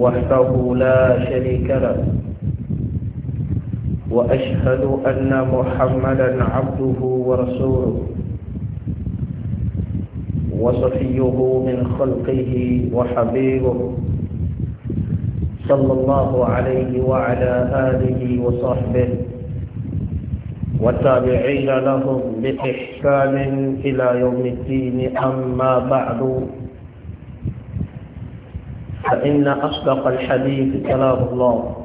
وحده لا شريك له وأشهد أن محمدا عبده ورسوله وصفيه من خلقه وحبيبه صلى الله عليه وعلى آله وصحبه والتابعين لهم بإحسان إلى يوم الدين أما بعد فإن أصدق الحديث كلام الله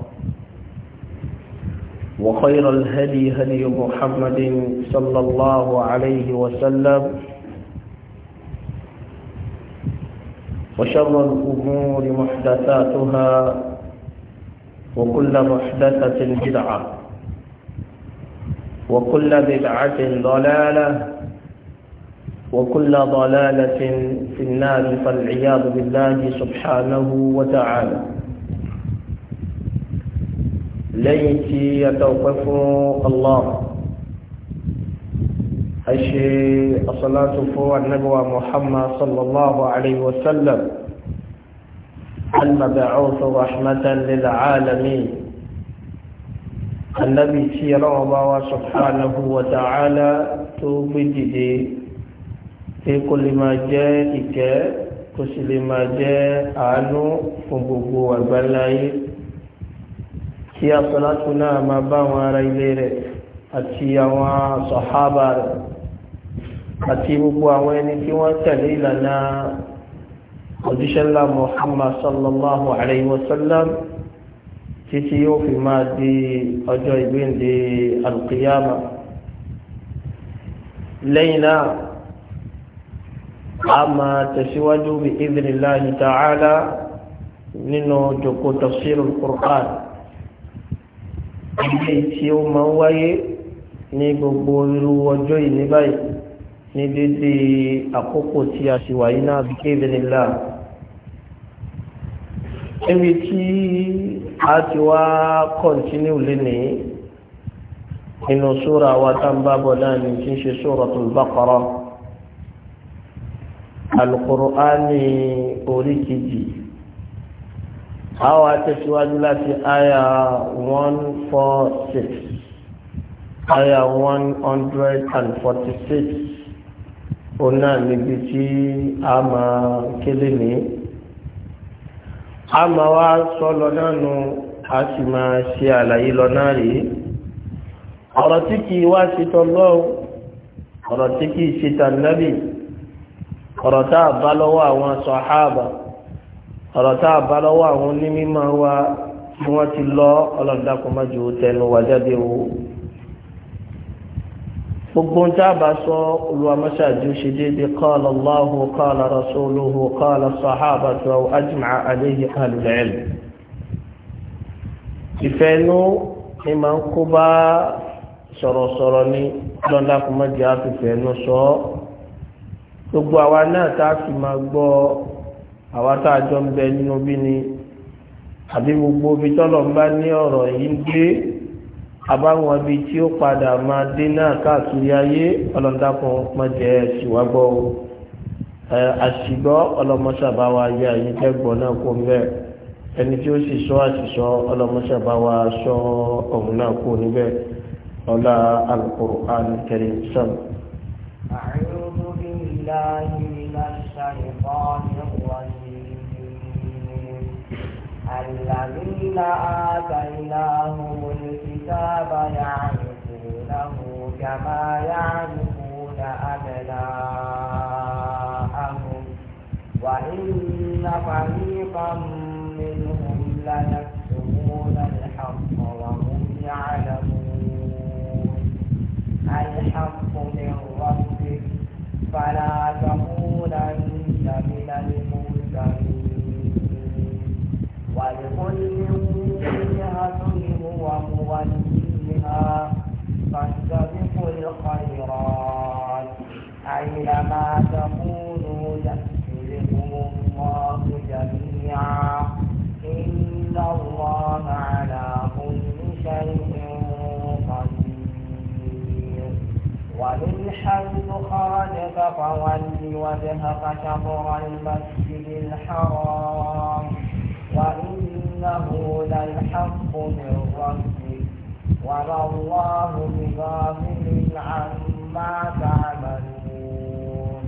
وخير الهدي هدي محمد صلى الله عليه وسلم وشر الأمور محدثاتها وكل محدثة بدعة وكل بدعة ضلالة وكل ضلالة في النار فالعياذ بالله سبحانه وتعالى ليت يتوقف الله أشي الصلاة فوق النبوة محمد صلى الله عليه وسلم المبعوث رحمة للعالمين النبي سيرا الله سبحانه وتعالى توبدي kí kò lè máa jẹ́ ìkẹ́ kò sì lè máa jẹ́ àánú fún gbogbo àgbáláyé kí asọ́látù náà máa bá àwọn ará ilé rẹ̀ àti àwọn sọ̀hábà rẹ̀ àti gbogbo àwọn ẹni tí wọ́n tẹ̀lé ìlànà òjíṣẹ́lá Muhammad sallallahu alayhi wa sallam títí yóò fi máa di ọjọ́ ìgbéǹde alqiyama lẹ́yìn náà a máa tẹ̀síwájú bí idhnillahi ta'ala nínú jòkó tafsirul Qur'an ilé tí ó máa wáyé ní gbogbo irú ọjọ́ ìní báyìí ní dédé àkókò tí a sì wáyé náà bí idhnillah níbi tí a ti wá kọ́ntínú lénìí nínú sóra wa tá ń bá bọ̀ náà ní tí ń ṣe Suratul Baqarah alukur'ani orí kejì àwọn atẹ̀síwájú láti àyà one four six àyà one hundred and forty six ọ̀nà níbi tí a máa kéde ní a máa wá sọ lọ náà nù a sì máa ṣe àlàyé lọ náà rí ọ̀rọ̀ tí kì í wá ṣe ọ̀rọ̀ tá a bá lọ́wọ́ àwọn sàhábà ọ̀rọ̀ tá a bá lọ́wọ́ àwọn onímọ̀ wa tí wọ́n ti lọ ọlọ́dàkùnmájú tẹnu wà jáde o gbogbo ń tá sọ olùwàmọ́sàájú ṣe déédéé Allahu qala rasuluhu qala sahabatu gbogbo àwa náà tá a sì máa gbọ́ àwa tá a jọ ń bẹ nínú bí ni àbí gbogbo ibi tọ́lọ̀ ń bá ní ọ̀rọ̀ yìí ń gbé àbáwọn ibi tí ó padà máa dé náà káàkiri ayé ọlọ́dàkùn mọ̀jẹ̀ ṣìwágbọ́ o àṣìgbọ́ ọlọ́mọṣàbáwa yẹ àyíkẹ́gbọ́ náà kó ń bẹ́ẹ̀ ẹni tí ó sì sọ àṣìṣọ ọlọ́mọṣàbáwa sọ ọ̀hún náà kó níbẹ̀ ọlá Al-Qur'an Karim بالله من الشيطان الرجيم الذين آتيناهم الكتاب يعرفونه كما يعرفون أبناءهم وإن فريقا منهم ليكتمون الحق وهم يعلمون الحق من ربك فلا تكونن من المنكرين ولكل وجهة هو موليها فاستبقوا الخيرات أينما تكونوا يأتي الله جميعا إن الله ومن حيث خرجت فول وجهك شطر المسجد الحرام وإنه للحق من ربك وما الله بغافل عما تعملون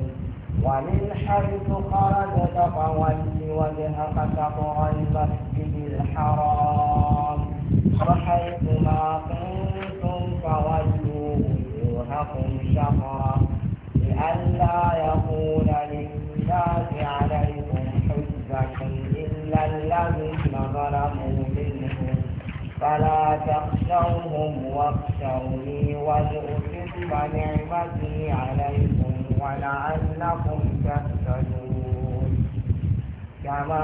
ومن حيث خرجت فول وجهك شطر المسجد الحرام وحيث ما كنتم فول لكم شطرا لئلا يكون للناس عليكم حجة إلا الذين ظلموا منهم فلا تخشوهم واخشوني ولأتم نعمتي عليكم ولعلكم تهتدون كما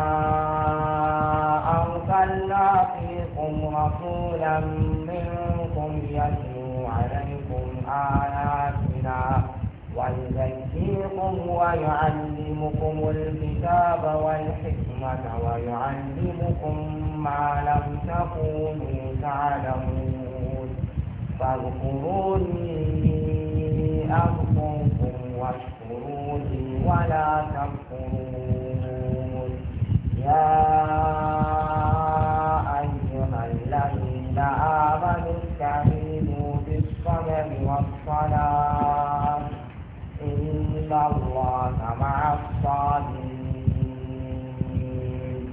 أرسلنا فيكم رسولا منكم يتلو عليكم آياتنا ويزكيكم ويعلمكم الكتاب والحكمة ويعلمكم ما لم تكونوا تعلمون فاذكروني أذكركم واشكروني ولا تنسوا يا أيها الذين آمنوا استعينوا بالصبر والصلاة إن الله مع الصابرين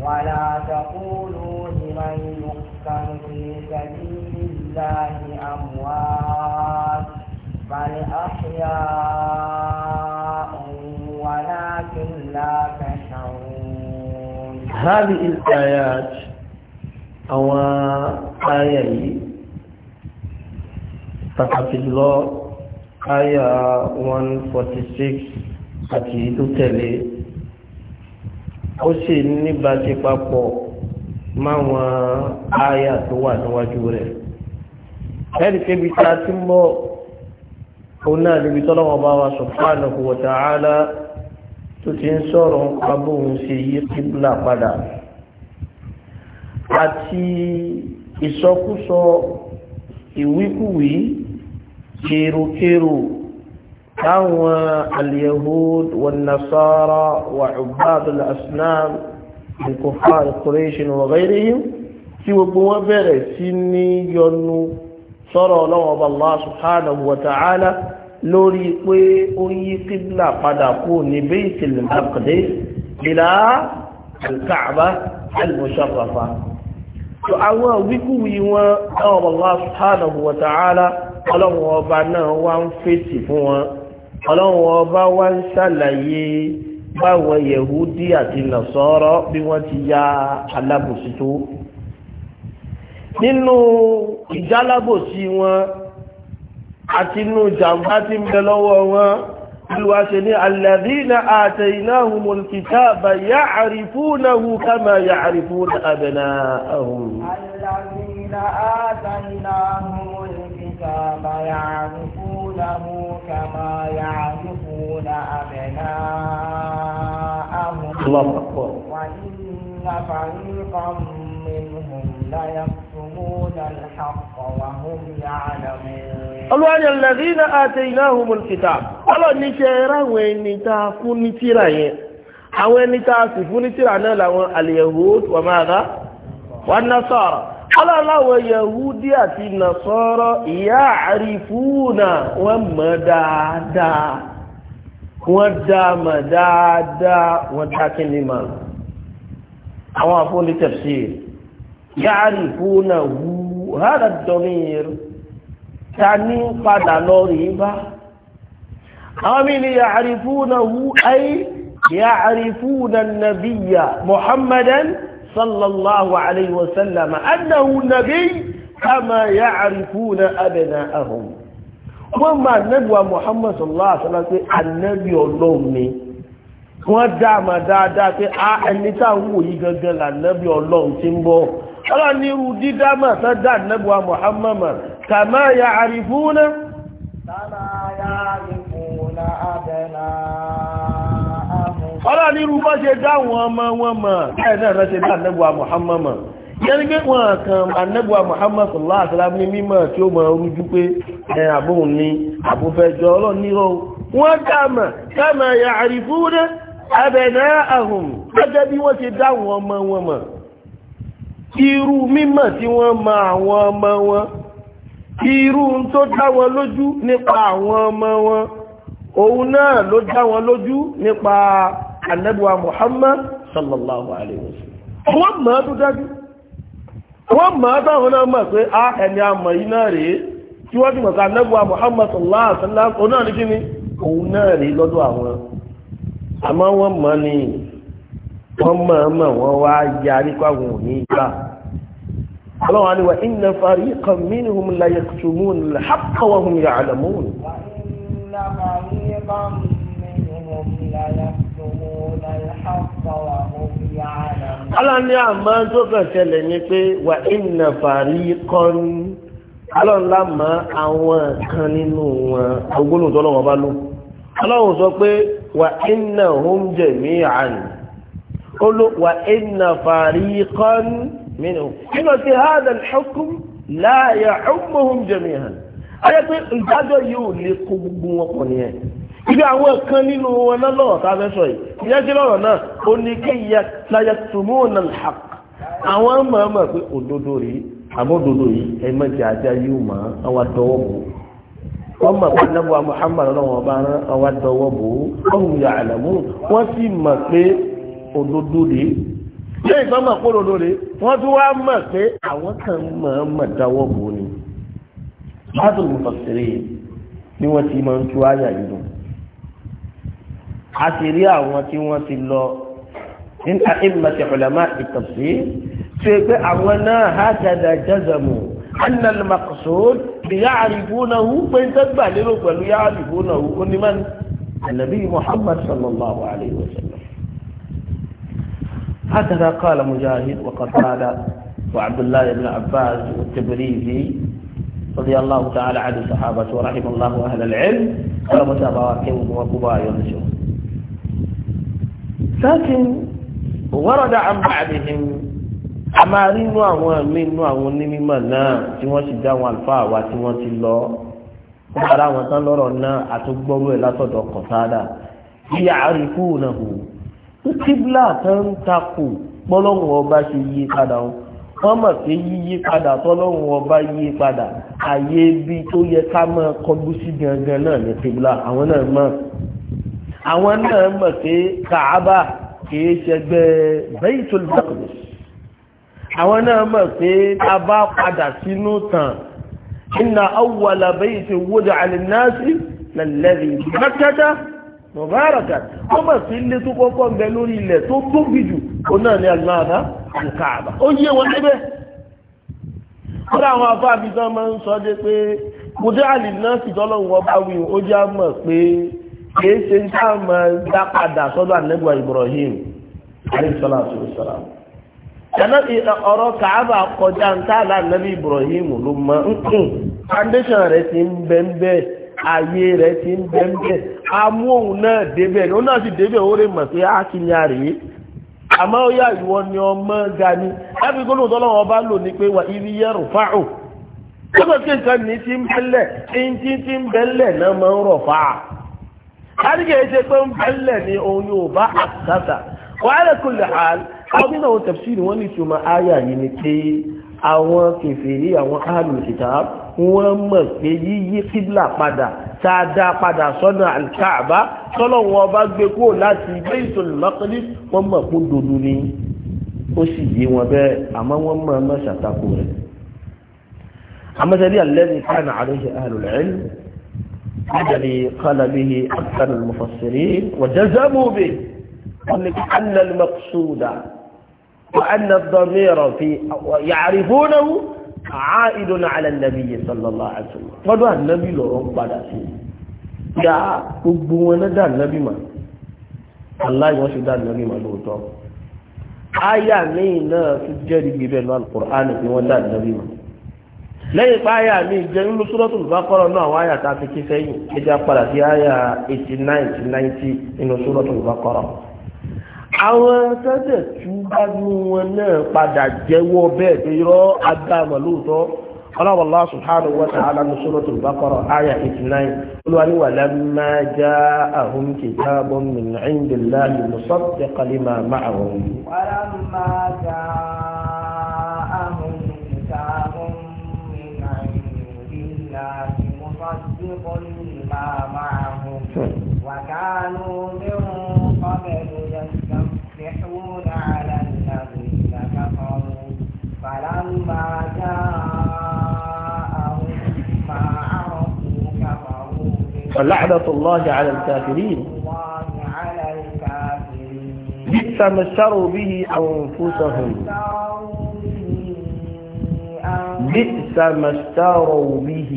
ولا تقولوا لمن يقتل في سبيل الله أموات بل أحياء هذه awa أو آية pàtàkì lo àyà 146 àti ìlú tẹ̀lé ó sì níbàṣe papọ̀ máwọn àyà tó wà níwájú rẹ̀ ẹ̀rì kébi tá a ti ń bọ̀ òun náà níbi tọ́lọ́wọ́ wa subhanahu wa ta'ala tó ti ń sọ̀rọ̀ abóhun ṣe yí kíbla padà àti ìsọkúsọ ìwíkúwí kèrokèrò táwọn aliyahud wọn nasara wà ubadul asnam alkufar quraish wa ghayrihim tí gbogbo wọn bẹ̀rẹ̀ sí ní yọnu sọ̀rọ̀ ọlọ́wọ́ Allah subhanahu lórí pé ó yí kíblà padà kú ní Baitul Maqdis ìlà al-Ka'bah al-Musharrafa tó àwọn wíkúwí wọn ọmọ Allah subhanahu wa ta'ala ọlọ́wọ́ ọba náà wá ń fèsì fún wọn ọlọ́wọ́ ọba wá ń ṣàlàyé báwọn Yehudi àti Nasara bí wọ́n ti ya alábòsí nínú ìjálábòsí wọn àti inú jàmbá tí ń bẹ lọ́wọ́ wọn olúwa ṣe ní alladhina ataynahumul kitaba ya'rifunahu kama ya'rifuna abna'ahum alladhina ataynahumul kitaba ya'rifunahu kama ya'rifuna abna'ahum Allahu akbar wa inna fariqan منهم ليكتمون الحق وهم يعلمون الله الذين آتيناهم الكتاب الله نشيرا ونتا فنتيرا àwọn ẹni tá a sì fún ní tírà náà làwọn al-yahud wa madha wa nasara aláwọ̀ yahudi àti nasara ya'rifuna wọ́n mọ̀ dáadáa wọ́n dá mọ̀ dáadáa wọ́n dá kí ni mọ̀ àwọn àfọ́nì tafsir yàrìfúnà wù hàrà dọ̀míìrù ta ní padà lọ rí bá àwọn mìíràn yàrìfúnà wù ayé yàrìfúnà nàbíyà muhammadan sallallahu alayhi wa sallam annahu nabiy kama yàrìfúnà abna'ahum wọ́n máa nẹ́bùwà muhammad sallallahu alayhi wa sallam pé annabi ọlọ́run ni wọ́n dáàmà dáadáa pé a ah, ẹni táwọn wòye gangan là nẹ́bí ọlọ́run ti ń bọ̀ ọlọ́nirú dídá mà sán dá nẹ́bùwà Muhammad kàmá ya àrífúnà ọlọ́nirú bá ṣe dá wọn ọmọ wọn mọ̀ ẹ̀ rẹ̀ ṣe dá nẹ́bùwà Muhammad yẹn gbé wọn kan anagba muhammad sallallahu alaihi wa sallam wọn gẹ́gẹ́ bí wọ́n ṣe dá wọn wọn irú mímọ̀ tí wọ́n ma àwọn ọmọ wọn irú tó dá wọn lójú nípa àwọn ọmọ wọn òun náà ló dá wọn lójú nípa ànábì Muhammad sallallahu alaihi wasallam wọ́n mọ̀ tó dájú ah, a wọ́n mọ̀ọ́mọ̀ wọ́n wá yarí káwọn ò ní gbà ọlọ́wọ́n ni wà inna fariqan minhum la yaktumuna al-haqqa wa hum ya'lamun Ọlọ́ni àmọ́ tó kàn ṣẹlẹ̀ ni pé wà ìnà fàárí kọ́ni. Ọlọ́nlá mọ́ àwọn kan nínú wọn ogúnnù bá ló. Ọlọ́run sọ pé wà ìnà oúnjẹ mí àní. olùwà iná fàríkan kan nínú wọn náà ti náà ó ní kí ìyá hàk àwọn mọ̀ọ́mọ̀ pé òdodo rèé àbọ̀dodo yìí ẹ má ajá yóò mọ̀ àwọn bò wọ́n mọ̀ pé òdodo rèé ṣé ìtàn mọ̀ pé òdodo rèé wọ́n tún wá mọ̀ pé àwọn kan mọ̀ ọ́n mọ̀ dáwọ́ bò ni báàtò mùsọ̀sẹ̀rẹ̀ ni wọ́n ti máa ń tú àyà yìí lọ a sì rí àwọn tí wọ́n ti lọ nínú àìmọ̀tì ọ̀làmá ìtọ̀sí ṣe pé àwọn náà hákàdà jazamu annal maqsud bi ya'rifunahu pé ń tẹ́gbà lérò pẹ̀lú ya'rifunahu onímọ̀ nàbí Muhammad sallallahu alayhi wa sallam. هكذا قال مجاهد وقتادة وعبد الله بن عباس والتبريزي رضي الله تعالى عن الصحابة ورحم الله أهل العلم ورمت أبواكم وقباء ينشر لكن ورد عن بعضهم àmà nínú àwọn míì nínú àwọn onímọ̀ náà tí wọ́n sì dá wọn àlùfáà wá tí wọ́n ti lọ wọ́n ara wọn tán lọ́rọ̀ náà àtúgbọ́rú ẹ̀ látọ̀dọ̀ kọ̀tádà bí àárín kúrò náà hù kíbla kan ń takò pọ́lọ́run ọba ṣe yí padà wọn wọ́n mọ̀ pé yíyí padà tọ́lọ́run ọba yí padà àyè ibi tó yẹ ká máa kọjú sí gangan náà ní kíbla àwọn náà mọ̀ àwọn náà mọ̀ pé kàábà kìí ṣẹgbẹ́ Baitul Maqdis àwọn náà mọ̀ pé tá bá padà sínú tàn inna awwala baytin wudi'a lin-nasi lalladhi bi Makkata. mọ̀báraka ó mà sí ilé tó kọ́kọ́ ń bẹ lórí ilẹ̀ tó tóbi jù ó náà ní aláàbá àkàbà ó yé wọn níbẹ̀ ó dá àwọn afá máa ń sọ dé pé mo dé àlè náà sì tọ́lọ́ wọn wí ó já mọ̀ pé kìí ṣe ń dá padà sọ́dọ̀ Ibrahim ọ̀rọ̀ kàábà kọjá ayé rẹ̀ ti ń bẹ́ ń bẹ́ amú òun náà débẹ̀ òun náà sì débẹ̀ ó rè mọ̀ pé á kí ni a rèé àmọ́ ó yà ìwọ ni ọmọ ga ni ẹbí gbọ́dọ̀ tọ́lọ́wọ́ bá lò ní pé wà ibi yẹ́rù fáàrù gbọ́dọ̀ kí nǹkan ní ti ń bẹ́lẹ̀ tí ti ń bẹ́lẹ̀ náà máa ń rọ̀ fáà káríkè ṣe pé ń bẹ́lẹ̀ ni òun yóò bá àkàtà wàhálà kò lè hà àwọn nínú àwọn wọn ní ni pé àwọn kèfèrí àwọn ahlul kitab wọ́n mọ̀ pé yíyí kíbla padà dáadáa padà sọ́nà alkaaba tọ́lọ́wọ́n ọba gbé kúrò láti Baitul Maqdis wọ́n mọ̀ kó dodo ni ó sì yé wọn bẹ́ẹ̀ àmọ́ wọ́n mọ̀ ọmọ ṣàtàkù rẹ̀ àmọ́sẹ́lẹ́ alladhi kana alayhi ahlul ilm الذي قال به أكثر المفسرين وجزموا به أن المقصود وأن الضمير في يعرفونه àáìdùn àlẹ́ nàbí yìí sallallahu alaihi wasallam gbọ́dọ̀ ànábì lọ́rọ̀ ń padà sí dá gbogbo wọn náà dá ànábì mà aláì wọ́n ṣe dá ànábì mà lóòótọ́ áyà míì náà tó jẹ́rìí bẹ́ẹ̀ lọ́wọ́ Al-Qur'an pé wọ́n dá ànábì mà lẹ́yìn pa áyà míì jẹ́ nínú Suratul Baqarah náà àwọn tá a ti ké sẹ́yìn ẹja padà sí áyà eighty nine to ninety nínú Suratul àwọn tẹ́tẹ̀ tú bá ní wọn náà padà jẹ́wọ́ bẹ́ẹ̀ pé irọ́ agbáàmọ̀ lóòótọ́ ọlọ́wọ́lá subhanahu wa ta'ala ní suratul baqara àyà 89 olúwa ní walamma ja'ahum kitabun min indillahi musaddiqan lima ma'ahum. walamma ja'ahum kitabun min indillahi musaddiqan lima ma'ahum hmm. wa kanu min qablu فلعنة الله على الكافرين بئس ما اشتروا به أنفسهم بئس ما اشتروا به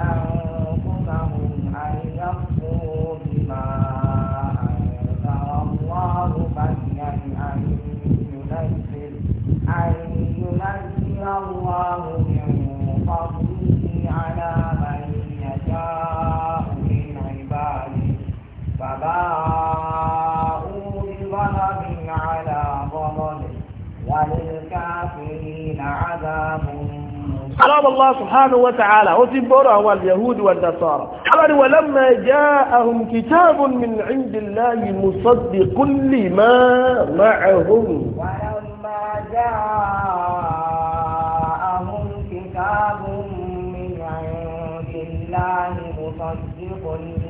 أنفسهم أن يكفروا بما الله أن ينزل أن ينزل الله أولي على ظلم وللكافرين عذاب قال الله سبحانه وتعالى وتبرع واليهود والنصارى قال ولما جاءهم كتاب من عند الله مصدق لما معهم ولما جاءهم كتاب من عند الله مصدق لما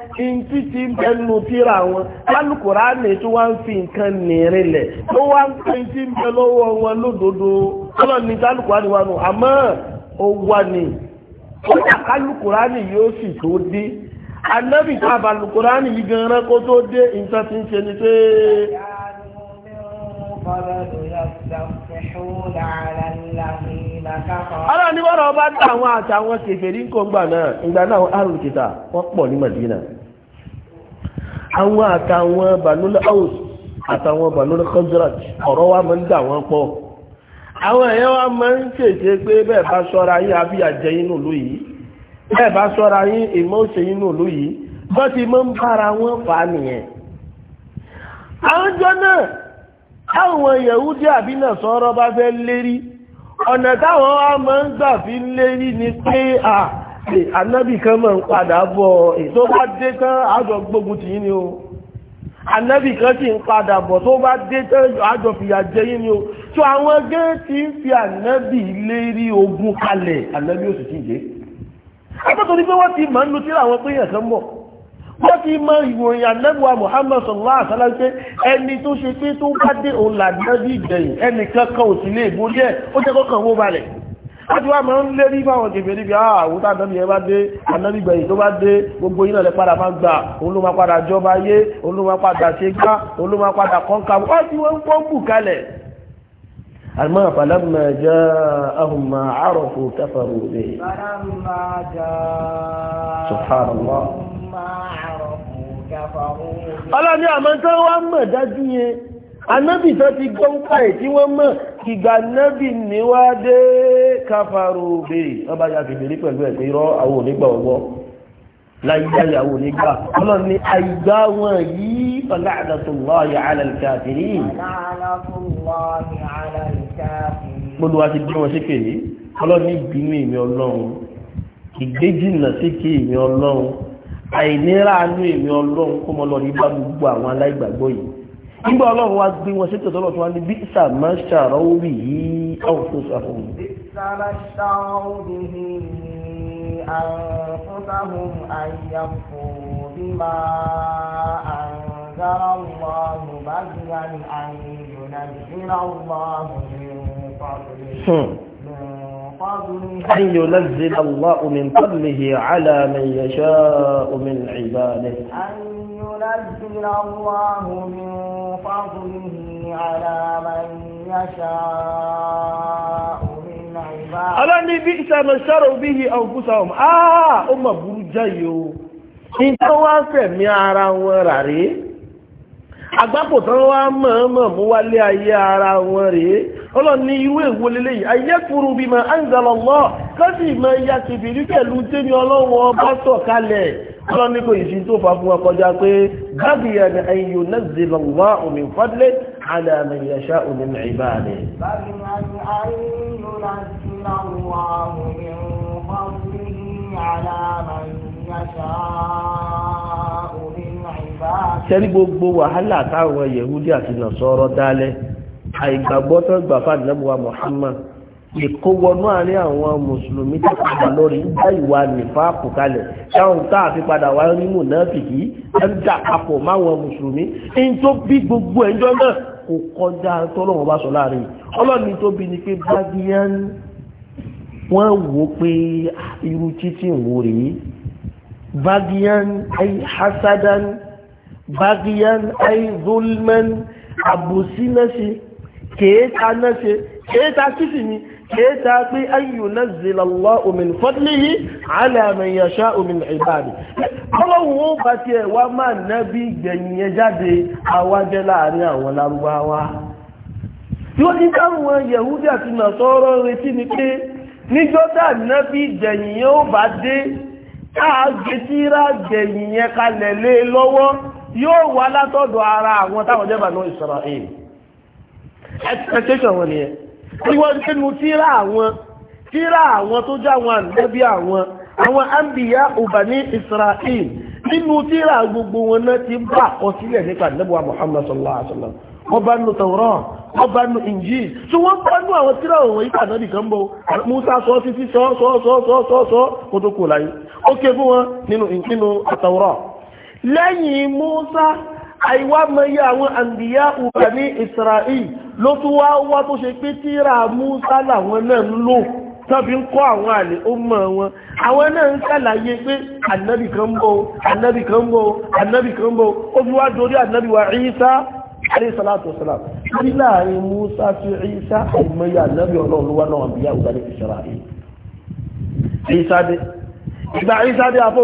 ìntí ti ń bẹnu tíra wọn alukùránì tó wá ń fi nǹkan nìrin lẹ̀ tó wá ń pè ń bẹ lọ́wọ́ wọn lódodo ọlọ́ni tí alukùránì wà nù àmọ́ ó wà ní yóò sì tó dé a bá lukùránì yìí gan-an kó tó dé nǹkan ti ń ṣe ni pé. lọ bá àwọn àtàwọn gbà náà, náà àrùn kìtà àwọn àtàwọn Banul Aus àtàwọn Banul Khazraj ọ̀rọ̀ wa máa ń dà wọ́n pọ̀ àwọn èèyàn wa máa ń ṣèṣe pé bẹ́ẹ̀ bá ṣọ́ra yín àbí àjẹ́ inú ìlú yìí bẹ́ẹ̀ bá ṣọ́ra yín ìmọ̀ òṣè inú ìlú yìí bọ́ ti máa ń bára wọn fà á nìyẹn àwọn jọ náà táwọn Yahudi àbí Nasara bá fẹ́ lérí ọ̀nà táwọn wa máa ń gbà fi lérí ni pé à anábì kan mọ̀ ń padà bọ̀ tó bá dé tán àjọ gbógun tì yín ni o anábì kan sì ń padà bọ̀ tó bá dé tán àjọ fìyà jẹ yín ni o tó àwọn géètì ń fi anábì lérí ogun kalẹ̀ anábì ó sì ti dé akọ́tọ̀ ní pé wọ́n ti máa ń lu tí àwọn pé èèyàn kan bọ̀ wọ́n ti mọ ìròyìn ànẹ́bùwà Muhammad sallallahu alaihi wasallam pé ẹni tó ṣe pé tó bá dé òun làdínàbí ìgbẹ̀yìn ẹnì kankan ò sí lè borí ẹ̀ ó jẹ́ kọ́kàn wó balẹ̀ láti wá ń lé ní báwọn jèbè níbi àwòtá ànábì ẹ bá dé ànábì gbẹ̀yìn tó bá dé gbogbo yìí náà padà máa gbà òun padà jọba yé òun padà ṣe gbá òun padà kọ́ńkà wọ́n ti wọ́n ń bù kalẹ̀. àmọ́ falamma ja'ahum ma arafu kafaru bihi. ọlọ́ni àmọ́ tó wá mọ̀ dájú yẹn anábì tó ti gbọ́ ń pa ẹ̀ tí wọ́n mọ̀ ìgbà nábì níwádé káfàrò bèèrè wọ́n bá ya kèbèrè pẹ̀lú ẹ̀ pé irọ́ àwọn onígbà ọwọ́ láyíjáyà àwọn onígbà ọlọ́run ní àìgbà wọn yìí ọláàdàtúnláyà alàlùkàfìrí gbogbo wa ti bí wọn síkè yìí ọlọ́run ní ìbínú ìmì ọlọ́run ìgbéjìnà síkè ìmì ọlọ́run àìníra anú ìmì ọlọ́run kó mọ́ nígbà ọlọ́run wá gbé wọn sétò tọ́lọ̀ tó wá ní bí sàmá ṣàrọ́wò bì yí àwọn tó sàfún mi. bí sàmá ṣàrọ́wò bì yí àwọn tó bí máa àǹgára wọn bá gbé wọn àyè ìrọ̀lẹ́ ìrọ̀lẹ́ wọn ló ń pàdé. أن ينزل الله من فضله على من يشاء من عباده أن ينزل الله من فضله على من يشاء من عباده ألا نبي ما شروا به أنفسهم آه أم برجيو إن تواصل من عرام وراري àgbákò tán wá mọ̀ọ́mọ̀ mú wálé ayé ara wọn rèé ọlọ́run ní irú èwo lélẹ́yìí ayé furu bímọ anzalallah kọ́sì mọ ya kìbìrí pẹ̀lú tẹ́mi ọlọ́run ọba sọ̀ kalẹ̀ ọlọ́run ní kò ìsì tó fà fún wọn kọjá pé bábìyà ni ayò nazzila Allahu min fadli ala man yasha'u min ibadihi. bábìyà ni ayò nazzila Allahu min fadli ala man yasha'u sẹ́rí gbogbo wàhálà táwọn yẹ̀húdí àti nàṣọ́rọ́ dálẹ̀ àìgbàgbọ́ tó gbà fáàdì lẹ́bùwà Muhammad ìkó wọnú àárín àwọn mùsùlùmí tó padà lórí ìgbà ìwà nìfà àpòkalẹ̀ táwọn táà fi padà wá rí náà fìdí ẹ ń dà papọ̀ máwọn mùsùlùmí ẹni tó bí gbogbo ẹjọ́ náà kò kọjá tọ́lọ́wọ́n bá sọ láàrin ọlọ́ni tó bí ni pé bágíyán wọ́n wò pé ah, irú títí wò rèé bágíyán ay hasadan bagiyan ai zulman abusi na ṣe kẹta na ṣe kẹta kìsì ni kẹta pé an yunazzila Allahu min fadlihi ala man yasha'u min ibadi ọlọ́run ó bá ti ẹ̀wà máa nábi gbẹ̀yìn jáde awájẹ́ láàrin àwọn lárúbáwá yóò ní káwọn yẹ̀húdí àti nàṣọ́rọ̀ retí ni pé níjọ́dá nábi gbẹ̀yìn ó bá dé káà gbẹ̀yìn yẹn kalẹ̀ lé lọ́wọ́ yóò wá látọ̀dọ̀ ara àwọn táwọn jẹ́ bàánú Israel expectation wọn nìyẹn tí wọ́n ti nu tíra àwọn tíra àwọn tó já wọn ànábì àwọn àwọn ambiya ubani Israel nínú tíra gbogbo wọn náà ti bá àkọsílẹ̀ nípa ànábùwà Muhammad sallallahu alaihi wa sallam wọ́n bá nu Tawrah wọ́n bá nu Injil tí wọ́n bá nu àwọn tíra òun yíká náà nìkan bọ́ Musa sọ títí sọ sọ sọ sọ sọ kó tó kò láyé ó ké fún wọn nínú Tawrah lẹ́yìn Musa àìwámẹ́yẹ àwọn àǹdíyá ọba ní Israel ló tún wá wá tó ṣe pé tíra Musa làwọn náà ń lò tọ́bí ń kọ́ àwọn àlè ó mọ̀ wọn àwọn náà ń ṣàlàyé pé ànábì kan ń bọ̀ ànábì kan ń bọ̀ salam ní Musa sí Isa àìmọye ànábì ọlọ́run ló wá náà àǹdíyá ọba ní Israel Isa dé ìgbà Isa dé afọ́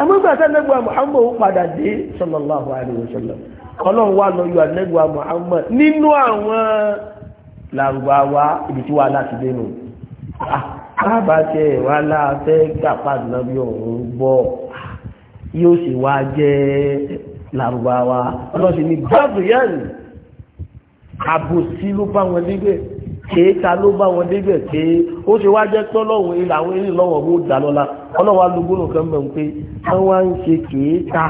amúgbàtà nẹ́gbà Muhammad padà dé sallallahu alaihi wasallam ọlọ́run wà lọ yọ ànẹ́gbà Muhammad nínú àwọn làrúbáwá ibi tí wà láti dé nù ah, bàbá tẹ wà láàfẹ́ gbàpá nàbí ọ̀hún bọ́ yóò sì wá jẹ́ làrúbáwá ọlọ́sìn ní gbàdúyàn àbòsí ló bá wọn níbẹ̀ kéèta ló bá wọn débẹ̀ pé ó ṣe wá jẹ́ tọ́lọ́wọ́ ilé àwọn ilé lọ́wọ́ mú dà lọ́la ọlọ́wọ́ alùgbòrò kan bẹ̀ ń pé wọ́n wá ń ṣe kéèta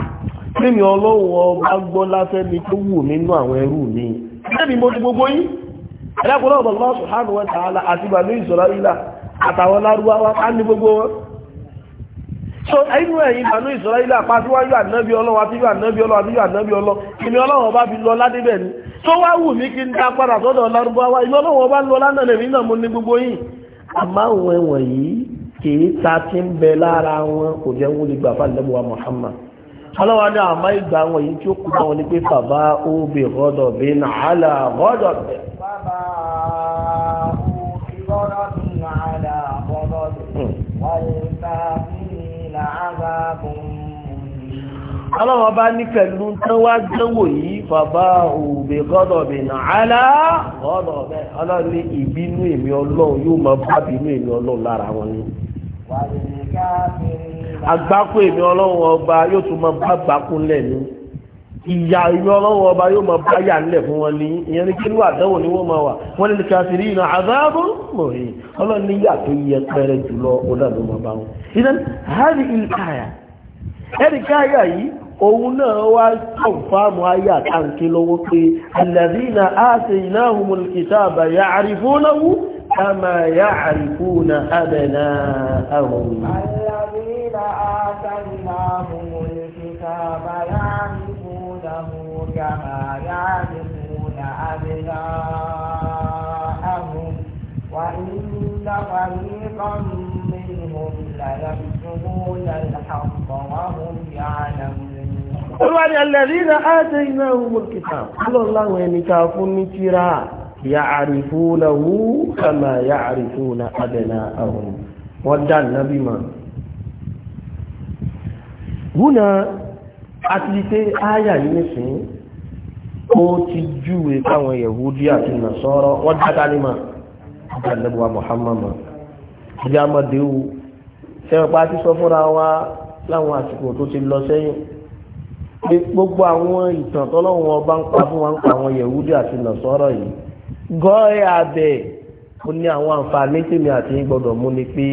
mímí ọlọ́wọ́ ọba gbọ́ láfẹ́ mi tó wù mí nú àwọn ẹrú mi ẹ̀mí mo ti gbogbo yín ẹ̀dàkùnrin ọ̀bọ̀ lọ́wọ́ subhanahu wa ta'ala àti bàbá ìṣọ̀rọ̀ ilà àtàwọn lárúbáwá á ní gbogbo wọn so inú ẹ̀yìn ìbànú ìṣọ̀rọ̀ ilà pàṣíwájú ànábì ọlọ́wọ́ àti ànábì ọlọ́wọ́ àti ànábì ọlọ́ ìmí tó wá wù mí kí n dá padà sọ́dọ̀ lárúbáwá ìlọ́lọ́wọ́ bá ń lọ lánàá lèmi náà mo ní gbogbo yìí àmọ́ àwọn ẹ̀wọ̀n yìí kìí ta ti ń bẹ lára wọn kò jẹ́ wọ́n lè gbà fà lẹ́bùwà Muhammad ọlọ́wọ́ ní àmọ́ ìgbà wọn yìí tí ó kú bá wọn ní pé bàbá ó bè rọ́dọ̀ bẹ́ẹ̀ náà àlà rọ́dọ̀ bẹ́ẹ̀. ọlọ́run ọba ní pẹ̀lú tán wá dánwò yìí bàbá òbí gọ́dọ̀ mi nà álá gọ́dọ̀ bẹ́ ní ìbínú bá bínú ọlọ́run lára wọn ni. ọlọ́run ọba yóò tún máa bá ìyá ọlọ́run ọba yóò máa bá yà ni ìyẹn ní àdánwò ni wà wọ́n ní iná àdáàbò mọ̀ọ́yìn ọlọ́run ní yàtọ̀ yẹ pẹ́rẹ́ jùlọ ẹ̀ríkà àyà yìí òun náà wá kọ̀nfàmù àyà tàǹkì lọ́wọ́ pé alladhina ataynahumul kitaba ya'rifunahu kama ya'rifuna abna'ahum alladhina ataynahumul kitaba ya'rifunahu kama ya'rifuna abna'ahum wa inna fariqan Olúwa ni alẹ́rìnà ájẹ́ iná ohun kìtà, ọlọ́láwọn ẹni ta fún ní tíra, ya àrífú na hú, kàmà ya àrífú na adẹ̀nà àwọn wọ́n dá nábi ma. Gúnà àti pé áyà ó ti júwe káwọn Yahudi àti Nàṣọ́rọ̀, wọ́n dá dá ní ma, ọjà lẹ́bùwa Muhammadu, ọjà Amadeu, ṣẹ̀wọ̀n pa ti sọ fúnra wa láwọn àsìkò tó ti lọ sẹ́yìn pé gbogbo àwọn ìtàn tọ́lọ́wọ́n ọba ń pa fún wa ń pa àwọn yẹ̀wúdí àti nàṣọ́rọ̀ yìí gọ́ọ̀ẹ́ abẹ ó ní àwọn àǹfààní tèmi àti gbọ́dọ̀ mú ni pé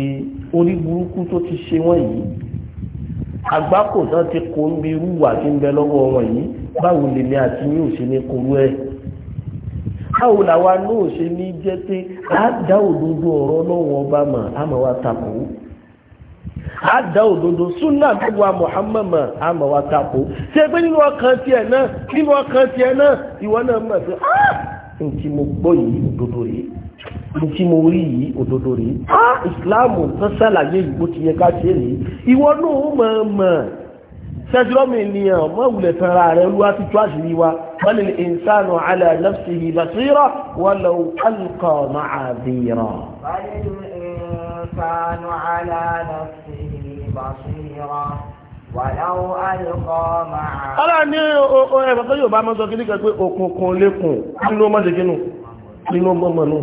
orí burúkú tó ti ṣe wọ́n yìí àgbákò náà ti kó ń bi irú wà tí ń bẹ lọ́wọ́ wọn yìí báwo lèmi àti yín ò ṣe ní korú ẹ̀ báwo làwa náà ṣe ní jẹ́ pé àádá òdodo ọ̀rọ̀ lọ́wọ́ ọba mọ̀ àmọ́ wa takò ó a da òdodo súnà gbogbo àmọ̀hámàmà àmọ̀wá tako ṣe pé nínú ọkàn tiẹ̀ náà nínú ọkàn tiẹ̀ náà ìwọ náà mọ̀ sí ah nǹkí mo gbọ́ yìí òdodo rèé nǹkí mo rí yìí òdodo rèé ah ìsìláàmù tó ṣàlàyé yìí bó ti yẹ ká ṣe rèé ìwọ náà mọ̀ mọ̀ sẹ́jọ́mì ènìyàn ọmọ ìwùlẹ̀ tanra rẹ̀ olúwa ti tó àṣírí wa wọ́n lè ìsánù ala nafsihi basira walau alqa ma'adira. wọ́n lè ìsánù ala nafsihi. بصيرا ولو ألقى معه ألا أني أبقى يوبا ما تقول لك أكون كون لكم أنه ما تكينو nínú mọ́mọ́nú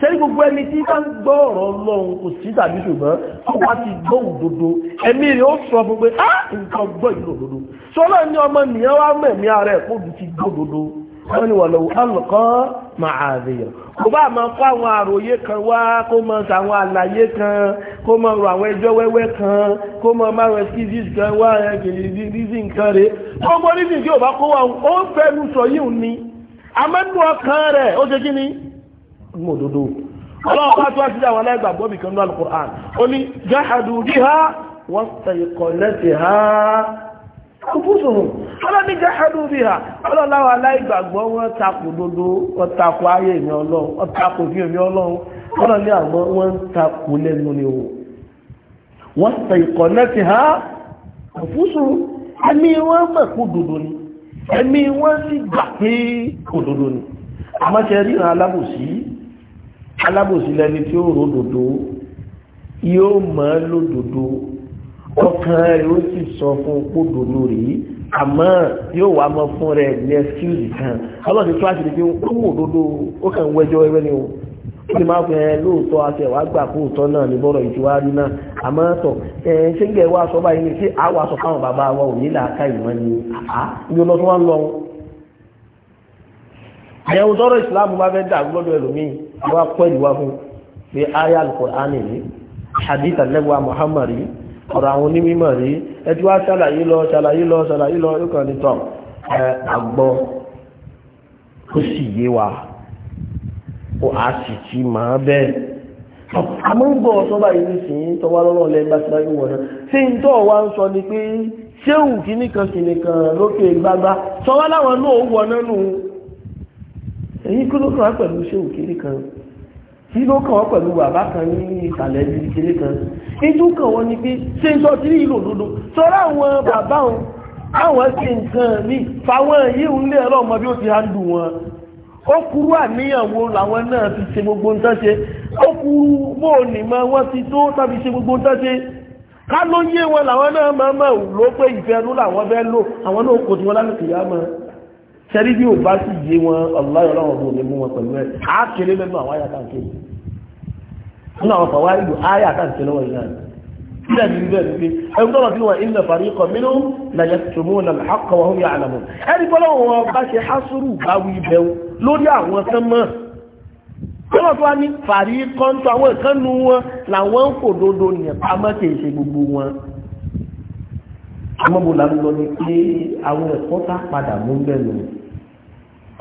sẹ́rí gbogbo ẹni tí bá ń gbọ́ ọ̀rọ̀ ọlọ́run kò sí tàbí ṣùgbọ́n tó wá ti gbọ́ òdodo ẹ̀mí rẹ̀ ó sọ fún pé á ah, nǹkan gbọ́ ìlú òdodo sọ́lá ní ọmọ nìyẹn wá mẹ̀mí ara wọ́n ní wọ̀lọ̀ alùkọ́ máa àdìyàn kò bá máa kó àwọn àròyé kan wá kó mọ àwọn àlàyé kan kó mọ rọ àwọn ẹjọ́ wẹ́wẹ́ kan kó mọ márùn excuses kan wá kìlì dídí nǹkan rẹ̀ gbogbo dídí tí ò bá kó wọn ó ń fẹnu sọ yìí ni amẹ́nu ọkàn rẹ̀ ó ṣe kí ni mo dodo ọlọ́run tó wá sílẹ̀ àwọn aláìgbàgbọ́ mi kan ní alukur'an ó ní jahadu biha wọ́n tẹ̀yìn kùfúsùrù ọlọ́ni jẹ́hẹ́dù bí ha ọlọ́láwà aláìgbàgbọ́ wọn takò dodo ọtakò ayé mi ọlọ́run ọtakò fi mi ọlọ́run ọlọ́ni àgbọ́ wọn ń takò lẹ́nu ni o wọ́n sọ ìkọ̀lẹ́ ti ha kùfúsùrù ẹ̀mí wọn mẹ̀kú dodo ni ẹ̀mí wọn sì gbà pé òdodo ni àmọ́ ṣe ríran alábòsí alábòsí lẹni tí ó ròdodo yóò mọ̀ ẹ́ lódodo ọkàn rẹ̀ ó sì sọ fún pódò lórí àmọ́ yóò wá mọ́ fún rẹ̀ ní ẹ́síkúùsì kan ọlọ́run ti tó àṣírí pé ó mú òdodo ó kàn wẹjọ ẹwẹ́ ni o ó ti máa fi ẹ lóòótọ́ àti ẹ̀wà gbà kó òótọ́ náà ní bọ́rọ̀ ìtiwárí náà àmọ́ tọ̀ ẹ ṣé ń gẹ̀ wá sọ báyìí ni ṣé àwọn aṣọ fáwọn bàbá wa ò ní làákà ìwọ̀n ni àá ní ọlọ́tún wá ń lọ àyẹ̀wò tọ́rọ̀ ìsìláàmù bá fẹ́ dà lọ́dọ̀ ẹlòmíì wá pẹ́ẹ́lú wá fún pé ayé alukọ̀ránì rí hadith alẹ́wà muhammad rí ọ̀rọ̀ àwọn onímọ̀ rí ẹtí wá ṣàlàyé lọ ṣàlàyé lọ ṣàlàyé lọ yóò ní tọ̀ ẹ agbọ ó sì yé wa a sì ti máa bẹ́ẹ̀. àmọ́ ń bọ̀ sọ́ba yìí nísìnyí lọ́rọ̀ lẹ́gbàá sí sọ ni tí ló kàn wọ́n pẹ̀lú bàbá kan ní ìsàlẹ̀ ibi ìṣeré kan ìjú kàn wọ́n ni pé ṣe ń sọ sí ìlò òdodo sọ́rọ́ àwọn bàbá wọn àwọn ṣe nǹkan ní fáwọn yìí ń lé ẹ̀rọ ọmọ bí ó ti handù wọn ó kúrú àníyàn wo làwọn náà fi ṣe gbogbo ń tán ṣe ó kúrú bóò ní mọ wọn ti tó tàbí ṣe gbogbo ń tán ṣe ká ló yé wọn làwọn náà máa mọ̀ ló pé ìfẹ́ ló làwọn fẹ́ lò àwọn náà kò tí wọn lálùkìyà sẹ́rí bí ò bá sì yé wọn ọláyọ̀ láwọn ọdún òní mú wọn pẹ̀lú ẹ̀ á kéré lẹ́nu àwọn àyà táǹkì nínú àwọn fàwọn àìlú àyà táǹkì lọ́wọ́ yìí náà sílẹ̀ ní ilé ẹ̀rí pé ẹ̀rù tọ́lọ̀ sí wọn ilẹ̀ fàrí ikọ̀ mínú lẹ́yẹ tòmú nà àkọ́ wọn yà àlàmù ẹ̀rí bọ́lá wọn bá ṣe hásùrù bá wí bẹ́ẹ̀ lórí àwọn sánmọ́ tọ́lọ̀ tó wá ní fàrí kọ́ńtò àwọn ìkànnù wọn làwọn ń fòdodo nìyẹn pamọ́ kìí ṣe gbogbo wọn àmọ́ mo là lọ ní pé àwọn ẹ̀kọ́ tá padà mú bẹ́ẹ̀ lòun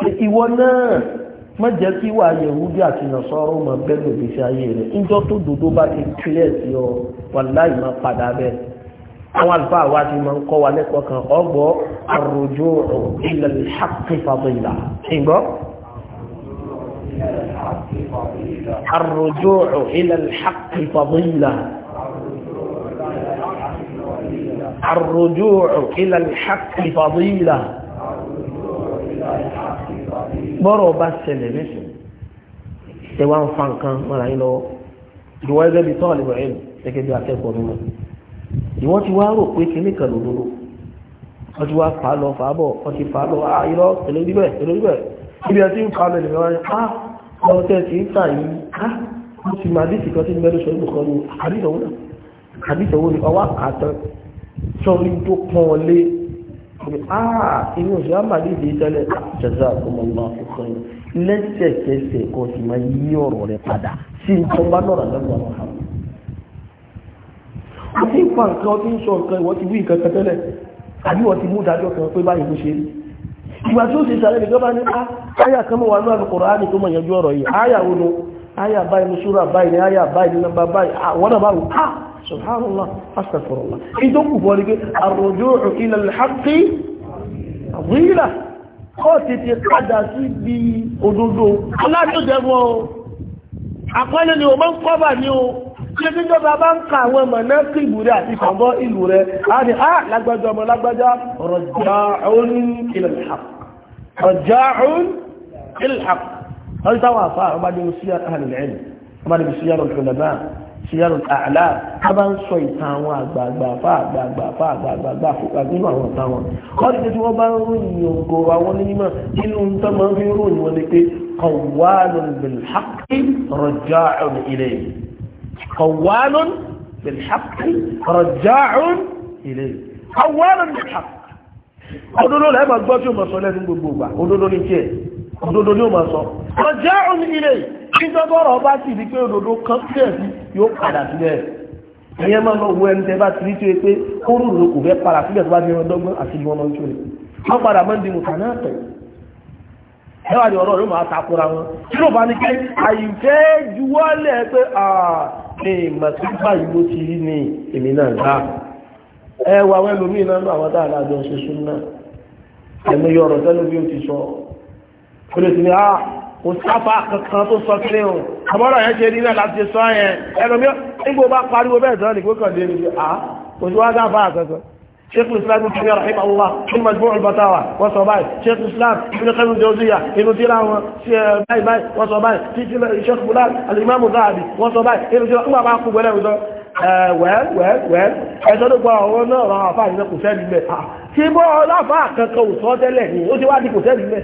ìwọ náà má jẹ́ kí wà yẹ̀wúdí àti nàṣọ́rọ́ máa bẹ́ẹ̀ lòdì sí ayé rẹ̀ níjọ́ tó dòdó bá ti kílẹ̀ sí ọ wàláì máa padà bẹ́ẹ̀ àwọn àlùfáà wa ti máa ń kọ́ wa lẹ́kọ̀ọ́ kan ọgbọ́ àròjò ilẹ̀ ìṣàkí fàbílà ìgbọ́ àròjò ilẹ̀ ìṣàkí fàbílà àròjò ilẹ̀ ìṣàkí fàbílà bọ́rọ̀ ọba ṣẹlẹ̀ lẹ́sìn ṣe wá ń fa nǹkan mọ́ra yín lọ́wọ́ ìwọ ẹgbẹ́ bíi tọ́ọ̀lù rẹ̀ ẹ̀lù gẹ́gẹ́ bí akẹ́kọ̀ọ́ nínú ìwọ ti wá rò pé kíní kan lòdòdó wọ́n ti wá fà á lọ fà á bọ̀ wọ́n ti fà á lọ àìrọ́ èlò bíbẹ̀ èlò bíbẹ̀ ibi ẹtí ń fa lẹ́nu ìwọ́n á lọ tẹ́ ti ń fà yìí á mo ti máa dísì kan tí mo mẹ́rin sọ ìlú kan ní àdìsọ̀wọ́ náà àdìsọ̀wọ́ ni ọwọ́ àkàtàn sọ́ọ́rí tó Ah, inú ìṣẹ́ àmàlìdì tẹ́lẹ̀ ṣẹ̀ṣẹ̀ àkọmọ̀lá ọ̀kan lẹ́sẹ̀kẹsẹ̀ kan sì máa yí ọ̀rọ̀ rẹ̀ padà sí nǹkan bá lọ́rọ̀ lẹ́gbọ̀n ọ̀hán. ó ti ń fa nǹkan ọtí ń sọ nǹkan ìwọ ti wí nǹkan kan tẹ́lẹ̀ àbí wọ́n ti mú dájọ́ kan pé báyìí ló ṣe rí. ìgbà tí ó ṣe ṣàlẹ́ nìkan bá ní ká ah, áyà kan mọ̀ wà ní ní tó aya báyìí ní ṣúra báyìí ní aya báyìí ní nọmba báyìí àwọn ah, àbá wù ha ah, subhanallah astaghfirullah ìdókù bọ́ ní pé ar-ruju' ila al-haqq àwílà kọ́ tètè padà sí bí òdodo aládójẹ́gbọ́ àpẹẹlẹ ni o máa ń kọ́bà ní o ṣe tí jọba bá ń ka wọ́n táwọn àfà ọba ní síyàrá àlùmẹ́ẹ̀lì ọba níbi síyàrá òṣèlébà síyàrá àlà ọba ń sọ ìtàn àwọn àgbààgbà fà àgbààgbà fà àgbààgbà fà nínú àwọn ọ̀tá wọn wọ́n ti tí wọ́n bá ń ròyìn ògòrò àwọn onímọ̀ inú tó máa ń fi ròyìn wọn ni pé qawwalun bil haqqi raja'un ilayhi qawwalun bil haqqi raja'un ilayhi qawwalun bil haqqi òdodo lẹ́ẹ̀mọ̀ gbọ́ tí ó mọ̀ sọ lẹ́nu gbogbo wa òdodo ní tiẹ̀ òdodo ni ó máa sọ ọjọ́ òun ilé ìjọgọ́rọ̀ bá sì rí pé òdodo kan tẹ̀ sí yóò padà sílẹ̀ ẹ̀yẹ́ máa lọ wo ẹni tẹ́ bá ti rí tó yẹ pé ó rò rò kò fẹ́ padà sílẹ̀ tó bá di ọdọ́gbọ́n àti ìwọ̀n náà tó rẹ̀ wọ́n padà máa ń di mùsànà àtẹ̀ ẹwà ni ọ̀rọ̀ ló máa takora wọn tí ó bá ní pé àyíkẹ́ juwọ́lẹ̀ pé ààrẹ ní èmi náà dá ẹwà wẹ́lómìnà àwọn ti sọ olùsìn ni ah kò sáfà kankan tó sọ kílé o àmọ́rọ̀ yẹn ṣe rí náà láti sọ yẹn ẹnu mi nígbò bá pariwo bẹ́ẹ̀ sọ ní kókàn dé níbi ah kò sí wá sáfà kankan sheikh islam ibn taymiyya rahimahullah fún majmu' al-fatawa wọ́n sọ báyìí sheikh islam ibn qayyim al-jawziyya inú tíra wọn eh, báyìí báyìí wọ́n sọ báyìí títí eh, sheikh bulan al-imam zahabi wọ́n sọ báyìí inú tíra wọn bá kú gbẹlẹ́ ìdán eh, wẹ́ẹ̀wẹ́ẹ̀wẹ́ ẹ̀sọ́dọ̀ gba ọ̀rọ̀ náà ràn àfáà ìrẹ́kùsẹ́ nílẹ̀ tí bọ́ ọlọ́fà kankan ò sọ tẹ́lẹ̀ ni ó ti wá di kò sẹ́lẹ̀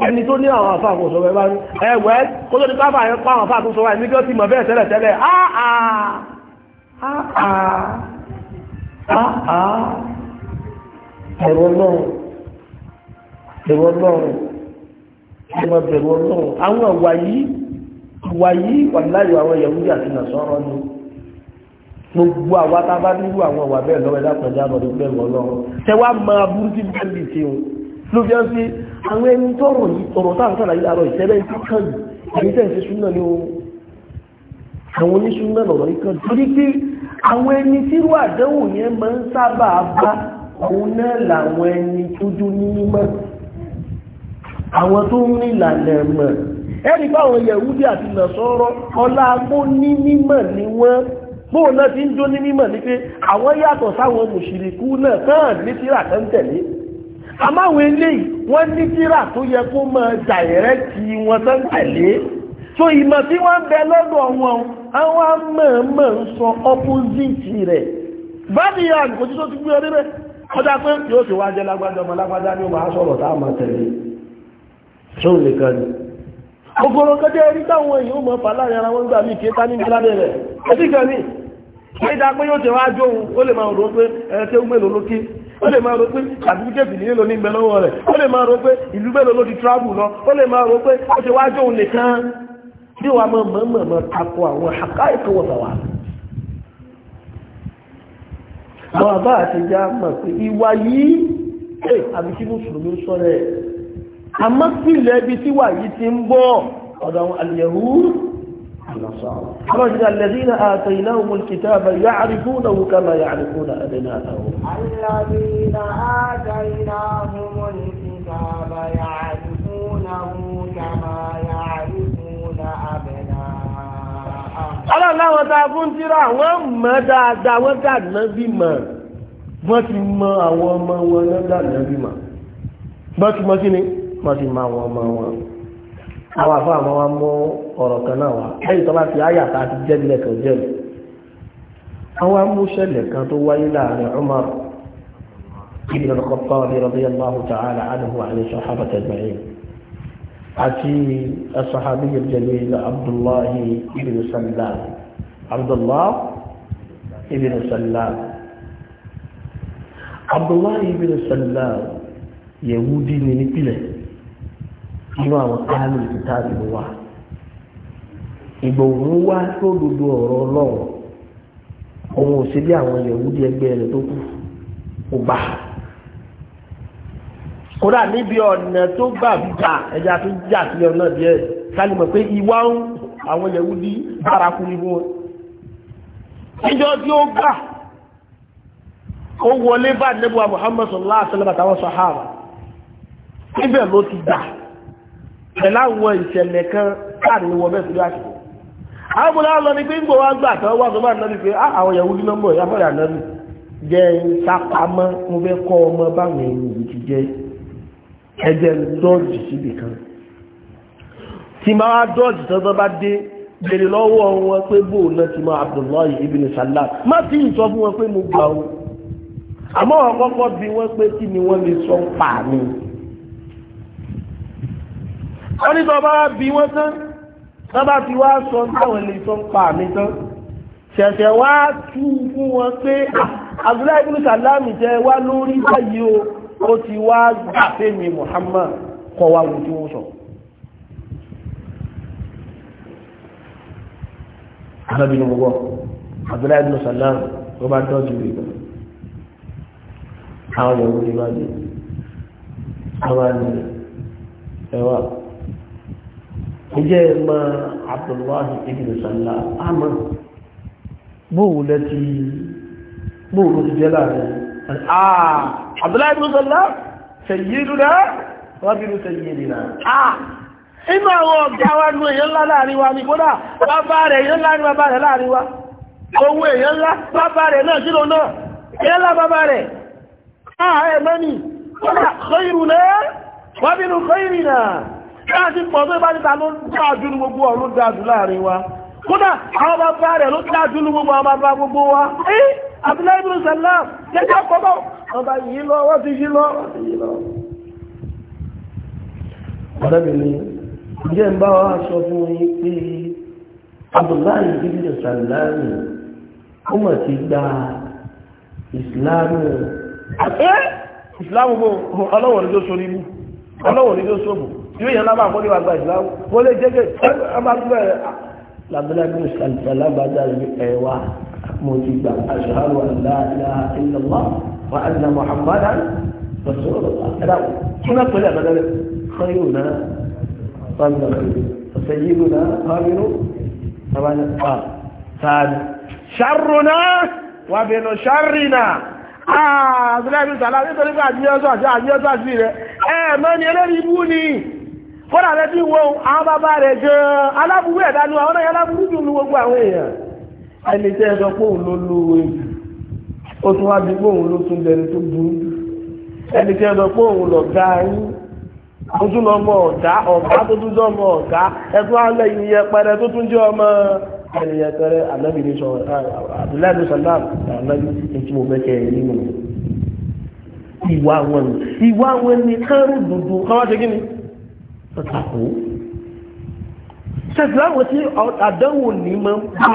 ẹni tó ní àwọn àfáà kò sọ̀rọ̀ ẹ̀bá ẹ̀wẹ́ kó tó ní káfà yẹn pa àwọn àfáà tó sọ̀rọ̀ ẹ̀mí kí ó ti mọ̀ bẹ́ẹ̀ tẹ́lẹ̀ tẹ́lẹ̀ àwọn ìwà gbogbo àwọn tábá nírú àwọn ìwà bẹ́ẹ̀ lọ́wọ́ ẹ̀dá àwọn ìgbẹ̀rún ọlọ́run tẹwàá máa burú sí bẹ́ẹ̀ ló jẹ́ sí àwọn ẹni tọrọ yìí tọrọ táwọn sàlàyé àárọ̀ ìṣẹ́lẹ̀ ìkàkàn yìí èyí tẹ̀ ń ṣe ni ohun àwọn oníṣúná lọ̀rọ̀ ìkan torí pé àwọn ẹni tírú àdánwò yẹn máa ń sábà bá òun náà làwọn ẹni tójú ní mímọ́ àwọn tó ń rìn lànà mọ̀ ẹ̀rí báwọn yẹ̀wúdí àti nàṣọ́rọ́ ọlá mú ní mímọ̀ ni wọ́n bóò náà ti ń jó ní mímọ̀ ni pé àwọn yàtọ̀ sáwọn mùṣìríkù náà tán ní tírà kan àmọ́ àwọn eléyìí wọ́n ní kíra tó yẹ kó máa dàyẹ̀rẹ́ ti wọn tán tẹ̀lé so ìmọ̀ tí wọ́n bẹ lọ́dọ̀ wọn àwọn mọ̀ọ́mọ̀ ń sọ opposite rẹ̀ báyìí kò tí tó ti gbé ọdún rẹ̀ ọjá pé yóò ti wá jẹ́ lágbájá ọmọ lágbájá ní ọmọ asọ̀rọ̀ tá a máa tẹ̀lé tó nìkan ni ogoro kẹjẹ rí táwọn èèyàn mọ̀ fà láàrin ara wọn gbà mí kí tá ní ìlànà rẹ̀ ẹ̀sìn kan ní ìdá pé yóò ti wá jóun ó lè máa rò pé ẹ̀ ó lè máa ro pé àdúgbẹ́bì nílò ní ìgbẹ́ lọ́wọ́ rẹ̀ ó lè máa ro pé ìlú bẹ́ẹ̀ ló ti travel lọ ó lè máa ro pé ó ṣe wájú òun nìkan bí wàá mọ mọ̀mọ̀mọ̀ tako àwọn àkáyè tó wà. àwọn àbá àti ìyá mọ̀ pé ìwà yìí ẹ̀ eh, àbí kí mùsùlùmí ń sọ̀rọ̀ àmọ́ sílẹ̀ ibi tí wà yìí ti ń bọ̀ ọ̀dọ̀ àwọn àlùyẹ̀wò النصارى خرج الذين آتيناهم الكتاب يعرفونه كما يعرفون أبناءهم الذين آتيناهم الكتاب يعرفونه كما يعرفون أبناءهم ألا لا وتعفون ترى وما دعا وكاد نبي ما ما تما وما ولا دعا نبي ما ما تما كني ما تما وما وما àwọn afọ àmọ́ wa mú ọ̀rọ̀ kan náà wá lẹ́yìn tó bá fi àyà tá a ti jẹ́bilẹ̀ kan jẹ́lu àwọn amúṣẹ̀lẹ̀ kan tó wáyé láàrin Umar ibn al-Khattab radiyallahu ta'ala anhu wa alayhi sahabata ajma'in àti as-sahabi al-jalil Abdullah ibn Sallam Abdullah ibn Sallam Abdullah ibn Sallam Yahudi ni nípìnlẹ̀ inú àwọn áàlù ìtàbí ló wà ìgbòhùn wá sódodo ọ̀rọ̀ ọlọ́run òun ò sí bí àwọn yẹ̀wúdí ẹgbẹ́ rẹ̀ tó kù kò bá kódà níbi ọ̀nà tó gbà gbà ẹja tó jà sílẹ̀ náà díẹ̀ kálí mọ̀ pé ìwà ń àwọn yẹ̀wúdí bárakú ní wọn ẹjọ́ tí ó gbà ó wọlé bá nẹ́bùwà Muhammad sallallahu alaihi wa sallam àtàwọn sàhábà níbẹ̀ ló ti gbà pẹ̀lú àwọn ìṣẹ̀lẹ̀ kan káàrin wọn bẹ́ẹ̀ sílé àṣìkò àwọn ọmọdé wọn lọ ní pé ń gbọ́ wá gbà tán wá tó bá ń lọ́dún pé àwọn ìyàwó ní nọ́mbọ̀ ìyáfọ́lẹ̀ ànábì jẹ́ ń sápamọ́ mo fẹ́ kọ́ ọmọ báwọn ẹ̀yìn ìlú ti jẹ́ ẹjẹ́ dọ́ọ̀jì síbì kan tí máa wá dọ́ọ̀jì tán tó bá dé bèrè lọ́wọ́ wọn pé bóun náà ti máa Abdullahi ibn Salam má tí ì sọ fún wọn pé mo gbà o àmọ́ wọn kọ́kọ́ bí wọ́n pé kí ni wọ́n lè sọ pàmì wọ́n ní tọ́ bá bí wọ́n tán tọ́ bá ti wá sọ táwọn lè sọ ń pa mi tán ṣẹ̀ṣẹ̀ wá tú fún wọn pé ah, Abdullahi ibn Salami jẹ wá lórí báyìí o ó ti wá gbà fẹ́mi Muhammad kọ́ wa wò tí wọ́n sọ. alábìnú gbọ́ Abdullahi ibn Salami ló bá tọ́jú ìgbà àwọn yòówù ni wá dé àwọn àlè ẹwà ǹjẹ́ ẹ mọ abdullahi ibn sallá àmọ́ bóòwò lẹ́tí bóòwò ti jẹ́ láàrin àà abdullahi ibn sallá sayyiduna wábìrú sayyidina àà inú àwọn ọ̀gá wa ní èyàn ńlá láàrin wa ní kódà bàbá rẹ̀ èyàn ńlá ní bàbá rẹ̀ láàrin wa owó èyàn ńlá bàbá rẹ̀ náà sílò náà káàkiri pọ̀ tó bá ló dáadú ní gbogbo ọ̀run láàrin wa kódà àwọn bàbá rẹ̀ ló dáadú ní gbogbo gbogbo wa ẹ́ Abdullahi ibn Salam jẹ́jẹ́ ọba yìí lọ wọ́n ti yí lọ lọ. ọ̀rẹ́bìnrin ń bá wa sọ fún pé Abdullahi ó yóò yẹn lábàá kó lè wà gba ìsìlámù kó lè jẹ́ kí ẹ bá tún bẹ̀rẹ̀ làbílẹ́bí ìsàlámàdà rí ẹ̀wà mo ti gbà aṣọ́háró aláàlá ìlọ́lá wa anna muhammadan rasulullah ẹ̀dá kúnà pẹ̀lú àbẹ̀lẹ̀ kọ́yọ̀ náà wà ní ọ̀sẹ̀ yìí lónà kọ́yọ̀ abáyé pa sáàdì ṣàrùnà wà bẹ̀rẹ̀ nítorí pé àjíyọ́sọ́ àti àjíyọ́sọ́ àti rẹ̀ ẹ̀ẹ̀mẹ́ni ẹlẹ́rìí bú ni kódà rẹ bí wọn àwọn bàbá rẹ gan aláburú ẹ̀dá ni àwọn náà aláburú jù ní gbogbo àwọn èèyàn ẹni tẹ́ ẹ sọ pé òun ló lówó ebi ó tún wá bí pé òun ló tún lẹni tó burú ẹni tẹ́ ẹ sọ pé òun lọ ga yín ó tún lọ mọ ọ̀gá ọ̀gá tó tún jọ mọ ọ̀gá ẹtún alẹ́ yìí yẹpẹrẹ tó tún jẹ́ ọmọ ẹnìyẹn tẹrẹ tàkó ṣẹ̀sì láwọn tí àdánwò ní ma ń bá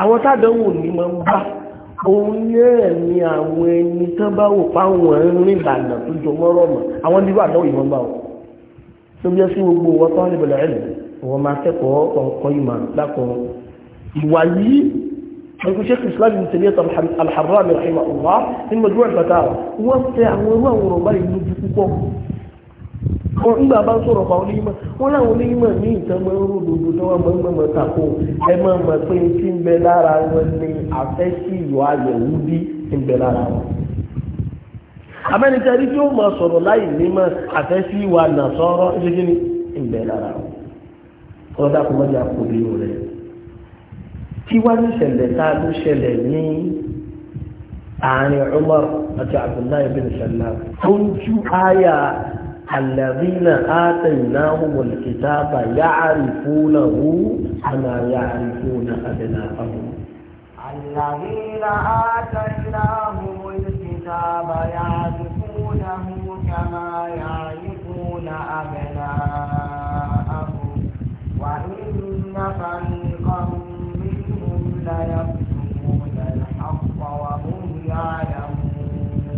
àwọn tàdánwò ní ma ń bá òun yẹ́ ní àwọn ẹni tán bá wò páwọn rìn ìlànà tó jọ mọ́rọ̀ mọ̀ àwọn nílò àdánwò ìmọ̀ bá wọn tó bí ẹ sí gbogbo wọn tó wà níbẹ̀ lẹ́yìn wọn máa kẹ́kọ̀ọ́ ọ̀kan ìmọ̀ lápọ̀ ìwà yìí ẹ̀kú sheikh islam ibn tẹ̀lé ẹ̀tọ́ alḥarra mi rahimahullah nínú ìdúró ìfàtà wọn fẹ́ àwọn irú àwọn ọ̀rọ̀ báyìí púpọ̀ wọn nígbà bá ń sọ̀rọ̀ pa onímọ̀ wọn láwọn onímọ̀ ní ìtàn mọ́ gbogbo tí wọ́n mọ̀ mọ̀ tako ẹ mọ̀ mọ̀ pé ń bẹ lára wọn ni àfẹ́sí ìwà àyẹ̀wò bí ń bẹ lára wọn. abẹ́nitẹ́rí tí ó mọ̀ sọ̀rọ̀ láì nímọ̀ àfẹ́sí ìwà nàṣọ́rọ́ kí ni ń bẹ lára wọn. rẹ̀. ní tá a ló ṣẹlẹ̀ ní àárín àti àyà الذين آتيناهم الكتاب يعرفونه كما يعرفون أبناءهم الذين آتيناهم الكتاب يعرفونه كما يعرفون أبناءهم وإن فريقا منهم ليكتمون الحق وهم يعلمون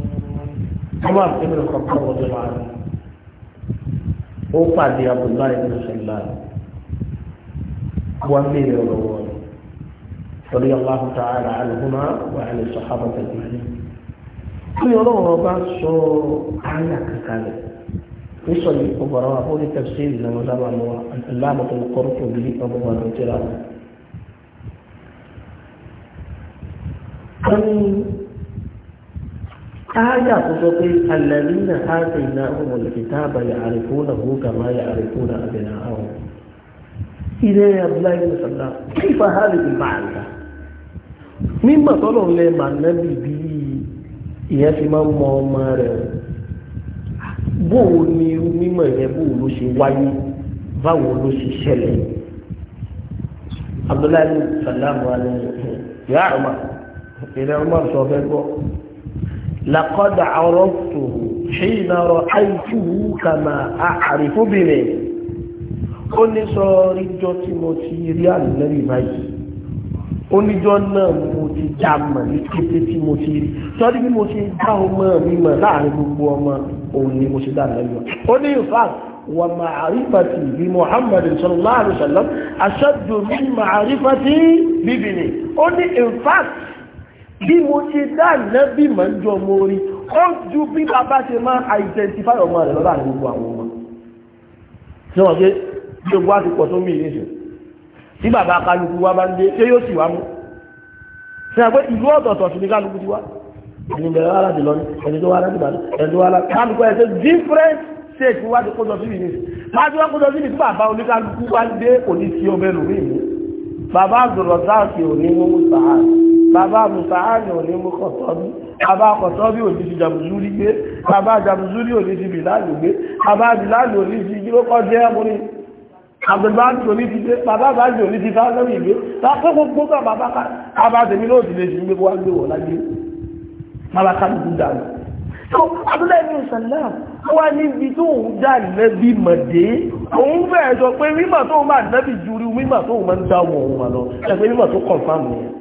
عمر بن الخطاب رضي الله عنه ó pàdé abdullahi bin salman wọn béèrè ọ̀rọ̀ wọn torí allah ta'ala alhuma wa ali sahaba tajmani kí ọlọ́run ọba sọ ayà kankanlẹ̀ nísọ yìí ọgbọ̀rọ̀ àbúrò tafsir ní wọn sábà lọ́wọ́ aláàbọ̀tò kọ́rọ̀ tó bí ọgbọ̀n tó tẹ̀lé wọn ááyà tó sọ pé alẹ́rìnà áàtì iná ọmọ ìfìtà àbàyà àrífóònà hó kàmá yà àrífóònà àbẹ̀nà àwọn ilé abúláyé mùsàlá kífà hálì bí màálà mímọ̀ tọ́lọ̀ lẹ mànẹ́bì bí ìyẹn fi máa ń mọ ọmọ rẹ̀ bóò ni irú mímọ̀ yẹn bóò ló ṣe wáyé báwo ló ṣe ṣẹlẹ̀ abúláyé mùsàlá wà ní ìyá àrùmá ìrẹ́ ọmọ sọ fẹ́ gbọ́. لقد عرفته حين رأيته كما أعرف بني ó ní sọ ríjọ tí mo ti rí ànínẹ́rì báyìí oníjọ náà mo ti já mọ̀ ní kété tí mo ti rí sọ́dí bí mo ṣe dá ọmọ mi mọ̀ láàrin gbogbo ọmọ òun ni mo ṣe dá ànínẹ́rì mọ̀ ó ní ìfàk wà màárífàtì bí Muhammad sallallahu alaihi wasallam aṣáájú mi màárífàtì bíbí ni ó ní ìfàk bí mo ṣe dá ìnábì mọ̀ ń jọ mo rí ó ju bí bàbá ṣe máa identify ọmọ rẹ̀ lọ́dà ní gbogbo àwọn ọmọ ṣé wọ́n ṣe bí ogun á ti pọ̀ tó mí ìrìnsẹ̀ tí bàbá kálukú wa bá ń dé ṣé yóò sì wá mú ṣe àgbẹ̀ ìlú ọ̀tọ̀ọ̀tọ̀ sí ní kálukú ti wá ẹni wá láti lọ different state wá ti kó bàbá àgbọ̀rọ̀sáàsì ò ní mú mùsàáàlì bàbá mùsàáàlì ò ní mú kọ̀tọ́bí bàbá kọ̀tọ́bí ò ní ti jàmùsúrí gbé bàbá jàmùsúrí ò ní ti bìláàlì gbé bàbá bìláàlì ò ní ti gírókọ́ jẹ́ ọkùnrin àgbẹ̀báàlì ò ní ti gbé bàbá bàálì ò ní ti fásẹ́rì gbé lápẹ́ gbogbo bá bàbá ká bàbá tèmi náà ti lè ṣe gbé wá gbé wọ̀ lágbé bàbá ká ló dànù. tó abúlé ní ìṣẹ̀lẹ̀ wá níbi tó ń dá nẹ́bí mọ̀dé òun bẹ̀rẹ̀ sọ pé mímọ̀ tó ń bá nẹ́bí ju rí mímọ̀ tó ń máa ń dá wọ̀ òun mà lọ ẹgbẹ́ mímọ̀ tó kọ̀ fáàmù yẹn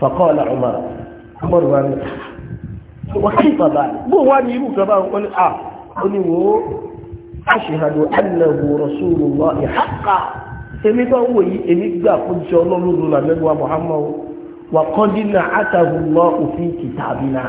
fàkọ́ọ̀lá ọmọ ọmọdé wa ní wọ́n kí bàbá bó wá ní irú kan báwọn kọ́ni à ó ní wò ó aṣèhàdù annahu rasulullahi èmi bá wò yí èmi gbà kó jẹ ọlọ́run lọ́la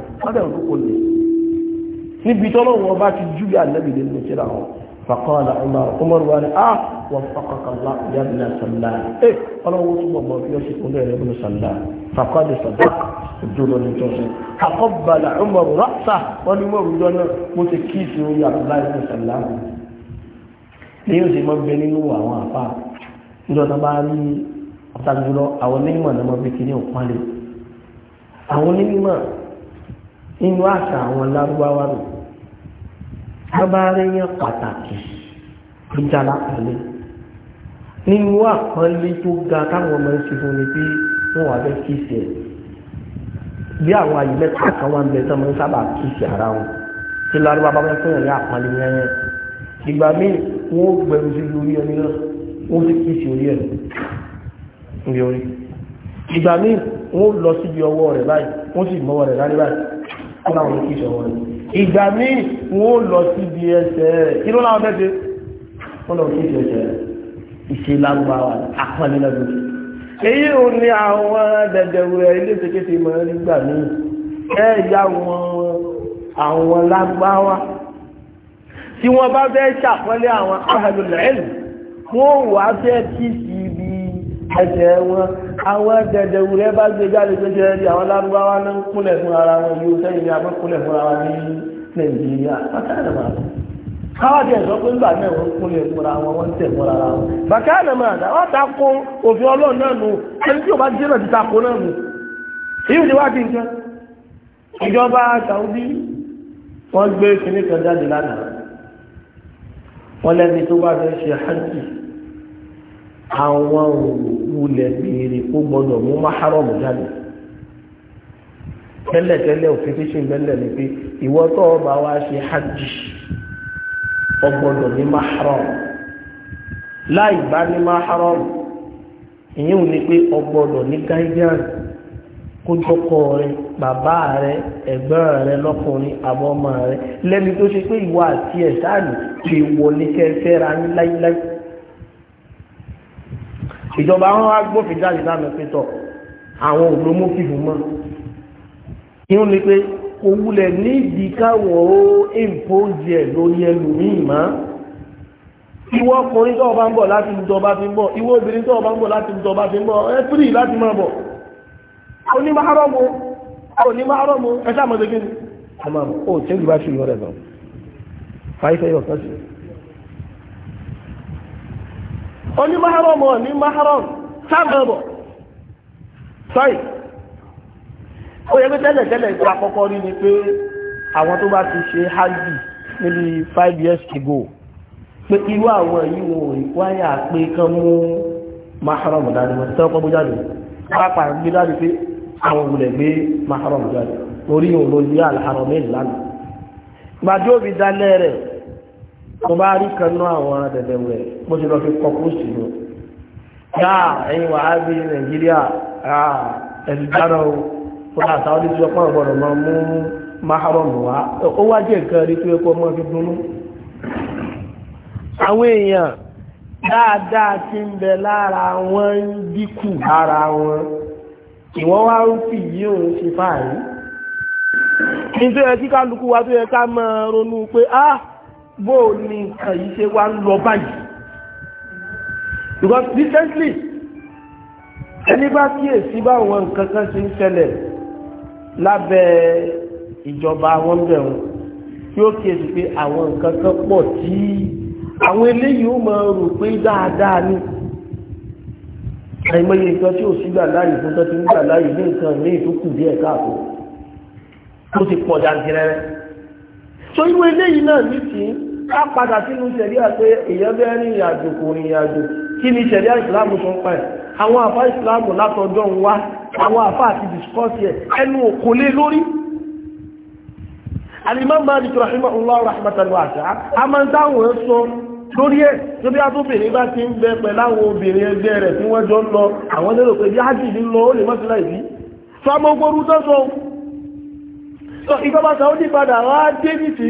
lọ́dẹ̀ òkúkò lè níbi tọ́lọ́wọ́ bá ti júbí àlẹ́bì lè lè kíra wọn fàkọ́ọ̀lá ọmọ ọmọrù wa ni ah, a eh, wọ́n fàkọ́kọ́lá yàbìnà sàlá ẹ ọlọ́wọ́ tó gbọ̀gbọ̀ fi ọ̀sẹ̀ kún lẹ́rẹ̀ ẹ̀bùn sàlá fàkọ́ọ̀lá sàlá ìdúró ní tọ́sí àkọ́bàlà ọmọrù rọ́ṣà wọn ni mọ̀rù jọ náà mo ti kí ìsìn orí àbúlá ìbùn sàlá ni yóò ṣe àwọn onímọ̀ nínú àṣà àwọn lárúbáwá rẹ̀ tábàárẹ̀ yẹn pàtàkì tó jala pẹ̀lú nínú àpọ́nlé tó ga táwọn ọmọ ẹ̀sìn fún mi pé wọ́n wà bẹ́ẹ̀ kí sí ẹ̀ bí àwọn àyè mẹ́ta kan wà ń bẹ tán máa ń sábà kí sí ara wọn tí lárúbáwá bá fún yẹn àpọ́nlé yẹn ìgbà míì wọ́n gbẹ̀rù sí lórí ẹni náà wọ́n sì kí sí orí ẹ̀ níbi orí ìgbà míì wọ́n lọ síbi ọwọ́ rẹ̀ báyìí wọ́n sì mọ́wọ́ rẹ̀ lárí báyìí aláwọn ní kí ìṣọ̀wọ́ rẹ̀ ìgbà míì wọ́n lọ síbi ẹsẹ̀ rẹ̀ kí ló láwọn tẹ́tẹ́ wọ́n lọ sí ìṣẹ̀ṣẹ̀ rẹ̀ ìṣe lágbára àpọ́nilẹ́gbẹ̀ èyí ò ní àwọn dẹ̀dẹ̀wẹ̀ ilé ìṣèkéṣe mọ̀ nígbà míì ẹ ìyá wọn àwọn lágbára tí wọ́n bá fẹ́ ṣàpọ́nlé àwọn ahàlùlẹ̀ ẹ̀lù wọ́n wà fẹ́ kí ẹsẹ̀ wọn àwọn dẹ̀dẹ̀wù rẹ bá gbé jáde tó jẹ́ rí àwọn lárúbáwá náà ń kúnlẹ̀ fún ara wọn yóò sẹ́yìn ní abẹ́ kúnlẹ̀ fún ara ní nàìjíríà bákàrẹ̀ máa káwájú ẹ̀sọ́ pé nígbà náà wọ́n kúnlẹ̀ fún ara wọn wọ́n tẹ̀ fún ara wọn bákàrẹ̀ máa dá wọ́n tako òfin ọlọ́run náà di nǹkan ìjọba lẹ́ni tó bá fẹ́ ṣe hajj àwọn òwúlẹ̀ béèrè kó gbọdọ̀ mú máhárọ̀mù jáde tẹ́lẹ̀tẹ́lẹ̀ òfin tí ṣe mẹ́lẹ̀ ni pé ìwọ tó o bá wá ṣe hajj o gbọdọ̀ ní máhárọ̀mù láì bá ní máhárọ̀mù ìyẹn ò ní pé o gbọdọ̀ ní guidance kójọkọ rẹ bàbá rẹ ẹ̀gbọ́n rẹ lọ́kùnrin àbọ̀mọ rẹ lẹ́ni tó ṣe pé ìwọ àti ẹ̀ ti wọlé kẹfẹ́ ra ní láíláí ìjọba wọn wá gbófin jáde lánàá pé tọ àwọn òlómú fìfún mọ kí wọn lè pé òwúlẹ̀ nídìí káwọn ó impose ẹ̀ lórí ẹlòmíì mọ́ ìwọ ọkùnrin tó bá ń bọ̀ láti ìjọba fi ń bọ̀ ìwọ obìnrin tó bá ń bọ̀ láti ìjọba fi ń bọ̀ ẹ fírì láti máa bọ̀ onímọ̀árọ̀mù onímọ̀árọ̀mù ẹ sáà mọ̀ ṣe kí ni ẹ máa bọ̀ ó ṣé ìgbà ṣùgbọ́n rẹ̀ lọ fàáyífẹ́ yọ̀ kan sí i oní maharam ọ̀ ní maharam sáàmù sọ́yì ó yẹ pé tẹ́lẹ̀ tẹ́lẹ̀ ìpò àkọ́kọ́ rí ni pé àwọn tó bá ti ṣe hajj níbi five years ago pé irú àwọn yìí wọn ò wáyà pé kán mú maharam dání wọn tẹ́wọ́ pọ́n jáde pápá gbé jáde pé àwọn òwúlẹ̀ gbé maharam jáde orí òun ló ní alharamẹ́lì lánàá gbàdúrà òbí dálẹ́ rẹ̀ tó bá rí kan náà àwọn dẹ̀dẹ̀wẹ̀ bó ti lọ fi kọkú sí lọ yáà ẹ̀yin wà á bí nàìjíríà ẹ̀sùn dáná o fún àtàwọn oníṣẹ́ ọpọ́n ọ̀gbọ̀dọ̀ máa mú maharam wá ó wá jẹ́ nǹkan rí tó yẹ kó máa fi dunnú àwọn èèyàn dáadáa ti ń bẹ lára wọn ń dínkù lára wọn ìwọ́n wá ń fi yí òun ṣe fáàrí nítorí kíkálukú wa tó yẹ ká máa ronú pé ah bó o ní nǹkan yìí ṣe wá ń lọ báyìí because recently ẹni bá kíyèsí báwọn nǹkan kan ṣe ń ṣẹlẹ̀ lábẹ́ ìjọba àwọn bẹ̀rùn yóò kíyèsí pé àwọn nǹkan kan pọ̀ tí àwọn eléyìí ó máa rò pé dáadáa ni àìmọye nǹkan tí ò sí gbà láàyè fún tó ti ń gbà láàyè ní nǹkan ní ìtókù díẹ̀ káàkó tó ti pọ̀ jàǹtìrẹrẹ so irú eléyìí náà ní tìí ká padà sínú ṣẹ̀ríà pé èèyàn bẹ́ẹ̀ ní ìrìnàjò kò rìnrìnàjò kí ni ṣẹ̀ríà ìsìláàmù tó ń pa ẹ̀ àwọn àfá ìsìláàmù látọjọ́ ń wá àwọn àfá àti discourse ẹ̀ ẹnu òkò lé lórí alimam Malik rahimahullah rahmatan wasi'a a máa ń dáhùn ẹ sọ lórí ẹ̀ tó bí atóbìnrin bá ti ń bẹ pẹ̀láwọn obìnrin ẹgbẹ́ rẹ̀ tí wọ́n jọ ń lọ àwọn lérò pé yáàdì ní lọ ó lè mọ́ sílá ìbí sọmọ ogbórú tó sọ ìjọba Saudi padà wá dé nìsí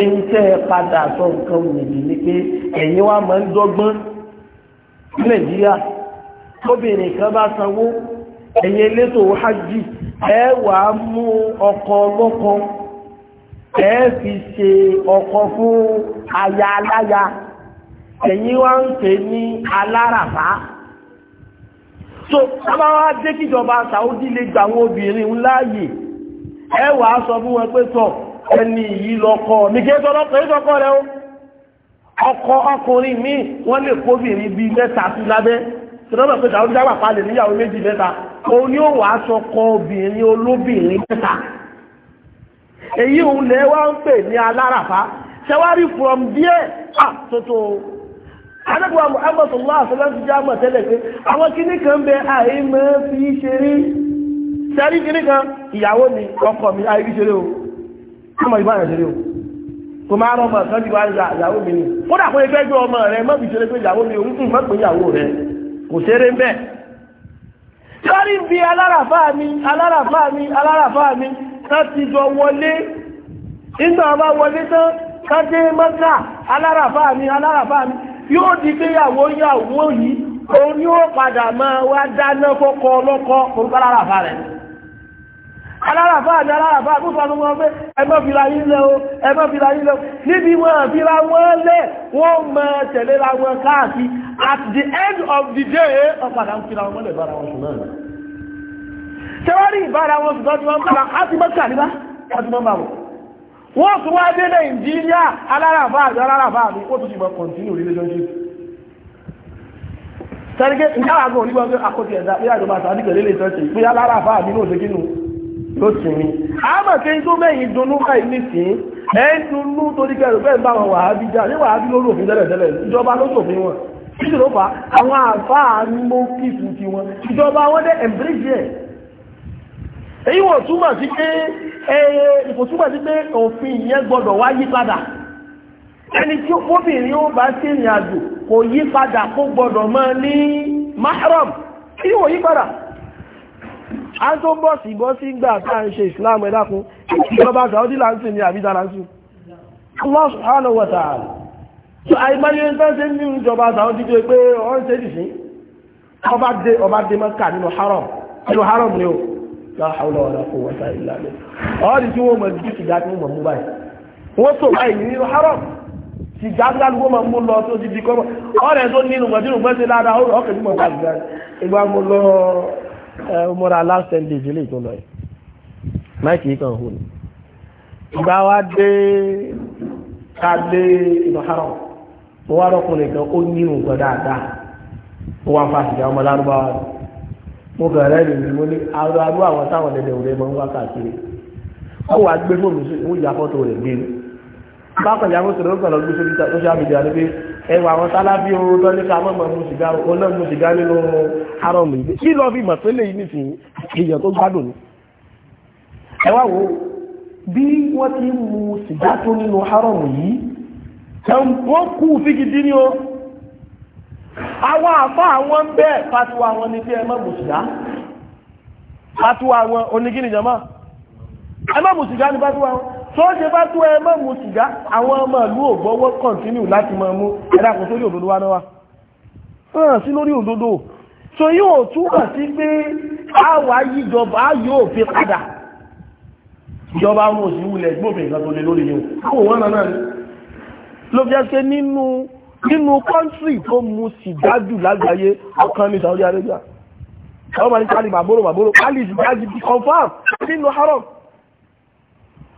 ẹnitẹ́ padà sọ nǹkan òyìnbí ni pé ẹ̀yin wa máa ń dọ́gbọ́n nàìjíríà lóbìnrin kan bá sanwó ẹ̀yin elétò hajj ẹ wà á mú ọkọ ọlọ́kọ ẹ fi ṣe ọkọ fún aya aláya ẹ̀yin wa ń pè ní aláràfá so sábà wá dé kíjọba Saudi lè gba àwọn obìnrin ńláyè ẹ wà á sọ fún wọn pé sọ. So, ẹni yìí lọ́kọ́ mi kí ẹ sọ́kọ́ rẹ o ọkọ ọkùnrin mi wọ́n lè kóbìnrin bíi mẹ́ta sí lábẹ́ tìrọ́mọ̀ pé tàwọn dáwà palẹ̀ níyàwó méjì mẹ́ta òun ni ó wàá sọkọ obìnrin olóbìnrin mẹ́ta èyí òun lẹ́ wá ń pè ní aláràfá ṣẹwárí from there ah tótó adébúwa muhammad sallallahu alaihi wasallam ti jáàmù tẹ́lẹ̀ pé àwọn kíní kan bẹ àìmọ́ fi ṣeré ṣẹ́rí kíní kan ìyàwó mi ọkọ mi àìrí ṣeré o ọmọ ìgbà rẹ̀ ṣeré o kò máa rọmọ kan ti wá ìyàwó mi ni kódà kó ẹgbẹ́ gbé ọmọ rẹ mọ́bì ṣeré pé ìyàwó mi ò ń mọ́ pé ìyàwó rẹ kò ṣeré ń bẹ̀. sọ́rí bí aláràfá mi aláràfá mi aláràfá mi ká ti jọ wọlé nígbà wọn bá wọlé tán ká dé mọ́kà aláràfá mi aláràfá mi yóò di pé ìyàwó ìyàwó yìí òun yóò padà máa wá dáná fọ́kọ ọlọ́kọ orúkọ aláràfá rẹ̀ aláràfà àti aláràfà àkóso àwọn ọmọ ọgbẹ́ ẹgbẹ́ fìlà yìí lẹ o ẹgbẹ́ fìlà yìí lẹ o níbi wọn fìlà wọn lẹ wọn mọ tẹ̀lé la wọn káàkiri at the end of the day ọ̀padà ń fìlà wọn lẹ̀ bára wọn sùn náà tẹ́wárí ìbára wọn sùn náà tí wọ́n bára á ti mọ́ kàríbá á ti mọ́ bá wọn wọ́n tún wá dé nàìjíríà aláràfà àti aláràfà àti ó tún ti mọ́ continue relationship sẹ́ríkẹ́ ìyá àgbọ̀n onígbọ́n pé àkótì ẹ̀dá pé àjọba ló sì ní kí n tó mẹ́yìn dunú báyìí nìsín ń dunú kẹrù bẹ́ẹ̀ bá wọn wàhábí já ní wàhábí ló lòfin tẹ́lẹ̀tẹ́lẹ̀ ìjọba ló sòfin wọn títí ló àwọn àfáà ń ti wọn ìjọba wọn ẹ̀ èyí wọ́n túmọ̀ sí pé sí pé òfin ìyẹn wá yí padà ẹni tí obìnrin ó bá sí ìrìn àjò kò yí padà kó a tó bọ́ sí bọ́ sí gbà tá à ń ṣe islam ẹ dákun ìjọba saudi lansin ni àbí daransu allah subhanahu wa ta'ala so àìmọye ń tán ṣe ń ní ìjọba saudi tó pé wọ́n ṣe dì sí ọba dé ọba dé mọ́kà nínú haram nínú haram ni o la hawla wala quwwata illa billah ọ̀ọ́dì tí wọ́n mọ̀ ju sìgá tí wọ́n mọ̀ mú báyìí wọ́n tó báyìí nínú haram sìgá gbàgbọ́ máa mú lọ tó ti di kọ́mọ ọ̀rẹ́ tó nínú mọ̀tínú gbẹ́sẹ̀ dáadáa ó rọ̀ ọ́kẹ́ tí mo bá gbà ìgbà mo lọ ọmọdé aláṣẹ́ndé ìdílé tó lọ yìí máìkì yìí kan hù ní. ìgbà wa dé ká dé ìdọ̀hárọ̀ mo wá lọ́kùnrin kan ó ní nǹkan dáadáa mo wá fa sìgá ọmọ lárúbáwá rẹ̀ mo kàn rẹ́ nìyí mo ní aró aró àwọn táwọn dẹdẹ òde mọ ń wá káàkiri ó wàá gbé fóònù sí ìwé ìyá fọ́tò rẹ̀ gbé bákan ìyá rẹ̀ ó kàn lọ gbé sórí social media ni ẹwà àwọn sálábí ooru tó ní ká mọ̀mọ́ mu sìgá oná mu sìgá nínú haram yìí kí lọ́ọ́ fi mọ̀ pé lè yìí nìsín èèyàn tó gbádùn ni. ẹ wá wo bí wọ́n ti mu sìgá tó nínú haram yìí wọ́n kú fígidí ni o àwọn àfa àwọn ń bẹ́ẹ̀ fatiwa àwọn ni kí ẹ má mu sìgá fatiwa àwọn onígínìjàmá ẹ má mu sìgá ni fatiwa àwọn tó ṣe bá tó ẹ mọ́ mu sìgá àwọn ọmọ ìlú ògbọ́wọ́ kọ̀ntínú láti mọ́ mú ẹ̀dá kò sórí òdodo wá náwà hàn sí lórí òdodo so yóò túmọ̀ sí pé àwa yíjọba yóò fi padà ìjọba àwọn òsì wulẹ̀ gbòmìn nǹkan tó lé lórí yìí àwọn òun náà ni ló fi jẹ́ nínú nínú kọ́ńtì tó mu sìgá jù lágbàáyé ọkàn ní Saudi Arabia àwọn ọmọ ní kálí bàbóró bàbóró kálí sìgá jù confam nínú haram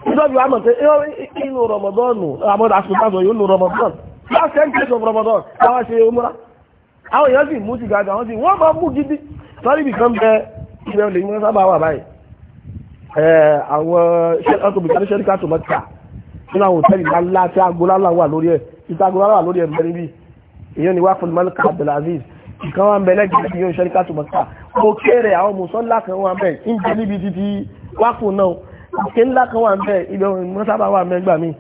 ìjọba ìwà mọ̀ pé inú rọmọdọ́nù àmọ́dá aṣòfáàzọ̀ yóò nù Ramadan. last ten days of Ramadan. àwọn ṣe omúra àwọn èèyàn sì mú sí gàgà wọn sì wọ́n máa mú gidi sọ́rí ibìkan bẹ ìgbẹ́ olè yìí wọ́n sábà wà báyìí àwọn ọkùnrin kan ṣẹ́ríkà tó mọ́ta nínú àwọn òtẹ́ẹ̀lì ńlá tí agolálà wà lórí ẹ̀ ìta agolálà wà lórí ẹ̀ mẹ́rin bí èèyàn ni wáfún malik abdulaziz ìkan wà ń bẹ lẹ́gbẹ̀ẹ́ ti yóò ṣẹ́ríkà tó mọ́ta mo kéré àwọn mùsọ́lá kan wà ń bẹ ń bẹ níbi títí wáfún náà òkè ńlá kan wà ń bẹ ilẹ̀ òyìnbó sábà wà mẹ́gbà mi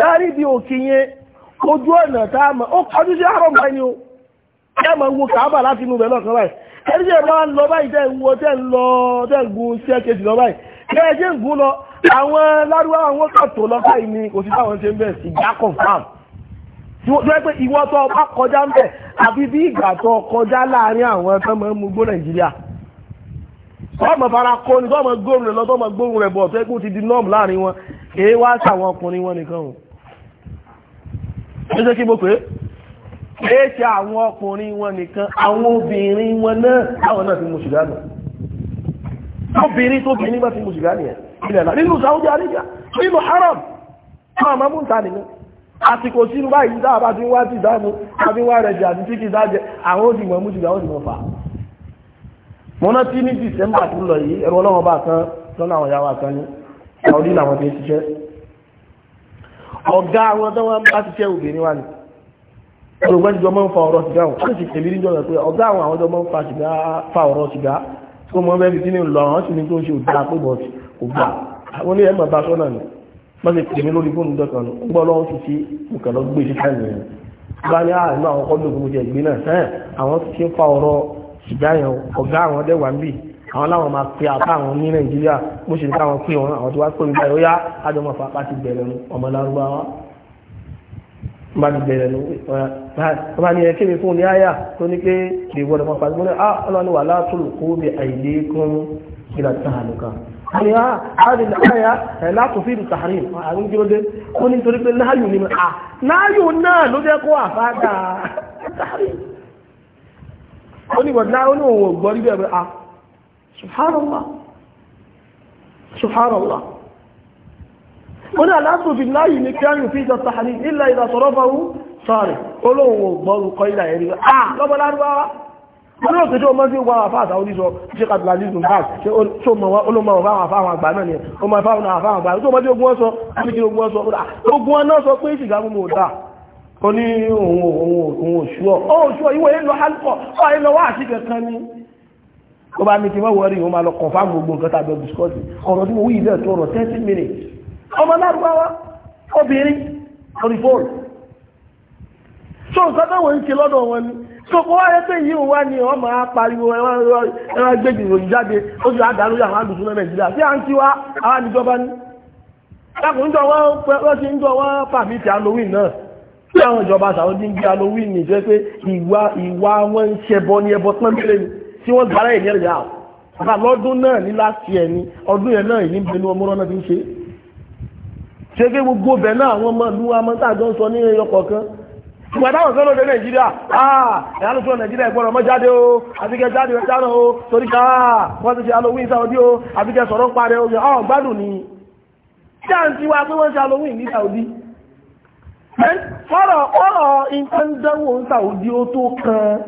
láàrí bí òkè yẹn ojú ọ̀nà tá a mọ̀ ó kọjú sí àárọ̀ mọ́ ẹni o ẹ mọ̀ ń wo kàábà láti inú bẹ̀rẹ̀ ọ̀kan báyìí ẹni tí ẹ bá ń lọ báyìí tẹ́ ń wo tẹ́ ń lọ tẹ́ ń gun sí ẹ̀kejì lọ báyìí tẹ́ ẹ ṣe ń gun lọ àwọn lárúbá àwọn kàtó lọ báyìí ni kò sí táwọn ṣe ń bẹ̀ sí já confam tí wọ́n pẹ́ ìwọ́tọ̀ ọba kọjá ń bẹ̀ àbí bí ìgbà tó kọjá láàárín àwọn tó máa ń mugbó Nàìjíríà tọ́mọ̀ fara kó ni tọ́mọ̀ gbóhùn rẹ̀ lọ tọ́mọ̀ gbóhùn rẹ̀ bọ̀ tó kú ti di norm láàrin wọn èé wá sàwọn ọkùnrin wọn nìkan o ẹsẹ́ kí mo pé èé ṣe àwọn ọkùnrin wọn nìkan àwọn obìnrin wọn náà àwọn náà ti mu sìgá nù obìnrin tó bìnrin bá ti mu sìgá nìyẹn ilẹ̀ náà nínú Saudi Arabia nínú haram àwọn ọmọ múta nìyẹn àsìkò sínú báyìí dáàbà tí wọ́n ti dáàbò àbí wọ́n rẹ̀ jẹ́ àti tí dáàjẹ́ àwọn òdìmọ̀ mú sìgá ó fà á mo rántí ní december tó lọ yìí ẹ̀rọ ọlọ́wọ́ bá kan lọ́nà àwọn ìyàwó kan ní saudi làwọn ti ń ṣiṣẹ́ ọ̀gá àwọn tó wọ́n bá ṣiṣẹ́ obìnrin wa ni olùgbọ́n ti jọ mọ́ ń fa ọ̀rọ̀ sìgá wọn ó sì tèmi níjọ rẹ̀ pé ọ̀gá àwọn àwọn jọ mọ́ ń fa ọ̀rọ̀ sìgá tó mọ́ bẹ́ẹ̀ fi sínú lọ àwọn sì ní tó ń ṣe òdà pé bọ̀ kò àwọn oníyẹn mọ̀ bá sọ́nà ni wọ́n ti tèmi lórí fóònù dọ́kan lọ gbọ́ lọ́wọ́ sì e sí ìkànnì gbé ṣíṣẹ́ nìyẹn bá ní ah, àwọn ọkọ̀ lóògùn mo náà sẹ́yìn àwọn ti ṣe fa ọ̀rọ̀ ìjà yẹn ọ̀gá àwọn dẹ́wà ń bì àwọn láwọn máa pe àbá àwọn ní nàìjíríà káwọn pé wọn àwọn tó wá pé nígbà ọmọ lárúbáwá bá ti bẹ̀rẹ̀ ni ẹ kéde fún ní àyà tó ní pé wọ́n pàṣẹ ah ọlọ́run wà látòlù kó bí àìlé kún ìlà a dé ó ní torí a ó ní bọ̀dá ó ní òun ò gbọ́ rí bẹ̀rẹ̀ a ah, subhanallah subhanallah ó ní aláàtò fi láyì ní kí á yìí fi ìjọta àní ilẹ̀ ìdásọ̀rọ̀fàwú sọ́rẹ̀ olóhun ò gbọ́ rúkọ ilẹ̀ ẹ̀rí a ah, lọ́bọ̀ lárúbáwá wọ́n yóò tẹ́jọ́ ọmọ tí ó wáwà fáà sáwọn oníṣọ́ ṣe kàtàlá ní ìzùn báà ṣe olómọ wà fáà àwọn àgbà náà ni ọmọ ìfáwọn àwọn ó ní òun òun òṣùọ́ ó òṣùọ́ ìwọ̀ èlò alùpọ̀ ó àìlọ wá àti kankan ni ó bá ní kí wọ́n wọ́rí òun máa lọ kọ̀fà gbogbo nǹkan tàbí ọ̀dùskọ́sì ọ̀rọ̀ tí mo wí ilẹ̀ tó ọ̀rọ̀ 30 minutes ọmọ lárúbáwá obìnrin lórí fóònù so nǹkan táwọn ń ṣe lọ́dọ̀ wọn ni sọ̀kọ̀ wá rẹ́ pé yìí wá ní ọmọ apariwo ẹran gbèjì ìròyìn jáde ó sì àdàlú àwọn àgùntàn náà nàìjíríà sí à ń tí wá àwọn àdìjọba ní lákòóńjọ wọn pàmìtì halloween náà tí àwọn ìjọba sàwọn ní bí halloween ní jẹ́ pé ìwà ìwà wọn ń ṣẹbọ ní ẹbọ tán bẹ̀rẹ̀ ni tí wọ́n gbára ìyẹn rẹ̀ yàwó àbá lọ́dún náà ní láti ẹ̀ ní ọdún yẹn náà ìyìn bẹnu ọmọ náà ti ń ṣe ṣe pé gbogbo bẹ̀ náà àwọn ọmọ ìlú amọ́tàjọ́ ń sọ ní ẹyọkọ̀ kan ìgbà táwọn kan ló dé nàìjíríà àà ìyálùsọ nàìjíríà ìgbọ́nà mọ́ jáde o àbíkẹ́ jáde rẹ̀ jáde o torí ká wọ́n ti ṣe halloween saudi o àbíkẹ́ sọ̀rọ̀ ń parẹ́ o yẹ ọ̀ gbádùn ni tí à ń tiwa pé wọ́n ṣe halloween ní saudi ọ̀rọ̀ ọ̀rọ̀ nǹkan dánwò ń sàwùdí ó tó kan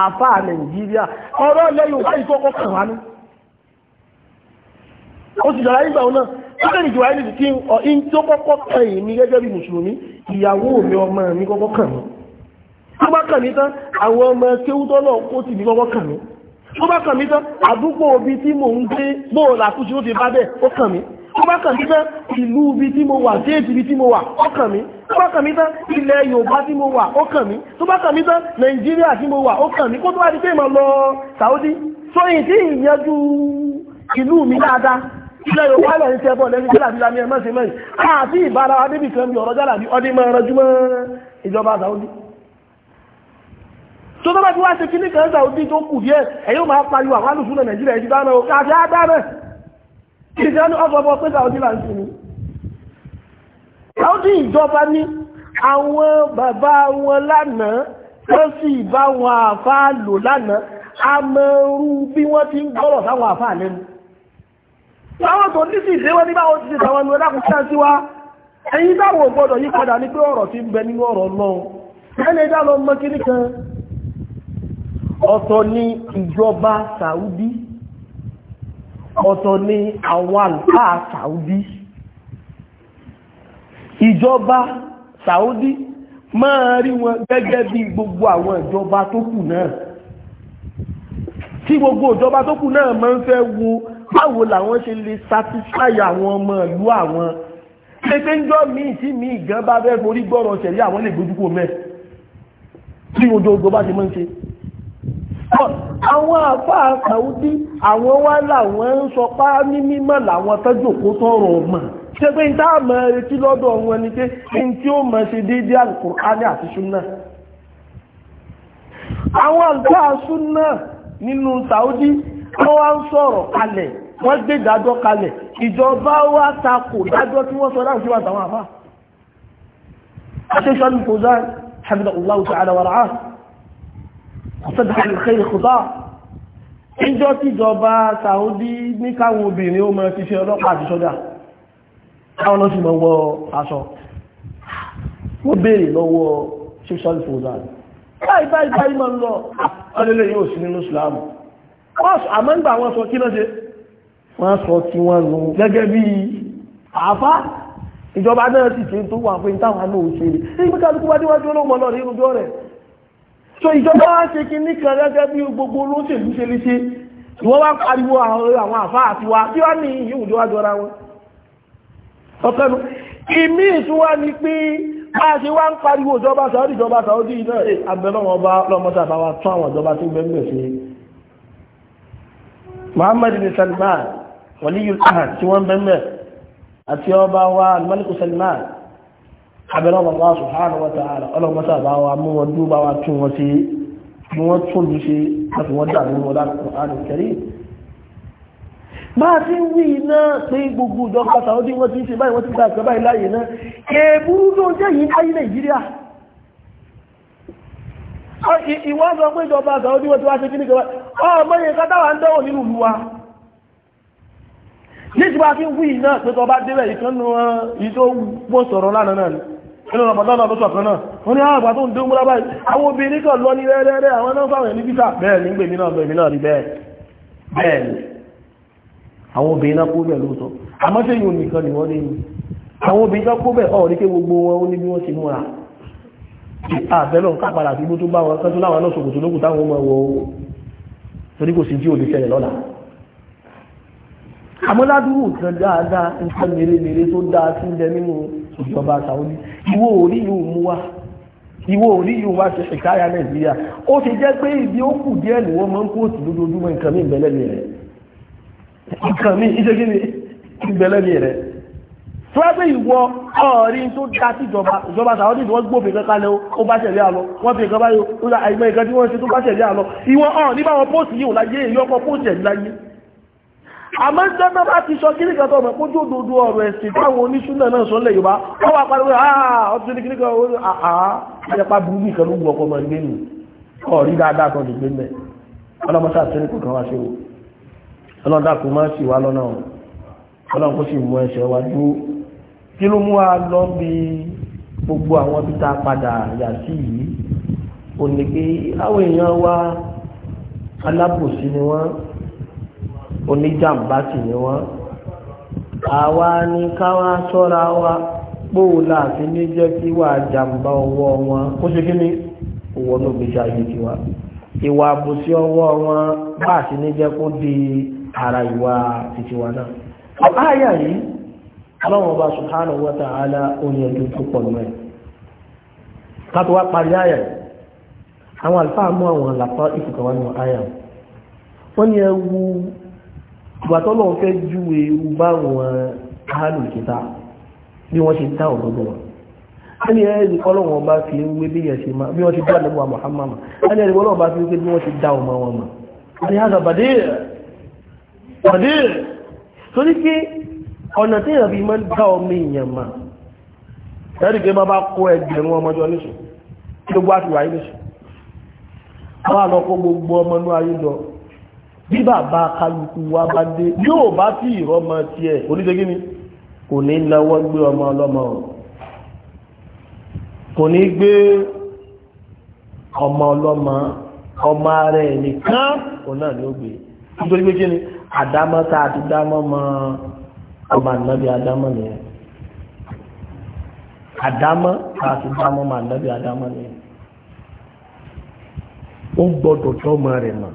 àfà nàìjíríà ọ̀rọ̀ lẹ́yìn òkú ìkọ́kọ́ kàn wá ní ó sì jọra nígbà náà ó lè jù wáyé nìdí kí ọ in tó kọ́kọ́ kan èmi gẹ́gẹ́ bí mùsùlùmí ìyàwó mi ọmọ mi kọ́kọ́ kàn mí tó bá kàn mí tán àwọn ọmọ tó bá kàn mí tán àdúgbò ibi tí mò ń gbé bóò làkúṣe ó fi bá bẹ́ẹ̀ ó kàn mí tó bá kàn mí tán ìlú ibi tí mo wà déètì ibi tí mo wà ó kàn mí tó bá kàn mí tán ilẹ̀ Yorùbá tí mo wà ó kàn mí tó bá kàn mí tán Nàìjíríà tí mo wà ó kàn mí kó tó bá di pé mo lọ Saudi sóyìn tí ìyanjú ìlú mi dáadáa ilẹ̀ Yorùbá lẹ̀ ń tẹ́bọ̀ lẹ́yìn jálàbí lami ẹ̀ mọ́sẹ̀ mẹ́rin àti ìbára adébìkan bí ọ̀rọ̀ jálàbí Saudi tó tó bá ti wá ṣe kíní kan Saudi tó kù díẹ̀ ẹ̀yìn ó máa pariwo àwọn alùsùn náà Nàìjíríà ẹ̀jú dáná o káfí á dáná kí ni ọgbọ̀gbọ̀ pé Saudi là ń sinmi Saudi ìjọba ní àwọn bàbá wọn lánàá tó sì bá wọn àfáà lò lánàá amẹ́rú bí wọ́n ti ń gbọ́rọ̀ sáwọn àfáà lẹ́nu láwọn tó ní sí ìdéwọ́ ní báwọn ti ṣe tàwọn ẹnu ẹ̀dá kò ṣáà sí wá ẹ̀yìn táwọn gbọ́dọ̀ yí ní pé ọ̀rọ̀ ti ń bẹ nínú ọ̀rọ̀ náà ẹni ẹ̀dá lọ mọ́ kíní kan ọ̀tọ̀ ni ìjọba Saudi ọ̀tọ̀ ni àwọn àlùfáà Saudi ìjọba Saudi máa rí wọn gẹ́gẹ́ bí gbogbo àwọn ìjọba tó kù náà tí gbogbo ìjọba tó kù náà máa ń fẹ́ wo báwo làwọn ṣe lè satisfy àwọn ọmọ ìlú àwọn pépé ń jọ míì tí míì gan bá fẹ́ forí gbọ́rọ̀ ṣẹ̀lẹ̀ àwọn lè gbójúkò mẹ́ tí ojú ogun bá ṣe máa ń ṣe àwọn àfáà sàúdí àwọn wá làwọn ń sọ pá ní mímọ̀ làwọn tọ́jú òkú tọrọ ọmọ ṣe pé tá a mọ̀ retí lọ́dọ̀ wọn ni pé ní tí ó mọ̀ ṣe déédé Al-Kùránì àti súnà àwọn àlùfáà súnà nínú sàúdí wọ́n wá ń sọ̀rọ̀ kalẹ̀ wọ́n gbé dájọ́ kalẹ̀ ìjọba wá takò dájọ́ tí wọ́n sọ láti fi wà táwọn àfáà àṣẹ́ṣọ́ ní kò záà ṣàbílẹ̀ àtọ́dá ìlúkẹ́ ìkúdá níjọ́ tíjọba Saudi ní káwọn obìnrin ó máa ti ṣe ọlọ́pàá àti ṣọ́dá káwọn lọ́sí mọ́ wọ aṣọ wọ́n béèrè lọ́wọ́ social fòdán báyìí báyìí báyìí máa ń lọ ọlẹ́lẹ́ yóò sí nínú Islam àmọ́ nígbà wọ́n sọ kí lọ́sẹ̀ wọ́n sọ tí wọ́n lò gẹ́gẹ́ bí àáfá ìjọba náà sì ṣe tó wà pé táwọn náà ṣe rí nígbà kálukú wájú wájú rẹ̀ so ìjọba wá ṣe kí níkan gẹ́gẹ́ bí gbogbo olóṣèlú ṣe lè ṣe ìwọ́n wá pariwo àwọn àfáà àti wa tí wá ní ìyíwò tó wá jọra wọn ọ̀kẹ́nu ìmí ìtúwá ni pé bá ṣe wá ń pariwo ìjọba Saudi ìjọba Saudi náà àbẹ̀lọ́wọ́n bá lọ́mọdé àbáwá tún àwọn ìjọba tí gbẹ̀mẹ̀ sí Muhammad bin Salman wàlíyùl ahad tí wọ́n gbẹ̀mẹ̀ àti ọba wa Malik Salman abẹ́rẹ́ Allah subhanahu wa ta'ala ọlọ́mọ́sá bá wa mú wọn dúró bá wa tún wọn sí kí wọ́n tún lù ṣe láti wọ́n dà nínú ọlá Al-Qur'anul Karim bá a ti ń wí iná pé gbogbo ìjọba ti ń ṣe báyìí ti gba àgbẹ̀ báyìí láàyè náà èèbú ló jẹ́ yìí báyìí Nàìjíríà ìwọ́n sọ pé ìjọba Saudi wọ́n ti wá ṣe kí ní ìjọba ọmọ yẹn kátàwà ń dánwò nínú ìlú wa nígbà tí ń wí pé tọba débẹ̀ ìkànnù ìjọ wọ́n sọ̀rọ̀ lánàá náà inú ramadana ló sọ̀kan náà wọ́n ní ah, àgbà tó ń dé múra báyìí àwọn obìnrin kan lọ ní rẹ́rẹ́rẹ́ àwọn náà fáwọn ẹni bísà bẹ́ẹ̀ ní gbèmí náà gbèmí náà rí bẹ́ẹ̀ bẹ́ẹ̀ ni àwọn obìnrin náà kó bẹ̀ lóòótọ́ àmọ́ ṣe yóò nìkan ni wọ́n ní ni àwọn obìnrin náà kó bẹ̀ ọ̀ ní pé gbogbo wọn ó ní bí wọ́n ti múra àbẹ́lọ̀ ń kápadà sí igbó tó bá wọn dáa sí ń nínú ìjọba Saudi ìwọ orí yóò mú wá ìwọ orí yóò wá ṣe ṣèkáyà Nàìjíríà ó ti jẹ́ pé ibi ó kù díẹ̀ ni wọ́n máa ń kóòtù lójoojúmọ́ nǹkan mi ìbẹ̀lẹ̀ mi rẹ̀ nǹkan mi iṣẹ́ kí ni ìbẹ̀lẹ̀ mi rẹ̀ tọ́wọ́pẹ́ ìwọ ọ̀rí tó dá sí ìjọba ìjọba Saudi tí wọ́n gbófin kankan lẹ́wọ́ ó bá tẹ̀lé àlọ́ wọ́n fi nǹkan báyìí ó dá àìmọ́ nǹkan tí wọ́n ṣe tó bá tẹ̀lé àlọ́ ìwọ ọ̀ nígbà wọn póòtù yìí ò láyé èyí ọkọ̀ póòtù ẹ̀ láyé àmọ́ jẹ́nà bá ti sọ kíníkà tó ọmọ kójú òdòdó ọ̀rọ̀ ẹ̀sìn táwọn oníṣúná náà sọ lẹ̀ Yorùbá wọ́n wà pariwo àà ah, ọtí ní kíníkà ó ní àà ah, ah. ẹ̀pá burú nìkan ló wù ọkọ̀ ọmọ ìgbé nù ọ̀rí dáadáa kan dìgbé mẹ́ ọlọ́mọṣà tí ní kò kàn wá sí o ọlọ́dà kò má sì wá lọ́nà ọlọ́n kó sì mú ẹsẹ̀ wá dúró kí ló mú wa lọ bí gbogbo àwọn bí tá a padà yà sí yìí ò ní pé àwọn èèyàn wa alábòsí ni wọ́n oníjàmbá sì ni wọ́n àwa ni káwá ṣọ́ra wa póòlà àti ní jẹ́ kí wà jàmbá ọwọ́ wọn ó ṣe kí ni owó náà gbèsè ayé tiwa ìwà àbòsí ọwọ́ wọn bá sì ní jẹ́ kó di ara ìwà titiwa náà àyà yìí ọlọ́run ọba subhanahu wa ta'ala oní ẹ̀dùn tó pọ̀ lọ́ẹ̀ ká tó wá parí àyà yìí àwọn àlùfáà mú àwọn làpá ìfùkàwá nù àyà wọn ni ẹ wu ìgbàtọ́lọ̀ fẹ́ júwe bá wọn alùkìta bí wọ́n ṣe dá ọ̀dọ́dọ̀ wọn ẹni ẹni ọlọ́wọ́n bá fi ń wé bí yẹn ṣe máa bí wọ́n ṣe dá lẹ́gbọ́ Muhammad ẹni ẹni ọlọ́wọ́n bá fi ń wé bí wọ́n ṣe dá ọmọ wọn mọ̀ ẹni àgbà bàdé bàdé torí pé ọ̀nà tí èèyàn fi máa ń dá ọmọ èèyàn mà ẹni pé máa bá kó ẹgbẹ̀rún ọmọdé ọlẹ́sùn gbogbo àti wáyé lẹ́sùn àwọn àlọ́kọ́ gbogbo ọmọ inú ayé lọ bí bàbá kálukú wa bá dé yóò bá tí ìrọmọ tiẹ̀ oníṣẹ́ gíní kò ní lọ́wọ́ gbé ọmọ ọlọ́mọ kò ní gbé ọmọ ọlọ́mọ ọmọ ara ẹ̀ nìkan òun náà ni ó gbé nítorí pé kí ni àdámọ́ tá a ti dámọ́ mọ́ ọmọ ànábì àdámọ́ nìyẹn àdámọ́ tá a dámọ́ mọ́ ànábì àdámọ́ nìyẹn ó gbọ́dọ̀ tọ́ ọmọ rẹ̀ náà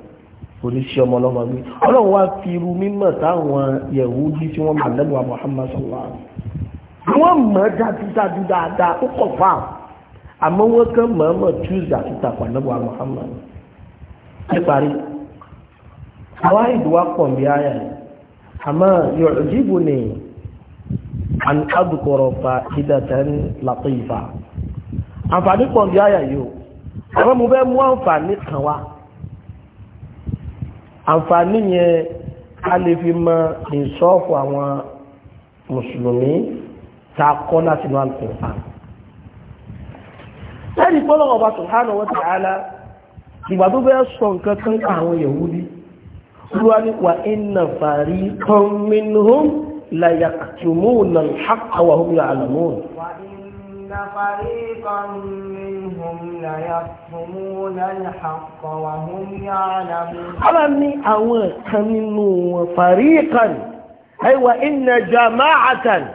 oníṣẹ́ ọmọ ọlọ́mọ gbé ọlọ́run wá fi irú mímọ̀ táwọn Yẹhudi tí wọ́n máa lẹ́nu Muhammad sallallahu alaihi wasallam wọ́n mọ̀ dájúdájú dáadáa ó kọ̀ fà àmọ́ wọ́n kàn mọ̀ọ́mọ̀ túùsì àti tàpá lẹ́nu Muhammad níparí àwọn ìdúwà pọ̀ bí ayà yìí àmọ́ yọ̀ọ̀dìbò ni an adukọ̀rọ̀ fa ìdàtàn latifa àǹfààní pọ̀ bí ayà yìí o àwọn mo fẹ́ mú àǹfààní kan wá àǹfààní yẹn a lè fi mọ ìṣọ́ọ̀fù àwọn mùsùlùmí ta kọ́ láti inú Al-Qur'an lẹ́yìn pọ́lọ́ ọba subhanahu wa ta'ala ìgbà tó bẹ́ẹ̀ sọ nǹkan kan àwọn Yahudi olúwa ní wa inna fariqan minhum la yaqtumuna al-haqqa wa hum فريقا منهم ليكتمون الحق وهم يعلمون أمني أو كمنوا فريقا أي وإن جماعة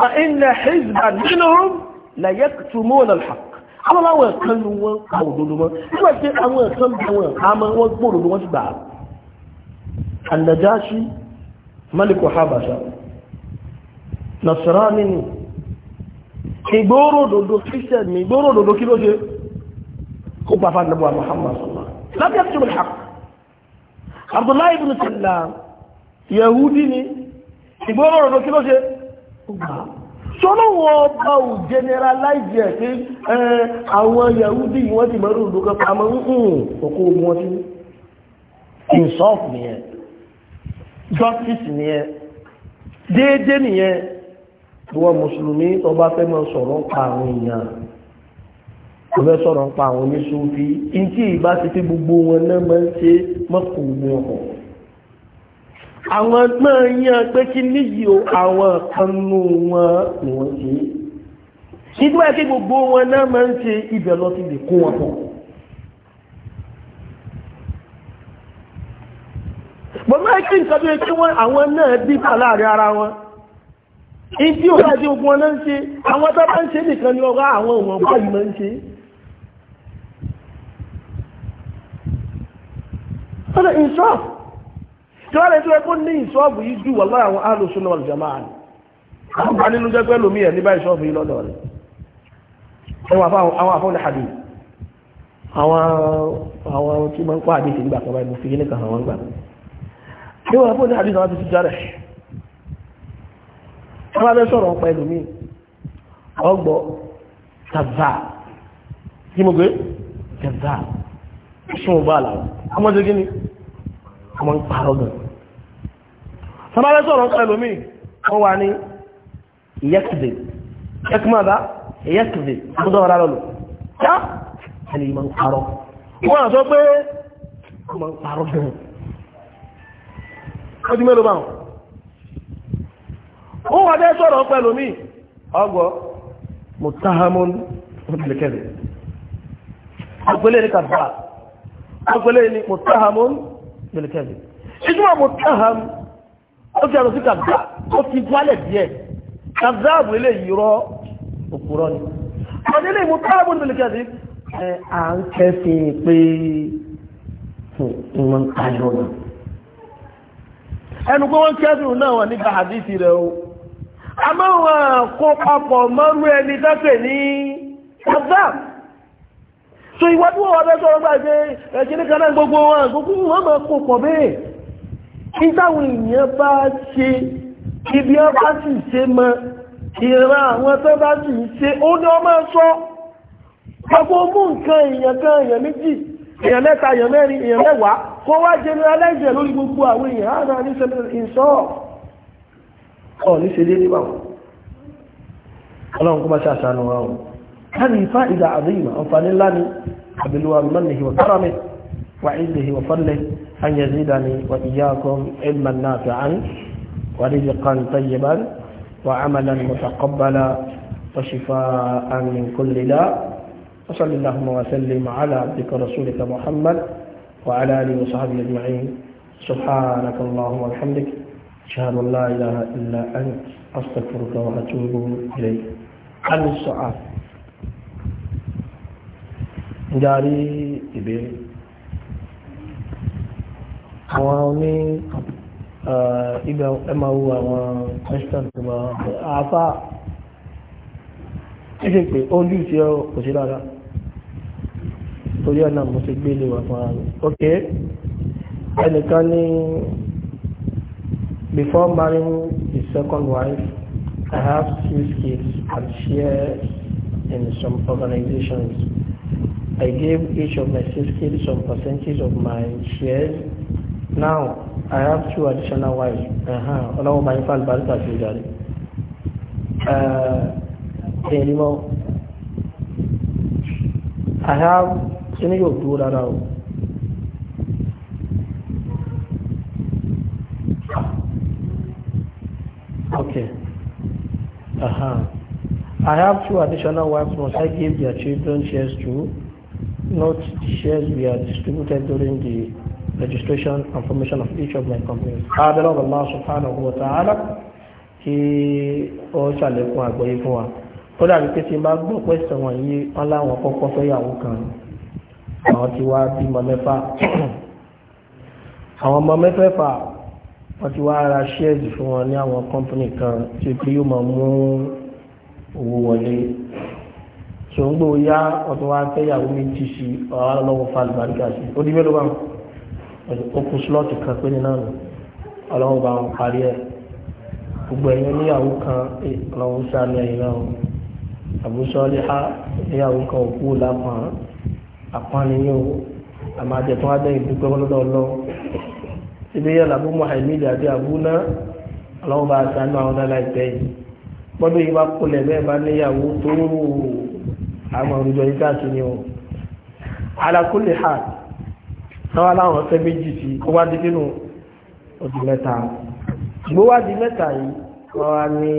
وإن حزبا منهم لا ليكتمون الحق أما لو كانوا قولوا لما إذا كان أما كان دوا أما وقبروا لما تبع النجاشي ملك حبشة نصراني ìgbóró òdòdó christian ní ìgbóró òdòdó kí ló ṣe kó gbà fún àdàbọ̀ Muhammad sọ̀rọ̀ lábẹ́ àti ìṣòro ìhàkù Abdullahi ibn Salam Yahudi ni ìgbóró òdòdó kí ló ṣe kó gbà generalize ẹ̀ Yahudi wọ́n ti mọ̀rọ̀ òdòdó kan pamọ́ ń hùn òkú ogun wọn sí insof nìyẹn justice ìwọ mùsùlùmí tó bá fẹ́ mọ sọ̀rọ̀ ń pa àwọn èèyàn tó fẹ́ sọ̀rọ̀ ń pa àwọn oníṣòfì ìtì ìbá ti fi gbogbo wọn náà máa ń ṣe mọ́kùn ní ọkọ̀ àwọn náà yàn pé kí níyì o àwọn kan wọn ni wọ́n ṣe ṣídú ẹ̀ gbogbo wọn náà máa ń ṣe ibẹ̀ lọ sí lè kó wọn pọ̀ bọ́n máa kí nǹkan tó wọ́n àwọn náà bí pàlá àrí ara wọn ìdí òun àti ogun ọ̀nà ń ṣe àwọn tó bá ń ṣe nìkan ni ọ̀rá àwọn òun ọ̀gbá yìí máa ń ṣe ọ̀nà ìṣọ́ọ̀bù tí wọ́n lè tí wọ́n kó ní ìṣọ́ọ̀bù yìí jù wà lọ́rọ̀ àwọn alòsùn náà jẹ́ máa ní àwọn bá nínú jẹ́ pẹ́ lómi ẹ̀ níbà ìṣọ́ọ̀bù yìí lọ́dọ̀ rẹ̀ àwọn àfọ́nà àdì àwọn tí wọ́n ń kọ́ àdì alábẹ́ sọ̀rọ̀ ọ̀pọ̀ ẹlòmí ọgbọ̀ kàzà kí mo gbé kàzà ṣùn bá àlàwọ̀ ọmọdé kí ni ọmọ ń parọ́ gan alábẹ́ sọ̀rọ̀ ọ̀pọ̀ ẹlòmí wọ́n wà ní ìyẹ́kìdè ẹkùnmọ́dá ìyẹ́kìdè àbúdọ́wọ́dá lọ́lọ́ yá ẹni ìmọ̀ ń parọ́ wọ́n àtọ́ pé ọmọ ń parọ́ gan ọdún mélòó báwọn ó wà dé sọ̀rọ̀ pẹ̀lú mi ọgbọ̀ mutahamun ọdúnlẹ̀kẹ́lẹ̀ agbélé ní kàbà agbélé ní mutahamun ọdúnlẹ̀kẹ́lẹ̀ ìjọba mutaham ó fi àrùn sí kàbà ó fi wálẹ̀ díẹ̀ kàbà àbò ilé yìí rọ òkúrọ́ ni àwọn ilé mutahamun ọdúnlẹ̀kẹ́lẹ̀ ẹ à ń kẹ́sìn pé wọ́n ń tayọ̀ ẹnu pé wọ́n kẹ́sìn náà wà nígbà àdìsí rẹ̀ o àmọ́ wọn kó papọ̀ mọ́rú ẹni tẹ́pẹ̀ ní azam so ìwádìí wọn wọ́n tẹ́sọ̀rọ̀ gbà pé ẹ̀kíní kan náà gbogbo wọn gbogbo wọn máa kó pọ̀ bẹ́ẹ̀ kí táwọn èèyàn bá ṣe ibi wọn bá sì ṣe mọ ìran àwọn tó bá sì ṣe ó ní ọmọ sọ gbogbo mú nǹkan èèyàn kan èèyàn méjì èèyàn mẹ́ta èèyàn mẹ́rin èèyàn mẹ́wàá kó wá generalize ọ̀ ní ṣe déédéé báwọn ọlọ́run kó bá ṣe àṣàánú wa wọn hàn ìfá ìdá àdéhìmá àǹfààní ńlá ni àbílúwa mọ́nìhì wà káràmì wà ìdèhì wà fọ́lẹ̀ an yazidani wa iyyakum ilman nafi'an wa وسلم على عبدك ورسولك محمد وعلى اله وصحبه سبحانك اللهم وبحمدك أشهد أن لا إله إلا أنت أستغفرك وأتوب إليك عن السؤال جاري ìbéèrè àwọn oní ibẹ̀ ẹ máa wo àwọn question tó bá wọn pẹ̀ àáfà ẹ ṣe pé ó lù sí kò sí rárá torí ọ̀nà mo ti gbé lè wà fún ara ok ẹnìkan ní Before marrying his second wife, I have six kids and share in some organizations. I gave each of my six kids some percentage of my shares. Now, I have two additional wives. Uh-huh. Allow my barka jari. Uh, anymore. I have, kí ni yóò dúró dára Okay. Uh-huh. I have two additional wives must I give their children shares too? Not the shares we are distributed during the registration and formation of each of my companies. Abel of Allah subhanahu wa ta'ala kí ó ṣàlékún àgbọ́yé fún wa. Ó dàbí pé tí n bá gbọ́ pẹ́sẹ̀ wọ̀nyí wọ́n láwọn kọ́kọ́ fẹ́yàwó kan. Àwọn ti wá bímọ mẹ́fà. Àwọn ọmọ mẹ́fẹ̀ẹ̀fà wọ́n ti wá ara ṣẹ́ẹ̀dì fún wọn ní àwọn kọ́mpìnì kan tí pé yóò máa mú owó wọlé ṣòǹgbò yá ọ̀tún wá fẹ́yàwó méjì sí ọ̀rọ̀ lọ́wọ́ falùbáríkà sí ó dí mélòó bá wọn okùn slọ́ọ̀tì kan pé ní náà nù ọlọ́run bá wọn parí ẹ̀ gbogbo ẹ̀yìn oníyàwó kan ọlọ́run sáré ẹ̀yìn náà àbúṣọ́lé á níyàwó kan òkú lápá àpániyó ìgbéyà làbú muhammed àti abúná ọlọ́wọ́ bá sànú àwọn dáadáa ìpẹ́ yìí gbọ́dọ̀ yìí bá kólẹ̀ bẹ́ẹ̀ bá níyàwó tó àwọn òrùjọ yìí káàkiri o alákólè ha náwó aláwọn ọ̀sẹ̀ méjì sí ó wá di nínú oṣù mẹ́ta gbó wá di mẹ́ta yìí wọ́n wá ní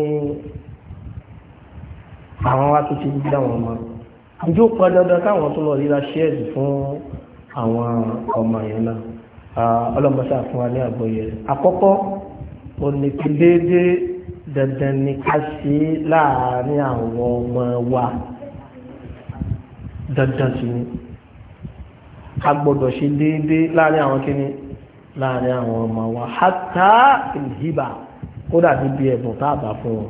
àwọn wá tó ti ń dá wọn mọ́ ìjó pọn dandan káwọn tó lọ ríra ṣẹ́ẹ̀dì fún àwọn ọmọ yẹn náà ọlọ́mọṣà fún wa ní àgbọ̀yẹ àkọ́kọ́ ó ní kí déédéé dandan ni ká ṣe láàárín àwọn ọmọ wa dandan sí ni a gbọ́dọ̀ ṣe déédéé láàárín àwọn kíni láàárín àwọn ọmọ wa hátà ìhìbà kódà níbi ẹ̀bùn tá a bá fún wọn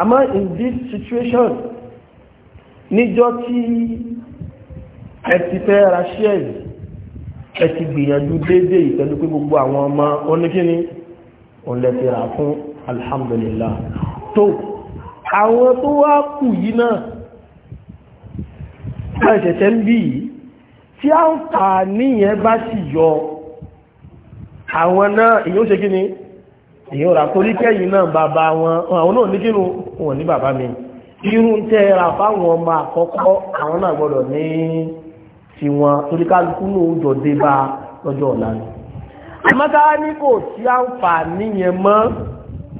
àmọ́ in this situation níjọ́ tí ẹ ti fẹ́ ra ṣẹ́ẹ̀lì ẹ ti gbìyànjú déédé ìtẹ́lú pé gbogbo àwọn ọmọ oníkíní ọ̀lẹ́tìrà fún alhamdulillah tó àwọn tó wá kù yìí náà ẹ̀ṣẹ̀ṣẹ̀ ń bí yìí tí a ń fà níyẹn bá sì yọ àwọn náà èyí ó ṣe kí ni èyí ó rà torí kẹ́yìn náà bàbá wọn àwọn náà ní kínú wọn ní bàbá mi irú tẹ́ fáwọn ọmọ àkọ́kọ́ àwọn náà gbọ́dọ̀ ní tí wọ́n torí kálukú ní oúnjọ dé bá lọ́jọ́ ọ̀la ni àmọ́ká ní kò sí àǹfààní yẹn mọ́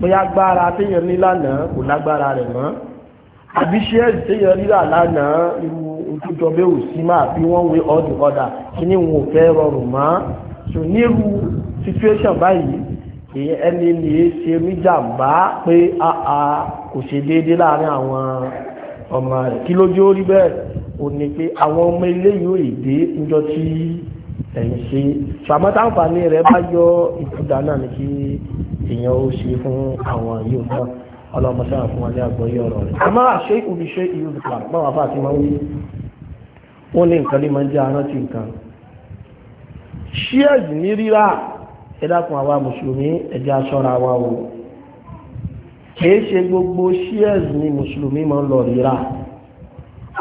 bóyá agbára téèyàn ní lánàá kò lágbára rẹ̀ mọ́ àbí ṣẹ́ẹ̀sì téèyàn rírà lánàá irú ojújọ bẹ́ẹ̀ ò sí máa bí wọ́n wé ọdún ọ̀dà kí ni wọn ò fẹ́ rọrùn mọ́ so nírú situation báyìí ẹni lè ṣe níjàmbá pé kò ṣe déédéé láàárín àwọn ọmọ rẹ̀ kí lójú ó rí bẹ́ẹ̀ ò ní pé àwọn ọmọ eléyìí ò dé níjọ tí ẹ̀yìn ṣe ṣàmọ́tàǹfààní rẹ̀ bá yọ ìkúdà náà ní kí èèyàn ó ṣe fún àwọn yóò náà ọlọ́mọṣẹ́ àfún wa ní àgbọ̀yé ọ̀rọ̀ rẹ̀ a máa ṣe ibi ṣe ìlú ìpà báwọn afá àti máa ń wí wọ́n ní nǹkan ní máa ń jẹ́ arántí nǹkan ṣíẹ̀sì ní rírà ẹ dákun àwa mùsùlùmí ẹ̀jẹ̀ aṣọ́ra wa o kìí ṣe gbogbo ṣíẹ̀sì ní mùsùlùmí máa ń lọ rírà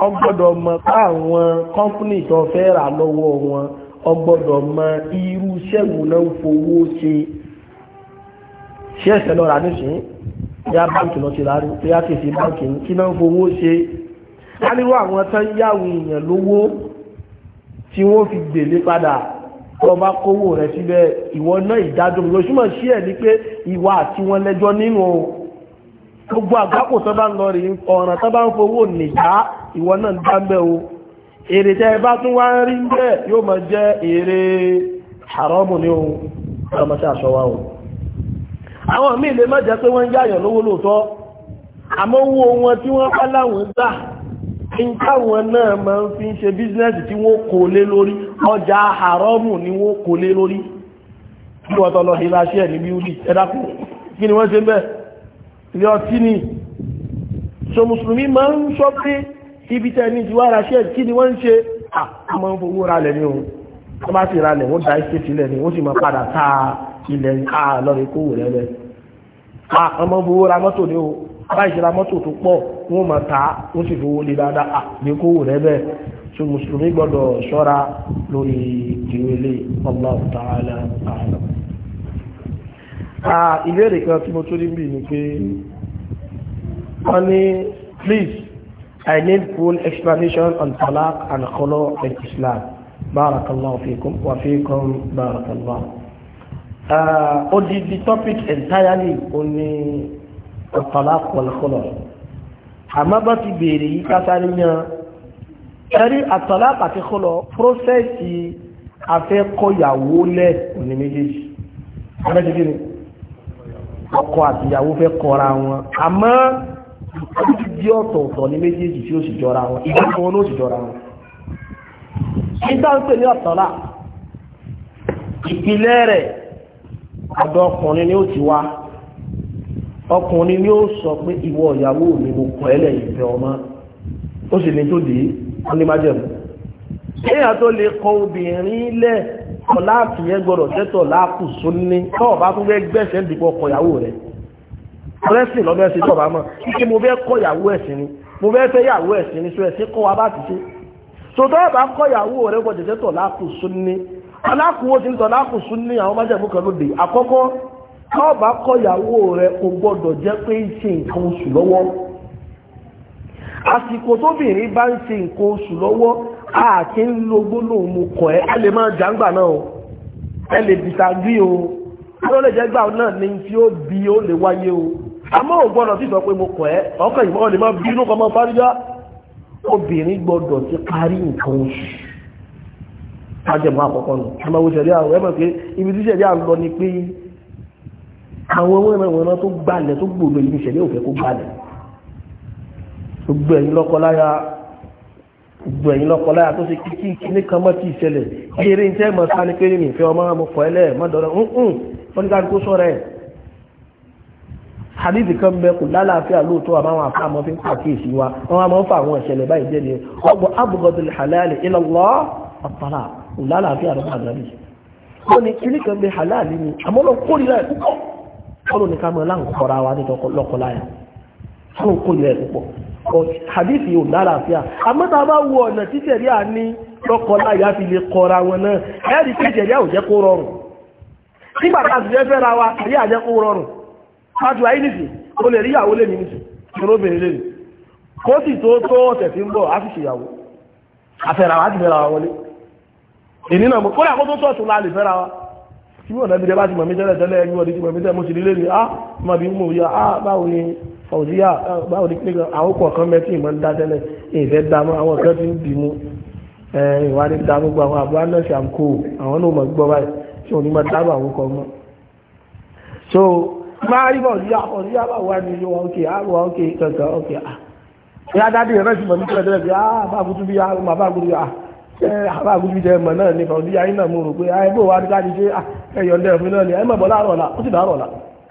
o gbọ́dọ̀ mọ̀ pé àwọn kọ́mpúnì tó fẹ́ rà lọ́wọ́ wọn o gbọ́dọ̀ mọ̀ irú iṣẹ́ wo náà ń fowó ṣe ṣé ẹ̀sẹ̀ lọ́ra nísìnyí bóyá báńkì lọ ti rárí bóyá kìsì báńkì kí náà ń fowó ṣe káníwá àwọn tán yáwó èèyàn lówó tí wọ́n fi gbèlé padà tó bá kówó rẹ̀ síbẹ̀ ìwọ náà ìdájọ́ lóṣùmọ̀ sí ẹ̀ ní pé ìwà àti wọn lẹ́jọ́ nínú o gbogbo àgbákò tó bá ń lọ rí ọ̀ràn tó bá ń fowó nìyá ìwọ náà dábẹ́ o èrè tẹ́ bá tún wá ń rí bẹ́ẹ̀ yóò máa jẹ́ èrè haramu ní ohun ọmọṣẹ́ aṣọ wa o àwọn míì lè má jẹ́ pé wọ́n ń yáyàn lówó lóòótọ́ àmọ́ owó wọn tí wọ́n bá láwọn gbà ń káwọn náà ni wọ́n kò lé lórí kí ni wọ́n ṣe bẹ́ẹ̀ ilé ọtí ni so mùsùlùmí máa ń sọ pé ibi tẹ́ ní ti wá ra ṣẹ́ẹ̀tì kí ni wọ́n ń ṣe àwọn máa ń fowó ra lẹ̀ ní òun tó bá sì ra lẹ̀ wọ́n da ìṣe sílẹ̀ ni wọ́n sì máa padà ta ilẹ̀ àlọ́rin kówó rẹ̀ lẹ̀ àwọn máa ń fowó ra mọ́tò ní o bá ìṣe ra mọ́tò tó pọ̀ wọ́n máa ta wọ́n sì fowó lé dáadáa ní kówó rẹ̀ bẹ́ẹ̀ so mùsùlùmí gbọ́dọ̀ ṣọ́ra lórí ìwélé Allahu ta'ala a'lam ìbéèrè kan tí mo tó rí bí ni pé wọ́n ní please I need full explanation on talaq and kholo in Islam barakallahu fikum wa fikum barakallahu ó di di topic entirely ó ní talaq wal kholo àmọ́ bá ti béèrè yìí kásáré yan ẹ̀rí àtàlák àti kọlọ prósẹ́sì afẹ́kọ̀yàwó lẹ̀ òní méjèèjì ọkọ àtìyàwó fẹ́ kọra wọn àmọ́ ìtọ́jú ọ̀tọ̀ọ̀tọ̀ ní méjèèjì tí ó sì jọra wọn ìdájọ́ wọn ló sì jọra wọn. nígbà ń pè ní ọ̀tọ̀lá ìpìlẹ̀ rẹ̀ ọ̀dọ̀ ọkùnrin ni ó ti wá ọkùnrin ni ó sọ pé ìwọ ìyàwó mi mo kọ lẹ́yìn ìfẹ́ ọmọ ó sì ní tó tọ́láàkì yẹn gbọ́dọ̀ jẹ́ tọ́láàkù ní tọ́ọ̀ bá tún fẹ́ gbẹ̀sẹ̀ dìbò ọkọ̀yàwó rẹ̀ rẹ́sìn lọ́dọ̀ ṣe tọ́ọ̀ bá mọ̀ kíkẹ́ mo fẹ́ kọ́ ẹ̀sìn ni mo fẹ́ fẹ́ ìyàwó ẹ̀sìn ni sọ ẹ̀sìn kọ́ wa bá ti ṣe rẹ̀ a kì ń lo gbólóhùn mo kọ̀ ẹ́ ẹ lè máa jàǹgbà náà o ẹ lè disagree o ó lè jẹ́ gbà náà ni tí ó bí ó lè wáyé o àmọ́ ò gbọ́dọ̀ sí sọ pé mo kọ̀ ẹ́ ọkàn ìmọ̀ lè máa bínú kọ́ máa fárígá obìnrin gbọ́dọ̀ ti parí nǹkan oṣù májèmọ́ àkọ́kọ́ nù ẹ máa wo ṣẹ̀rí àwọn ẹ̀mọ̀ pé ibi tí ṣẹ̀rí à lọ ni pé àwọn ohun ẹ̀mọ̀ ìwọ̀n tó gbalẹ̀ tó gbòòrò ìlú ìṣẹ̀lẹ̀ òfẹ́ kó gbalẹ̀ gbogbo ẹ̀yin lọ́kọ láya gbogbo ẹ̀yin lọ́kọ̀ láyà tó ṣe kíkí kíní kan mọ́ ti ìṣẹ̀lẹ̀ eré ń tẹ́ mọ̀ sá ni pé ní ìfẹ́ ọmọ mo kọ́ ẹlẹ́ mọ́dọ̀rọ̀ nǹkan wọ́n ní ká kó sọ̀rọ̀ ẹ̀. hadithi kan bẹ kò lálàáfíà lóòótọ́ àmọ́ àwọn afá àmọ́ fi ń pàkíyèsí wa wọ́n á mọ́ fà àwọn ìṣẹ̀lẹ̀ báyìí jẹ́ ni ọgbọ́n abghadul halal ila Allah ọ̀pàlà kò lálàáfíà ló bá dàbí. ó ní fún kò yẹ púpọ̀ hadith yóò lálàáfíà àmọ́ta bá wo ọ̀nà tí ṣẹ̀ríà ní lọ́kọláya fi lè kọra wọn náà ẹ̀rí tí ṣẹ̀ríà ò jẹ́ kó rọrùn nígbà tá a sì fẹ́ fẹ́ra wa ṣẹ̀ríà jẹ́ kó rọrùn pàtó ayé nìsí o lè rí ìyàwó lè nìsí tó tó mo kó lè àkótó tọ̀tún la lè fẹ́ra wa tí wọn nàbí dẹ bá ti mọ̀ mí tẹ́lẹ̀ tẹ́lẹ̀ ẹni ní fọ̀díyà ah, báwo ni pínlẹ̀ àwọn kọ̀ọ̀kan mẹ́tì ìmọ̀ ń dá tẹ́lẹ̀ ìfẹ́ dámú àwọn kan ti ń dìímú ìwà ní dámú gbọ́ àwọn àbúrò náà ṣàǹkó àwọn náà mọ̀ gbọ́ báyìí tí òun ní máa dábà àwọn kọ̀ mọ́. so máa rí fọ̀díyà fọ̀díyà bá wà ní yóò wá òkè àwọn òkè kankan òkè à. ìyá dáadé rẹ̀ sì mọ̀ ní tẹ́lẹ̀ tẹ́lẹ̀ bí àbá àgùtù bí àbá àgùtù bí tẹ́ mọ̀ náà ní fọ̀díyà yín náà mo rò pé ẹ bó wa ká ti ṣe ẹ̀yọ̀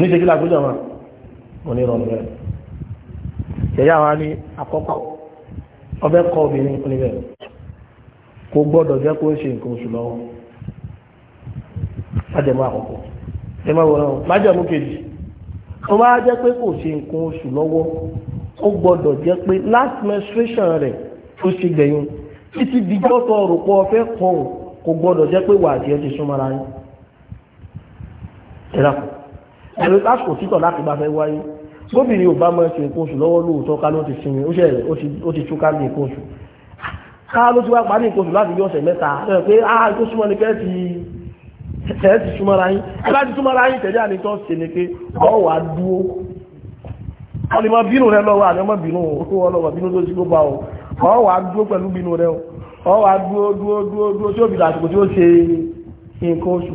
ní ṣe kí lágbójọ wọn wọn ní ìrọ̀lù rẹ̀ ṣẹ̀yà wa ní àkọ́kọ́ ọbẹ̀ kọ obìnrin oníbẹ̀ kò gbọ́dọ̀ jẹ́ kó ṣe nǹkan oṣù lọ́wọ́ májẹ̀mú àkọ́kọ́ ẹ má wọ́n náà májẹ̀mú kejì tó bá jẹ́ pé kò ṣe nǹkan oṣù lọ́wọ́ ó gbọ́dọ̀ jẹ́ pé last menstruation rẹ̀ tó ṣe gbẹ̀yìn títí dijọ́ tó rò pọ̀ ọ̀fẹ́ kan kò gbọ́dọ̀ jẹ́ pé wà á ti ti súnmọ́ra yín ẹ dákun ẹ̀rọ lásìkò títọ̀ láti bá fẹ́ wáyé gómìnà ò bá mọ́ ẹ̀sìn nǹkan oṣù lọ́wọ́ lóòótọ́ ká ló ti sinmi ó ṣẹ̀rẹ̀ ó ti túká ní nǹkan oṣù ká ló ti wá parí nǹkan oṣù láti bí ọ̀sẹ̀ mẹ́ta lọ́wọ́ pé ah tó súnmọ́ ni kẹ́ ti tẹ́ ti súnmọ́ ra yín ẹ bá ti súnmọ́ ra yín tẹ̀lé àní tó ṣe ni pé ọ̀ wá dúró wọ́n lè mọ bínú rẹ lọ́wọ́ àti ọmọ bínú wọn lọ́wọ́ bínú tó ti kó bá ọ ọ̀ wá dúró pẹ̀lú bínú rẹ ọ̀ wá dúró dúró dúró dúró tí ó fi dàsìkò tí ó ṣe nǹkan oṣù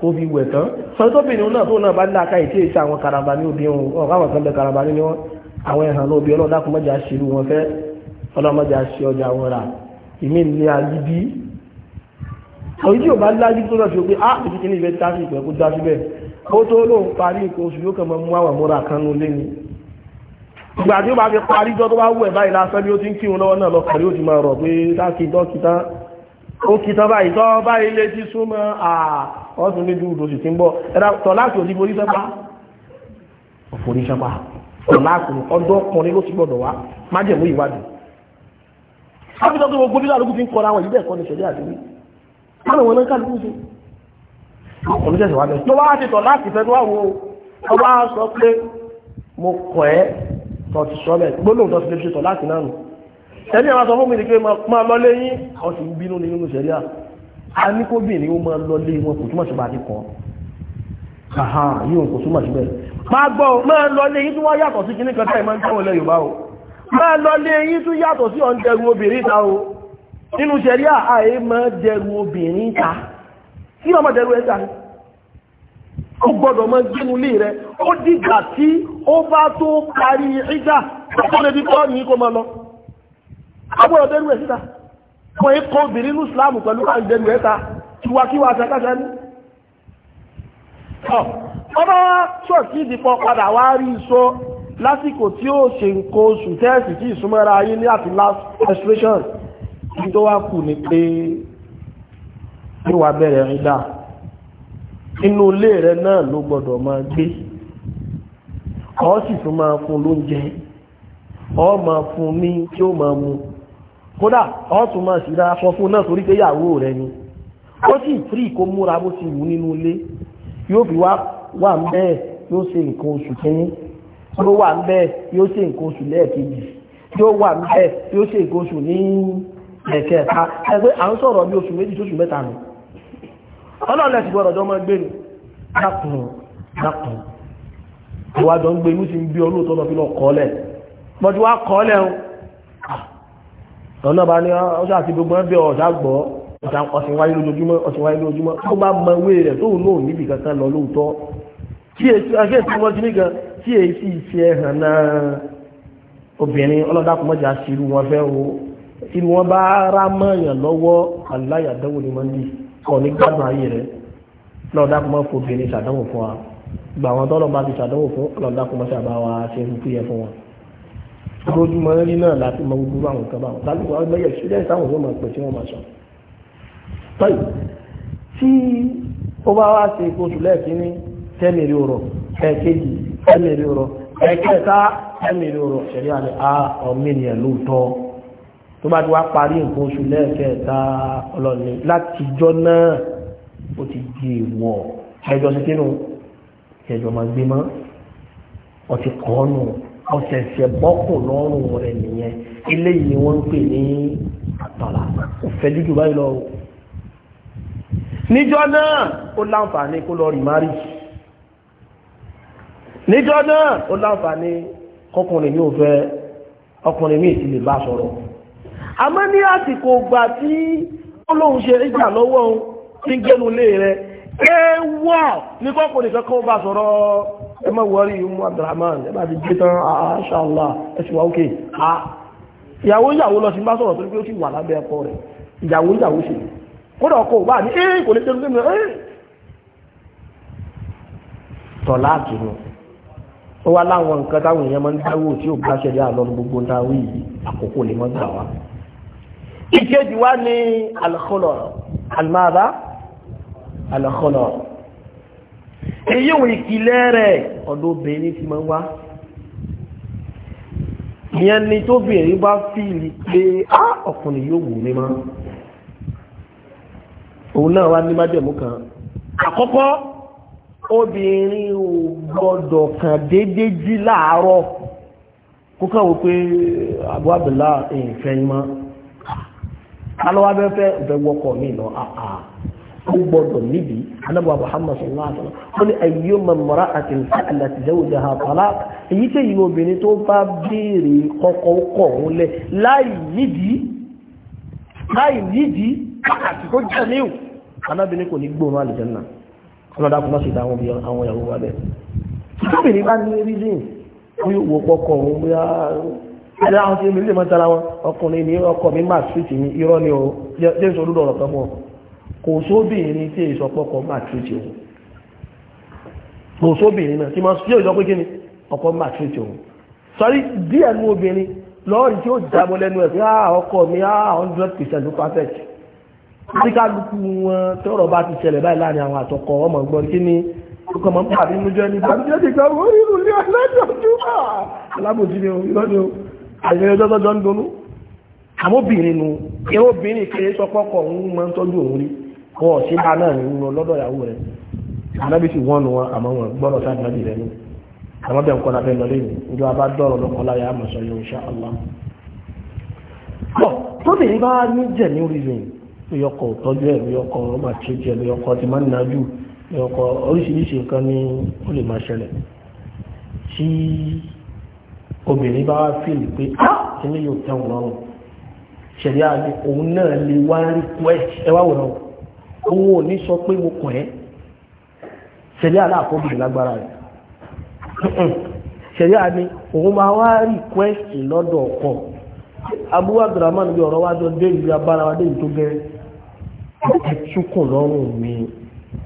kó fi wẹ̀ tán sọ́tọ́bìnrin náà tó náà bá ní aka ìtí èsì àwọn karamba ní obì ohun ọ̀gá àwọn kan bẹ karamba ní wọn àwọn ẹ̀hàn náà obì ọlọ́dà kún mọ́jà ṣe irú wọn fẹ́ ọlọ́mọjà ṣe ọjà wọn rà ìmí ní agídí òyí tí ò bá lájú tó lọ́ọ́ fi pé ah ètùtù ní ìfẹ́ tásì ìpẹ́ kó dásí bẹ́ẹ̀ ó tó lóun parí nǹkan oṣù yóò kàn mọ́ mú àwọn múra kan nulẹ̀ ni ìgbà tí ó bá fi parí jọ tó bá wù ẹ̀ báyìí lásán bí ó ti ń kírun lọ́wọ́ náà lọ kàrí ó ti máa rọ̀ pé táàkì dọ́kítà ó kí tọ́ báyìí tọ́ báyìí lé sí súnmọ́ ọdún méjì òdòdó ti ń bọ̀ tọ́ láti òdí borí sẹ́pá òforí sẹ́pá tọ́ láti ọdún ọkùnrin ló ti gbọ́dọ̀ wá májẹ̀mú ìwádìí ápítọ́ tó gbogbo bílá lókùn fi ń kọ́ra àwọn ìbẹ̀ kọ́ ní ṣẹ̀dẹ̀ àdúrí láwọn wọn náà kálukú sí ọkùnrin sẹ̀sẹ̀ wá bẹ̀ tó wá ti tọ̀ láti fẹ́ tó wá wo ọ bá sọ pé mo kọ̀ ẹ́ tọ̀ ti ṣẹ̀rí àwọn sọ fún mi ní pé máa lọ lé yín ọ̀ sì ń bínú ní nínú ṣẹ̀rí à a ní kó bì ní ó máa lọ lé wọn kò túmọ̀ sí bá ti kọ́ àhà yíò kò túmọ̀ sí bẹ́ẹ̀ máa gbọ́ ọ máa lọ lé yín tó wá yàtọ̀ sí kíní kan táì máa ń tẹ́wọ̀n lẹ́yìn bá o máa lọ lé yín tó yàtọ̀ sí ọ̀ǹdẹ̀rù obìnrin ta o nínú ṣẹ̀rí à àyè máa dẹrù obìnrin ta kí ọmọ dẹrù ẹ ta ó gbọ́dọ̀ máa gbénu lé rẹ ó dìgbà tí ó bá tó parí ìjà tó lè bí kọ́ ní kó máa lọ àbúrò dẹnu ẹ̀ síta wọ́n yí kọ́ obìnrin ní Islam pẹ̀lú káà dẹnu ẹ̀ ta tiwakiwa àṣàkáṣà ní. ọmọ ṣọ́ọ̀kì ìdìpọ̀ padà wá rí iṣọ́ lásìkò tí ó ṣe nǹkan oṣù tẹ́ẹ̀sì tí ìsúnmọ́ra ayé ní àti last expression tí tó wá kù ní pé ìwà bẹ̀rẹ̀ rí dáa inú ilé rẹ náà ló gbọ́dọ̀ máa gbé ọ sì tún máa fún lóúnjẹ ọ máa fún ní tí ó máa mu kódà ọ̀tún máa sì ra sọ fún náà torí pé ìyàwó rẹ ni ó sì fírí kó múra bó ti wù nínú ilé yóò fi wà ń bẹ́ẹ̀ yóò ṣe nǹkan oṣù kínní yóò wà ń bẹ́ẹ̀ yóò ṣe nǹkan oṣù lẹ́ẹ̀kejì yóò wà ń bẹ́ẹ̀ yóò ṣe nǹkan oṣù ní ẹ̀kẹta ẹgbẹ́ à ń sọ̀rọ̀ bí oṣù méjì tóṣù mẹ́ta nù ọlọ́ọ̀lẹ́ ti gbọ́dọ̀ jọ máa gbé ni dákùn dákùn ọ̀nà bá ní ọ̀ṣà àti gbogbo ẹgbẹ́ ọ̀ṣà gbọ́ ọ̀sìn wáyé lójoojúmọ́ ọ̀sìn wáyé lójoojúmọ́ tó bá mọ ewé rẹ̀ tó lò níbi kankan lọ lóòótọ́ tí èsì wọ́n ti nígan tí èsì ìṣe hàn náà obìnrin ọlọ́dàkùnmọ́jà ṣirú wọn fẹ́ o irú wọn bá rá mọ́yàn lọ́wọ́ aláyàdánwò ni wọ́n ní kọ̀ ní gbádùn ayé rẹ̀ lọ́dàkùnmọ́ fòbìnrin ṣàdánwò fún wa gbà wọn tọ́lọ́ bá ti ṣàdánwò fún ọlọ́dàkùnmọ́ṣà bá wa ṣe ń pè é fún wọn lójúmọ́ rí náà láti mọ gbogbo àwọn nǹkan báwọn tálùkù àwọn ẹgbẹ́ ìṣúlẹ̀ táwọn yóò máa pè tí wọ́n máa sọ. tọ́yì tí ó bá wá ṣe oṣù lẹ́ẹ̀kínní tẹ́mìrì ọ̀rọ̀ ẹ̀ẹ́kejì tẹ́mìrì ọ̀rọ̀ ẹ̀ẹ́kẹta tẹ́mìrì ọ̀rọ̀ ṣẹ̀rí àlẹ́ a ọ̀mìnìyàn lóòótọ́ tó bá ti wá parí nǹkan oṣù lẹ́ẹ̀kẹta ọlọ́ni látijọ́ náà ó ti di èèwọ̀ ẹjọ́ sí kínú ẹjọ́ máa gbé mọ́ ọtí kọ́ nù ọ̀sẹ̀sẹ̀ bọ́kùn lọ́rùn rẹ̀ nìyẹn eléyìí ni wọ́n ń pè ní àtàlà kò fẹ́ dídùn báyìí lọ. níjọ́ náà ó láǹfààní kó lọ rí márì níjọ́ náà ó láǹfààní kọkùnrin mi ò fẹ́ ọkùnrin mi ti lè bá sọ̀rọ̀ àmọ́ ní àsìkò gbà tí ọlọ́run ṣe ìgbà lọ́wọ́ tí ń gẹ́nu lé rẹ̀ ẹ wọ́ ní kọkùnrin kankan ó bá sọ̀rọ̀ ẹ má wọrí umu abdulrahman ẹ bá ti gbé tán aṣáàlá ẹsùn wa ókè ha ìyàwó ìyàwó lọ sí bá sọ̀rọ̀ torí pé ó sì wà lábẹ́ ọkọ rẹ̀ ìyàwó ìyàwó sì kódà ọkọ ò bá ní ẹ eh, kò lè tẹnu sínú ẹ tọ̀lá àtúnú ó wá láwọn nǹkan táwọn èèyàn máa ń dáwó tí ó bá ṣẹlẹ̀ àlọ́nu gbogbo dáwó yìí àkókò lè mọ́ gbà ìkejì wa ní alkholo èyí òun ìkìlẹ̀ rẹ̀ ọ̀dọ̀ obìnrin ti máa wá ìyẹn ni tó bìnrin bá fìlì pé á ọkùnrin yóò wù mí mọ́ òun náà wá ní májẹ̀mú kan àkọ́kọ́ obìnrin ò gbọ́dọ̀ kàn déédé jí láàárọ̀ kó kàn wò pé àbúrò àbẹ̀là mọ́ alọ́wọ́ abẹ́fẹ́ mí lọ àà ah, ah ó gbọdọ̀ níbi anábọ̀ Muhammad sallallahu alaihi wasallam ó ní ayyuma imra'atin sa'alat zawjaha talaq èyí tẹ́ yìí obìnrin tó bá béèrè kọ́kọ́ kọ̀ òun lẹ̀ láì nídìí láì nídìí àti kó jẹ́ níwò anábìnrin kò ní gbóòórùn àlùjánnà ọlọ́dà kò má sì dá àwọn ìyàwó wa bẹ́ẹ̀. tóbìnrin bá ní reason bí wò pọkọ òun bí a ẹ̀rọ àwọn tí mi lè mọ́ tara wọn ọkùnrin ní ọkọ mi máa sweet mi irọ́ ni o James olúdọ̀rọ̀ pẹ́ mọ́ kò sóbìnrin tí ìsọpọ̀kọ̀ máa tìrìtì òun kò sóbìnrin náà tí yóò sọ pé kí ni ọkọ máa tìrìtì òun sọrí díẹ̀ nú obìnrin lọ́ọ̀rì tí ó dámọ́ lẹ́nu ẹ̀ pé ah ọkọ mi ah hundred percent ló perfect tí kálukú wọn tọrọ bá ti ṣẹlẹ̀ báyìí láàrin àwọn àtọkọ ọmọ gbọ́n kí ni ọkọ̀ mọ̀ ń pàdé níjọ́ ní ìbànújẹ́ ti gbà wọ́n rírù ní àmóbìnrin nu ẹ obìnrin kéré sọpọ́kọ̀ òun máa tọ́jú òun rí kọ́ ọ̀ṣẹ́ bá náà nínú lọ́dọ̀ ìyàwó rẹ̀ anábì sì wọ́n wọn àmọ́ wọn gbọ́dọ̀ sáà nàbì rẹ̀ nù àmọ́ bẹ́ẹ̀ nǹkan abẹ́ lọ́lẹ́ yìí ìjọ abá dọ̀rọ̀ lọ́kọ́ yóò ṣá ọlá. bá ní jẹ̀ ní ẹ̀ ọmọ ti máa ń nájú oríṣiríṣi nǹkan ni ó lè máa ṣẹlẹ̀ tí obìnrin bá pé ah, á òun ò ní sọ pé mo kàn ẹ́ ṣẹlẹ́ aláàkọ́bìnrin lágbára rẹ̀ ṣẹlẹ́ àní òun máa wá rìkwẹ́sì lọ́dọ̀ ọkọ abúwá drama níbi ọ̀rọ̀ wájọ dé ìlú abára wa dé ìlú tó gẹ́rẹ́ ẹ lọ́rùn mi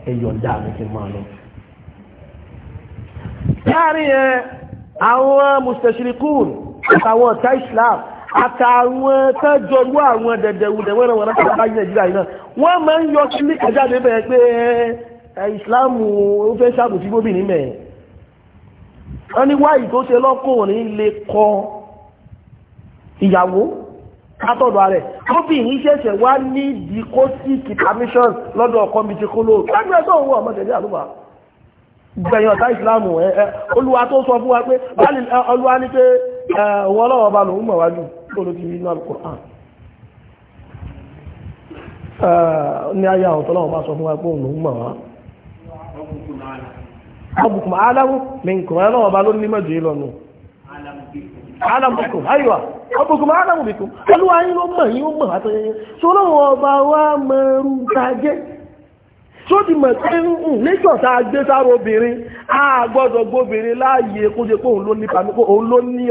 ẹ mi ti máa lọ. láàrin ẹ àwọn àtàwọn tẹ́jọ wú àwọn dẹ̀dẹ̀wùdẹ̀ wọ́n wọn láti bá nàìjíríà yìí náà wọ́n máa ń yọ sí ní kẹjáde bẹ́ẹ̀ pé ìsìláàmù ó fẹ́ ṣàbò sí gómìnà mẹ́ wọ́n ní wáyì tó ṣe lọ́kùn ní lè kọ ìyàwó látọ̀dọ̀ rẹ̀ gómìnà ṣẹ̀ṣẹ̀ wá ní the coastic permission lọ́dọ̀ ọkọ̀ mi ti kó lóòótọ́ lágbẹ́ tó ń wọ ọmọ tẹ̀lé àlùbà gbẹ̀yìn ọ̀tá ìsìláàmù ẹ̀ olúwa tó sọ fún wa pé olúwa ní pé òun ọlọ́wọ́ ọba lòun mọ̀ wájú bóòlù ti rí inú alukur'an ní ayé àwọn tọ́lọ́wọ́ bá sọ fún wa pé òun lòún mọ̀ wá. ọ̀bùkù máa aláwọ̀ mẹ́ǹkùn ẹ̀ lọ́wọ́ bá ló ní mẹ́jọ yìí lọ́nu. alámùkù ayọ̀ ọ̀bùkù máa aláwọ̀ bìkù olúwa yín ló mọ̀ yín ó mọ̀ àtọ́ yẹn sọlọ́wọ́ ọba wa mẹ́rù dájẹ́ tó ti mọ̀ pé níjọ́ tá a gbé sára obìnrin a gbọ́dọ̀ gbóbìnrin láàyè kó jẹ́ pé òun ló ní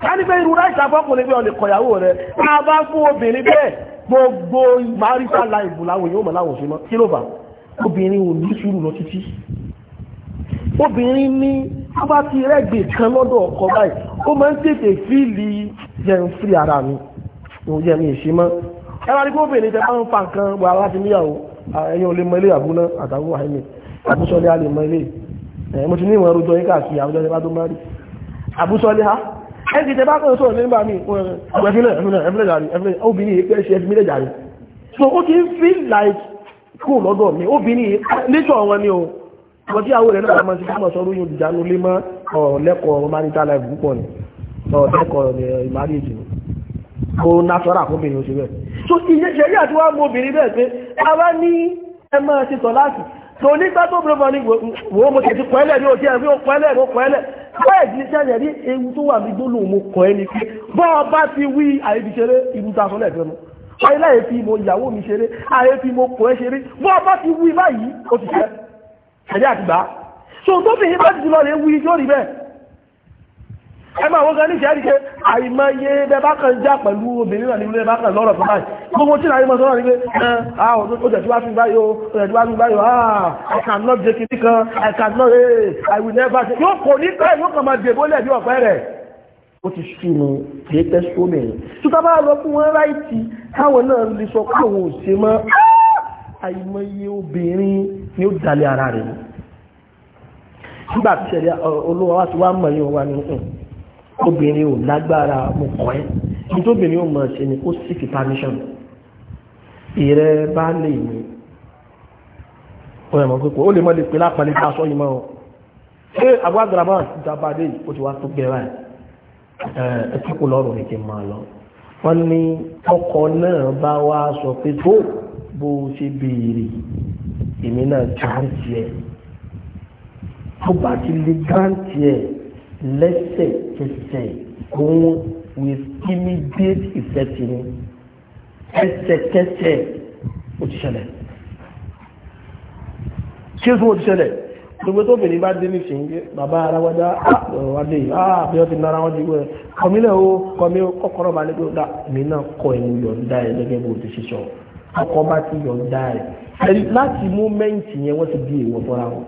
ká ní pé irú ráìtì abọ́kùnrin bẹ́ẹ̀ ọ̀lẹ̀ kọ̀yàwó rẹ̀ ká bá fún obìnrin bẹ́ẹ̀ gbogbo marital life láwọn èèyàn mọ̀ láwọn òṣèlú mọ́ kí ló fà obìnrin ò ní sùúrù lọ títí obìnrin ní bá ti rẹ́gbẹ̀ kan lọ́dọ̀ ọkọ báyìí ó máa ń tètè fíìlì jẹun fírí ara mi ò jẹ́ mi ìṣe mọ́ ẹ wá rí pé obìnrin tẹ máa ń fa nǹkan wà láti níyàwó ẹ̀yin ò lè mọ ilé àbúná àtàwọn àìmì àbúsọ́lé á lè mọ ilé mo ti ní ìwọ̀n ẹrù yín káàkiri àwùjọ ìbá tó máa rí àbúsọ́lé á ẹ̀kì tẹ bá kọ́ sọ̀rọ̀ nígbà mi ẹ̀fílẹ̀ ẹ̀fílẹ̀ jàrí ẹ̀fílẹ̀ obìnrin yìí pẹ́ ṣe ẹ̀fílẹ̀ jàrí so ó ti ń feel like kú lọ́dọ̀ mi obìnrin yìí nature wọn ni o wọ́n tí àwọn ẹ̀rọ máa ti fúnmọ̀ sọ́rọ̀ yóò dìjà lólé mọ́ lẹ́kọ̀ọ́ marital life púpọ̀ ni lẹ́kọ̀ọ́ marriage ni ó natural àkóbìnrin ó ṣe bẹ́ẹ̀ so ìṣẹ̀lẹ̀ àti wá mọ obìnrin bẹ́ẹ̀ pé a bá ní ẹ máa ṣe tọ̀ láti tó nígbà tó bọ̀rọ̀ bọ̀ ní wo mo tẹ̀sí pẹ́lẹ̀ ní òjì ẹ̀rí òpẹ́lẹ̀ mo pẹ́lẹ̀ bẹ́ẹ̀ ní sẹ́yìn rí ewu tó wà ní gbólò mo kọ́ ẹ́ ni pé bọ́ ọ bá ti wí àyèfiṣeré ibùta fúnlẹ̀ fẹ́ mu ayé láyé fi mo ìyàwó mi ṣeré ayé fi mo kọ́ ẹ́ ṣeré bọ́ ọ bá ti wí báyìí ó ti ṣẹ́ ẹ̀dí àtìgbà so tó fi yí bá ti lọ rẹ̀ wí yóò rí bẹ́ẹ̀ ẹgbẹ́ àwọn gan ní ṣe àìmọye bẹba kan já pẹ̀lú obìnrin náà nílé bá kan lọ́rọ̀ tó báyìí gbogbo tí láyé mọ́ sọ́rọ̀ nílé ah, ah, I cannot jẹ́ kìí I cannot eh, I will never say yóò kò ní pẹ́ yóò kàn máa dèbó lẹ̀ bí ọ̀pẹ́ rẹ̀ ó ti ṣùnù kìí tẹ́ sómi ṣùgbọ́n bá lọ fún wọn láìtì káwọn náà lè sọ káwọn ò ṣe mọ́ ah! àìmọye obìnrin ni ó dalẹ̀ ara rẹ̀ nígbà tí ṣẹlẹ̀ olówó obìnrin ò lágbára mo kọ́ ẹ́ nítorí obìnrin ò mọ̀ ṣe ni kó seek permission ìrẹ́ bá lè ní ọ̀rẹ́ mọ̀ pé ó lè mọ́ lè pè lápàlẹ́ ká sọ yìí mọ́ ọ ṣé agbágbàràbà ìjọba dé ó ti wá tó gẹ̀rà ẹ̀ ẹ̀ rẹ̀ kí máa lọ wọ́n ní ọkọ náà bá wá sọ pé tó bó ṣe béèrè èmi jáǹtì ẹ̀ tó bá ti lè jáǹtì ẹ̀ lẹ́sẹ̀kẹsẹ̀ òun with immediate effect ni ẹsẹ̀kẹsẹ̀ ó ti ṣẹlẹ̀ kí ó tún ó ti ṣẹlẹ̀ gbogbo tó bèèrè bá dé nísìn bàbá aráwájá àwádé àbíọ́ ti nára wọn di wẹ̀ kọmílẹ̀ o kọmí kọ́kọ́rọ́ bá ní pé dá mi náà kọ ẹ̀mú yọ̀ǹda ẹ̀ gẹ́gẹ́ bó ti ṣiṣọ́ ọkọ̀ bá ti yọ̀ǹda ẹ̀ láti mú mẹ́ǹtì yẹn wọ́n ti di èèwọ̀ fọ́ra wọn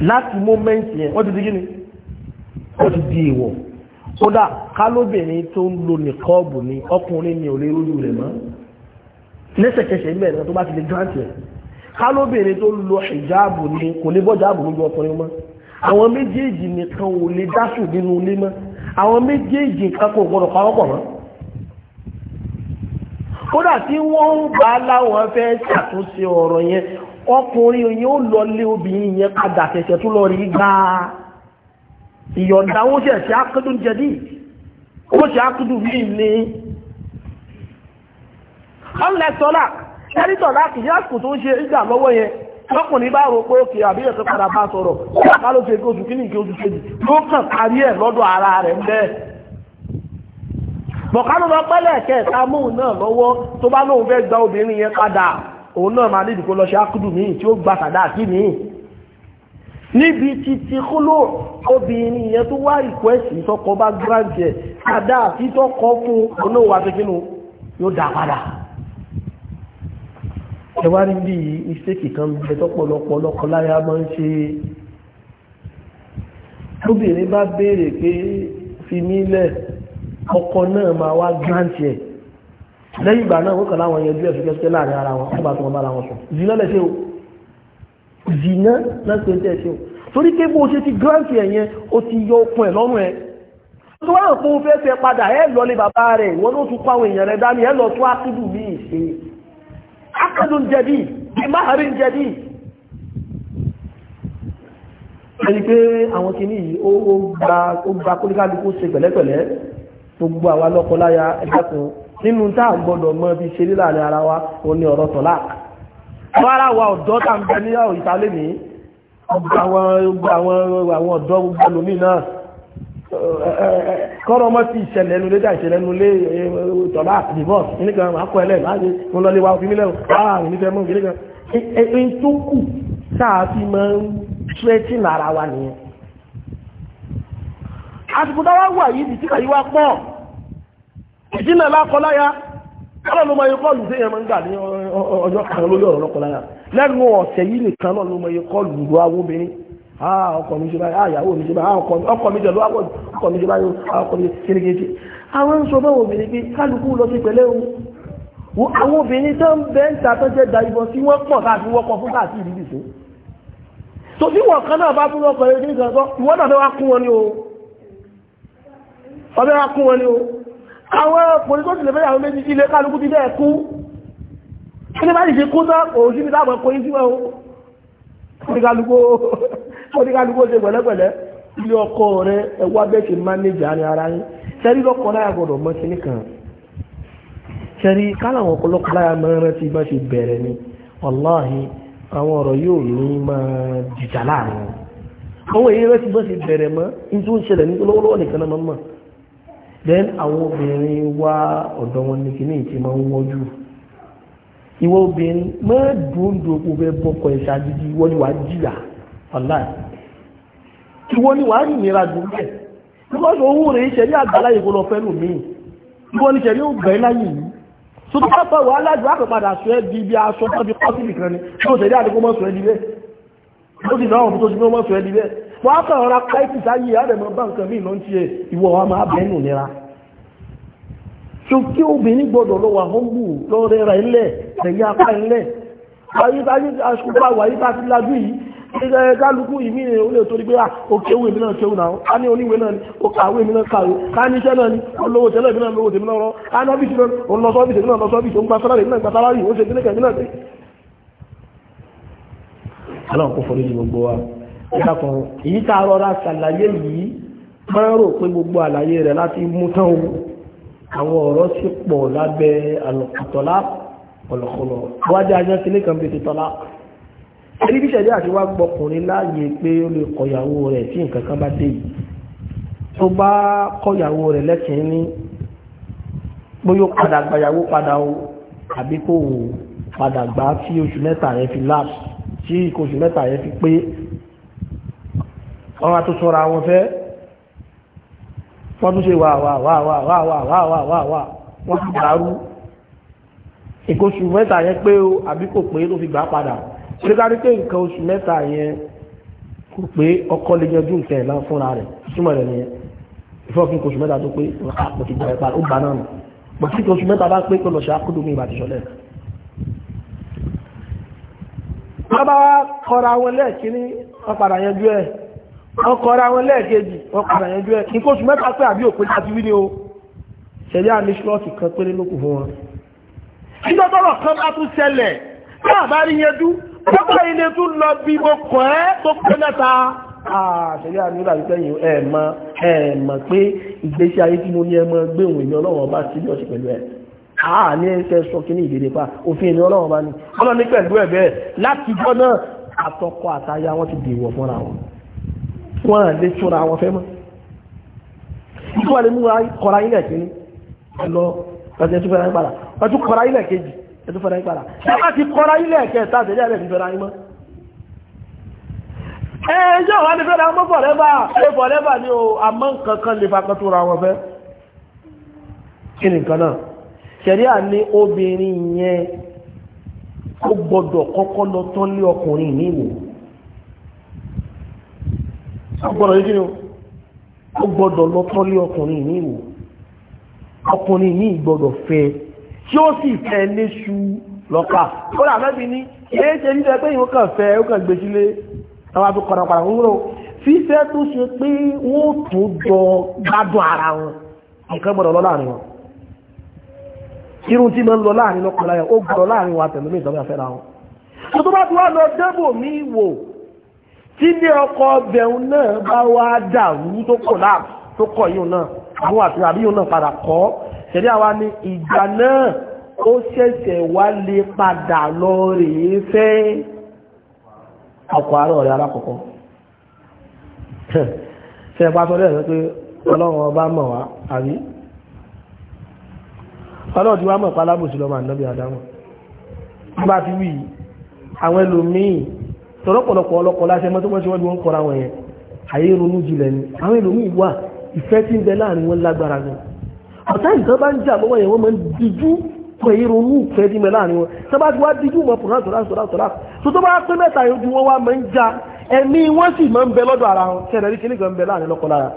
láti moment, yẹn wọ́n ti di gíní wọ́n ti di ìwọ̀ kódà kálóbìnrin tó ń lo nìkọ́ọ̀bù ni ọkùnrin ni ò lè rójú rẹ̀ mọ́ lẹ́sẹ̀kẹsẹ̀ ń bẹ̀rẹ̀ tó bá ti lè gírántì ẹ̀ kálóbìnrin tó ń lo ìjáàbù ni kò lè bọ́jáàbù lójú ọkùnrin mọ́ àwọn méjèèjì nìkan ò lè dáṣù nínú ilé mọ́ àwọn méjèèjì nǹkan kò gbọdọ̀ parọ́pọ̀ mọ́ kódà tí wọ́n ń bá láwọn fẹ́ ṣàtúnṣe ọ̀rọ̀ yẹn ọkùnrin oyin ó lọ lé obìnrin yẹn padà tẹ̀sẹ̀ tó lọ rí gbáà ìyọ̀ǹda ó ṣe ṣe ákúdù jẹ́dì ó ṣe ákúdù mí ní ọlẹ́sọ́lá ẹ̀rítọ̀ láti ní ya. tó ń ṣe ìgbà lọ́wọ́ yẹn lọ́kùnrin bá rò pé òkè àbíyẹ̀ tó padà bá sọ̀rọ̀ ṣe òun náà máa nídìí kó lọ ṣe ákúdù míì tí ó gba sàdáàkì míì níbi títí kúlò obìnrin yẹn tó wá ìkwẹ́sì tọkọ bá gíráǹtì ẹ̀ sàdáàkì tọkọ fún olówó afẹ́kínú yóò dá padà ẹ wá rí bí mistake kan bẹ tọ́pọ̀lọpọ̀ lọ́kọláya máa ń ṣe obìnrin bá béèrè pé fi mí lẹ̀ ọkọ náà máa wá gíráǹtì ẹ̀ lẹ́yìn ìgbà náà wọ́n kàn láwọn yẹn díẹ̀ fíkẹ́fíkẹ́ láàrin ara wọn nígbà tí wọ́n bára wọn sùn zina lẹ́sẹ̀ o zina lẹ́sẹ̀ tẹ́ ṣe o torí pé bó ṣe ti gírántì ẹ̀ yẹn o ti yọ okun ẹ̀ lọ́rùn ẹ̀ tó wà pé o fẹ́ fẹ́ padà ẹ̀ lọ lé bàbá rẹ̀ ìwọ ló tún kó àwọn èèyàn rẹ̀ dání ẹ̀ lọ tún ákídù mí ṣe ákídù ń jẹ̀bi ìmáhàrí ń jẹ̀bi ẹni pé àwọn kìíní yìí ó gba kólíkálukú ṣe pẹ̀lẹ́pẹ̀lẹ́ gbogbo àwa lọ́kọ láya ẹgbẹ́ kan nínú tá à ń gbọdọ̀ mọ bí ṣe nílà ní ara wa ó ní ọ̀rọ̀ tọ̀láàkì àwọn ará wa ọ̀dọ́ tá à ń bẹ níyàwó ìtàlẹ́ ní àwọn ọ̀dọ́ gbogbo náà kọ́rọ̀ mọ́ sí ìṣẹ̀lẹ̀ ẹnu léjà ìṣẹ̀lẹ̀ ẹnu lé tọ̀láàkì divorce nígbà àkọ́ ẹlẹ́ láti mo lọ lé wa òfin mílẹ̀ ààrùn ah, nífẹ̀ẹ́ mọ́ nígbà ẹ̀yìn tó kù sáà fi ìjìnà lákọláyá ọlọ́lọ́mọ yìí kọ́ọ̀lù tí èèyàn máa ní ọjọ́ kan lórí ọ̀rọ̀ lọ́kọláyá lẹ́nu ọ̀sẹ̀ yìí nìkan lọ́lọ́mọ yìí kọ́ọ̀lù lu àwọn obìnrin mi ṣe báyìí mi ṣe báyìí mi jẹ̀lú àwọn mi ṣe báyìí mi kérékéje àwọn sọ báwọn obìnrin pé kálukú lọ sí pẹ̀lẹ́ o àwọn obìnrin tó ń bẹ́ ń ta tó jẹ́ da ìbọn sí wọ́n pọ̀ láti wọ́kọ̀ fún láti ìdílé sí so bí kan náà bá fún ọkọ̀ yẹn kí nìkan sọ náà fẹ́ wá kún wọn ni o ọbẹ̀ wá kún wọn ni o àwọn ọkùnrin tó sì lè fẹ́ àwọn méjì ilé kálukú ti bẹ́ẹ̀ kú ní bá ìṣe kú tán òun sí ìdáàbọ̀ ẹ̀kọ́ yìí síwẹ̀ oníkálukú ṣe pẹ̀lẹ́pẹ̀lẹ́ ilé ọkọ rẹ ẹwà bẹ́ẹ̀ ṣe mánéjà ní ara yín sẹ́rí lọ́kọ láyà gbọ́dọ̀ mọ́ sí nìkan sẹ́rí káláwọn ọ̀pọ̀lọpọ̀ láyà mẹ́rin ti bá ṣe bẹ̀rẹ̀ ni wàláhì àwọn ọ̀rọ̀ yóò ní máa jìjà láàrin àwọn èyí rẹ ti bá ṣe bẹ̀rẹ̀ mọ́ ní tó ń ṣẹlẹ̀ ní lọ́wọ́lọ́wọ́ nìkan náà mọ́ then àwọn obìnrin wá ọ̀dọ̀ wọn ní kíní ìtì máa ń wọ́jú ìwọ obìnrin má dúndú opó fẹ́ bọ́kọ̀ ẹ̀ṣà gidi ìwọ ni wàá jìyà ọ̀la ìwọ ni wàá nira dùn bẹ́ẹ̀ because owó rẹ̀ ṣe ní àgbàláyè kó lọ fẹ́ lù mí ìwọ ni ṣẹ̀rí ògbẹ́ láyè yìí tó tó bá wà aládùn sọ ẹ́ di ibi aṣọ tó fi kọ́ sí nìkan ni tó àdìgbò mọ́ sọ ẹ́ di bẹ́ẹ̀ ó sì náà òfin tó ti mọ́ sọ ẹ́ di bẹ́ẹ̀ wọ́n á kàn ra a sáyé àrẹ̀mọ́ bá nǹkan mí lọ́n ti ẹ̀ ìwọ̀ wa máa bẹ́ẹ̀nù nira so kí obìnrin gbọ́dọ̀ lọ wà hóngbù lọ́rẹ́ ra ilẹ̀ tẹ̀yẹ apá ilẹ̀ ayétáyé aṣùpá wà yíta sí lájú yìí kálukú ìmí ni ó lè torí pé òkè ah, owó èmi náà ṣe òun àwọn a ní oníwèé náà ni ó kàwé èmi náà kàwé ká ní iṣẹ́ náà ni olówó tẹ́lẹ̀ èmi náà lówó tèmi náà rọ anábìsì náà òun lọ sọ́bìsì èmi náà lọ sọ́bìsì òun gba sálárì èmi náà gba sálárì ó ṣe kíníkà èmi náà sí ìdákan èyí tá a rọra ṣàlàyé yìí máa rò pé gbogbo àlàyé rẹ̀ láti mú tán o àwọn ọ̀rọ̀ sì pọ̀ lábẹ́ àlọ́kùtọ́lá ọ̀lọ́kọ̀lọ́ wájú ajá sílé kan bíi ti tọ́lá ẹni bí ṣẹ̀dá àti wá gbọkùnrin láàyè pé ó lè kọ̀yàwó rẹ̀ tí nǹkan kan bá dé yìí tó bá kọ̀yàwó rẹ̀ lẹ́sìn ní bóyó padà gbàyàwó padà o àbí kò padà gbà tí oṣù mẹ́ta rẹ̀ fi láàpù tí oṣù mẹ́ta rẹ̀ fi pé ọwọ́ tó sọ́ra àwọn fẹ́ wọ́n tún ṣe wà wà wà wà wà wà wà wà wà wà wọ́n ti dàrú nǹkan oṣù mẹ́ta yẹn pé o àbí kò pé ló fi gbà padà ṣé ká rí pé nǹkan oṣù mẹ́ta yẹn kò pé ọkọ lè yanjú nǹkan ẹ̀ náà fúnra rẹ̀ súnmọ́ rẹ̀ nìyẹn ìfọ́fin kò oṣù mẹ́ta tó pé mo ti gbà ẹ̀ padà ó gbà náà nù mo ti kò oṣù mẹ́ta bá pé kó lọ ṣe akúdùn mi ìbàdí sọlẹ̀. bàbá wa kọra wọn lẹ́ẹ̀kí ní wọ́n padà yanjú ẹ̀ wọ́n kọ́ra wọn lẹ́ẹ̀kejì wọ́n padà yanjú ẹ̀ kí kóṣù mẹ́ta pé àbí òpin láti wí ni o ṣẹ̀dá àmì ṣúlọ́ọ̀tì kan péré lókù fún wọn. ṣíjọ́ tọ́rọ̀ kan bá tún ṣẹlẹ̀ bí àbá rí yanjú pápá ilé tún lọ bí mo kọ́ ẹ́ tó pé mẹ́ta. ṣẹ̀dá àmì ìlànà ìfẹ́yìn ẹ̀ mọ̀ ẹ̀ mọ̀ pé ìgbésí ayé tí mo ní ẹ mọ gbé òun ìní ọlọ́wọ́n bá sí ọ̀sẹ̀ pẹ̀lú ẹ̀ àá ní sọ kí ní ìdèrè pa òfin ìní ọlọ́wọ́n bá ní ọlọ́ni pẹ̀lú ẹ̀ bẹ́ẹ̀ láti gbọ́ náà àtọkọ àtaya wọn ti dèwọ̀ fúnra wọn wọn lè túnra wọn fẹ́ mọ́ ìtúwà lè múra kọ̀ra ilẹ̀ kìíní ẹ̀lọ ọ̀sẹ̀ tó fẹ́ra ìpàdà ọ̀tún kọ̀ra ilẹ̀ kejì ẹ̀tún fẹ́ra ìpàdà ṣẹ́bà ti kọ̀ra ilẹ̀ kẹta tẹ̀lé ẹ̀rẹ́ fi fẹ́ra ìmọ́ ẹjọ́ wà ní fẹ́ra ọmọ fọ̀rẹ́bà ṣe fọ̀rẹ́bà ni o àmọ́ nǹkan kan lè fakọ́ tó ra kí ni nǹkan náà ṣẹ̀ríà ní obìnrin yẹn ó gbọ́dọ̀ kọ́kọ́ lọ tán lé ọkùnrin ní ìwò ọgbọ́dọ̀ yìí kí ni ó gbọ́dọ̀ lọ tọ́lé ọkùnrin ní ìwò ọkùnrin ní ìgbọ́dọ̀ fẹ́ tí ó sì fẹ́ léṣu lọ́ka ó rà fẹ́ bí ní ilé ṣe ní ẹgbẹ́ ìwọ́n kàn fẹ́ ó kàn gbé sílé àwọn àti kọ̀nà pàdà ń rò fífẹ́ tó ṣe pé wọ́n tó jọ gbádùn ara wọn nǹkan gbọ́dọ̀ lọ láàrin wọn irun tí mo ń lọ láàrin lọ́kùnrin láyọ̀ ó gbọ́dọ̀ láàrin wọn àtẹ̀lómi ìtọ́jú àfẹ́ra wọn tí ní ọkọ̀ ọbẹ̀un náà bá wá dàrú tó kọ̀ láà tó kọ̀ yíò náà àwọn àti àbíyàn náà padà kọ́ ṣẹ̀dí àwa ni ìgbà náà ó ṣẹ̀ṣẹ̀ wá lè padà lọ rèé fẹ́ ọkọ̀ àárọ̀ rẹ̀ alákọ̀ọ́kọ́ ṣe bá sọ lẹ́ẹ̀sẹ̀ pé ọlọ́run ọba mọ̀ wá àbí ọlọ́run ti wá mọ̀ pálábòsí lọ́mọ ànábì bá ti wí àwọn ẹlòmíì tọ́lọ́pọ̀lọpọ̀ ọlọ́kọ̀ láṣẹ mọ́ tó wọ́n ṣe wọ́n ń kọ́ra wọn yẹn àyè ronú jìnlẹ̀ ni àwọn ẹlòmíì wà ìfẹ́ tí ń bẹ láàrin wọn lágbára gan ọ̀tá ìtàn bá ń jà lọ́wọ́ yẹn wọ́n máa ń dijú pé ìrònú ìfẹ́ tí ń bẹ láàrin wọn tó bá ti wá dijú mọ́ fúnra tọ́lá tọ́lá tọ́lá tó tó bá pé mẹ́ta ojú wọn wá máa ń ja ẹ̀mí wọn sì máa ń bẹ lọ́dọ̀ ara wọn kẹ́rẹ́ rí kíní kan bẹ láàrin lọ́kọ lára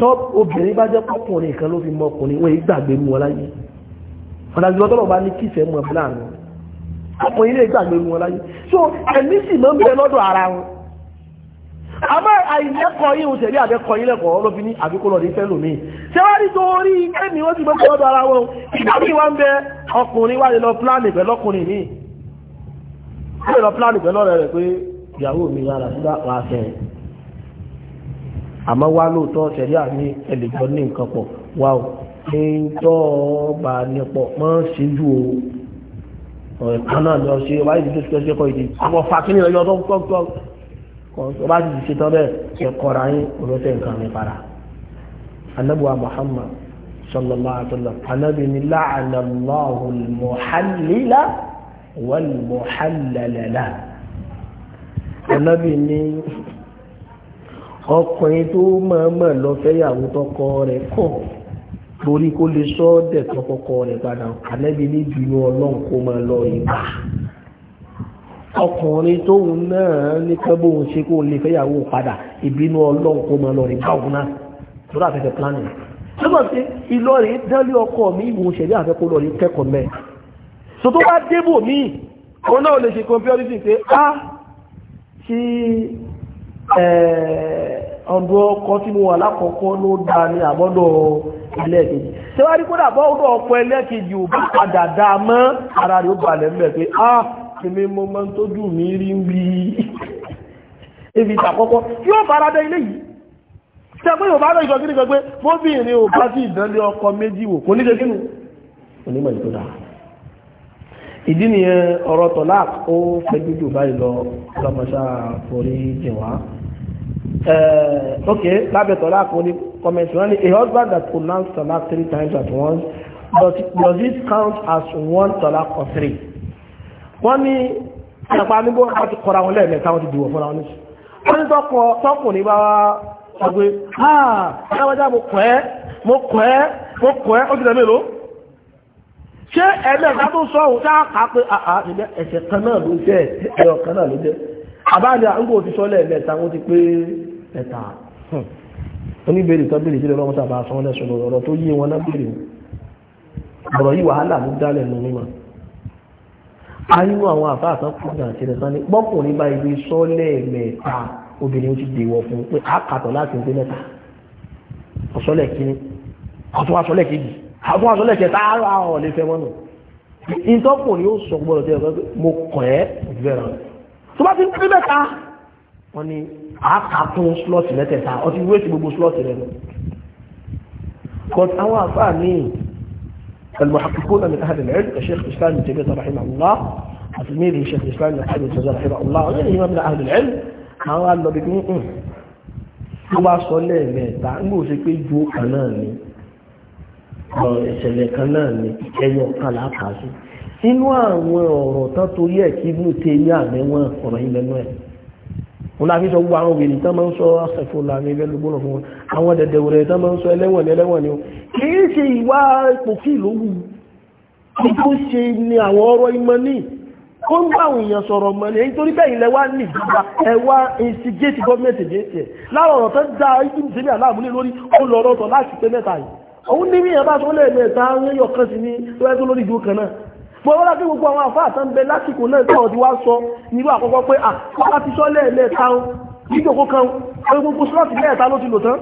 tó obìnrin bá jẹ́ pọ́kùnrin kan ló fi mọ ọkùnrin wọn àwọn ilé ìgbàgbé wọn láyé so ẹ̀mí sì máa ń bẹ lọ́dọ̀ ara wọn àmọ́ àìlẹ́kọ̀ọ́ yìí ń tẹ̀lé àbẹ́kọ̀ yìí lẹ́kọ̀ọ́ ló fi ní àbíkólọ̀ ní fẹ́lò mi ṣé wá ní torí ẹ̀mí wọ́n ti gbé lọ́dọ̀ ara wọn ìdájí wá ń bẹ ọkùnrin wá lè lọ pílánì pẹ̀lú ọkùnrin mi ó lè lọ pílánì pẹ̀lú ọ̀rẹ́ rẹ̀ pé ìyàwó mi yára sí wàá fẹ́ ẹ̀ àmọ́ wá lóòótọ́ tẹ̀lé àmì ẹ̀lẹ́jọ́ ní nǹkan pọ̀ wá ò ní tọ́ bá nípọ̀ mọ́ síjú ọ̀ẹ̀kan náà lọ ṣe wáyé ìdílé ṣe ṣe kọ́ ìdí àwọn fàkínì lọ́jọ́ tó tọ́ tó bá ti ṣe tán bẹ́ẹ̀ ṣe kọ́ra yín olóṣè nǹkan mi para anabuwa muhammad sallallahu alaihi wa sallam anabi ni la'ana allahu muhallila wal anabi ni ọkùnrin tó máa máa lọ fẹ́yàwó tọkọ rẹ̀ kọ́ torí kó lè sọ dẹ̀tọ́ kọ́kọ́ rẹ̀ padà ànẹ́bí ní ìbínú ọlọ́run kó máa lọ ìgbà ọkùnrin tóun náà ní pẹ́bó òun ṣe kó lè fẹ́yàwó padà ìbínú ọlọ́run kó máa lọ ìgbà òun náà tó dà fẹ́fẹ́ plan rẹ̀ nígbà tí ìlọrin dánlé ọkọ mi ìwòun ṣẹ̀dí àfẹ́kọ́ lọ rí kẹ́kọ̀ọ́ mẹ́ so tó bá débò míì òun náà lè ṣe comparison pé a ah, ṣe Eh, ọdụ ọkọ tí mo wà n'ụda ló dá ní àbọ́dọ̀ ẹlẹ́ẹ̀kejì tí wá rí ọkọ ẹlẹ́ẹ̀kejì ò bá padà mọ́ ara rí ó balẹ̀ mẹ́ pé á ah, kìmí mo mọ́ tó dù mí rí ń bí ibi ìtàkọ́kọ́ tí ó bára ilé yìí tí ẹgbẹ́ bá ìdí nìyẹn ọ̀rọ̀ tọ́lák ó fẹ́jú jù báyìí lọ lọ́mọṣá forí jìn wá. ok lábẹ́ tọ́lák ó ní comment wọn ni a husband that pronounced tọ́lák three times at once does, does it count as one tọ́lák or three? wọ́n ní ẹ̀pá níbo wọ́n ti kọ́ra wọn lẹ́ẹ̀mẹ́ta wọ́n ti dìbò fúnra wọn ní. wọ́n ní tọkùnrin bá wá sọ pé ah ẹ̀rọ mo kọ́ ẹ́ mo kọ́ ẹ́ mo kọ́ ẹ́ ó ti dẹ̀ mélòó? ṣé ẹ̀mẹ́ta tó sọ òun a kà pé a ah, ah, kan náà ló jẹ́ ẹ̀yọ kan náà ló jẹ́ àbájá ń gbò ti sọ lẹ́ẹ̀mẹ́ta wọ́n ti pé ẹ̀ta oníbèrè tó bèrè sílẹ̀ lọ́wọ́ sábà sọ lẹ́sùn lọ́rọ̀ tó yé wọn lábèrè ọ̀rọ̀ yìí wàhálà ló dálẹ̀ nù mímọ́ ayínú àwọn náà ti sani bọ́kùnrin bá ibi sọ lẹ́ẹ̀mẹ́ta obìnrin ti dèwọ̀ fún pé àkàtọ̀ àwọn àtọ́lẹ̀ kẹta ara ọ̀ lè fẹ́ wọn nù ìtọ́pọ̀ ni ó sọ gbọ́dọ̀ tẹ́ ọ̀gá mo kọ̀ ẹ́ ìfẹ́ràn tó bá ti ń pín mẹ́ta wọ́n ni àákàtún slọ́ọ̀tì mẹ́tẹ̀ẹ̀ta ọtí wéètì gbogbo slọ́ọ̀tì rẹ̀ nù قد أوى فاني المحققون من أهل العلم الشيخ الإسلام ابن تيمية رحمه الله وتلميذه الشيخ الإسلام ابن تيمية رحمه الله وغيرهما من أهل العلم قال له بكم tó bá sọ lẹ́ẹ̀mẹ́ta ń gbò sí pé ju ọ̀kan náà ni ìṣẹ̀lẹ̀ kan náà ni ẹyọ kan sí inú àwọn ọ̀rọ̀ tán ẹ̀ kí inú tẹ ní àmẹ́wọ̀n ọ̀rọ̀ yìí lẹ́nu ẹ̀ láti sọ gbogbo àwọn obìnrin tán máa ń sọ àṣẹfò láàrin ilé lógbónà fún àwọn dẹ̀dẹ̀ tán máa ń sọ ẹlẹ́wọ̀n ẹlẹ́wọ̀n ni ó kìí ṣe ìwà pòkì lówù kí tó ṣe ni àwọn ọ̀rọ̀ ìmọ̀ ní ó ń bá àwọn èèyàn sọ̀rọ̀ mọ́ ní nítorí bẹ́yìn lẹ́wà ní ìjọba ẹ̀wà instigate government against láwọn ọ̀rọ̀ tó dá ibi ìsinmi àláàmúlé lórí ó lọ ọ̀rọ̀ láti pé mẹ́ta yìí òun ní ìyàn bá tó lè mẹ́ta ń yọ kan sí ní lọ́wọ́ lórí ìdúró kan náà mo wọ́n láti gbogbo àwọn àfáà tán bẹ lásìkò náà tí àwọn ti wá sọ nílò àkọ́kọ́ pé àkọ́kọ́ ti sọ lẹ́ẹ̀mẹ́ta ń níjòkó kan pé gbogbo slọ́ọ̀tì lẹ́ẹ̀ta ló ti lò tán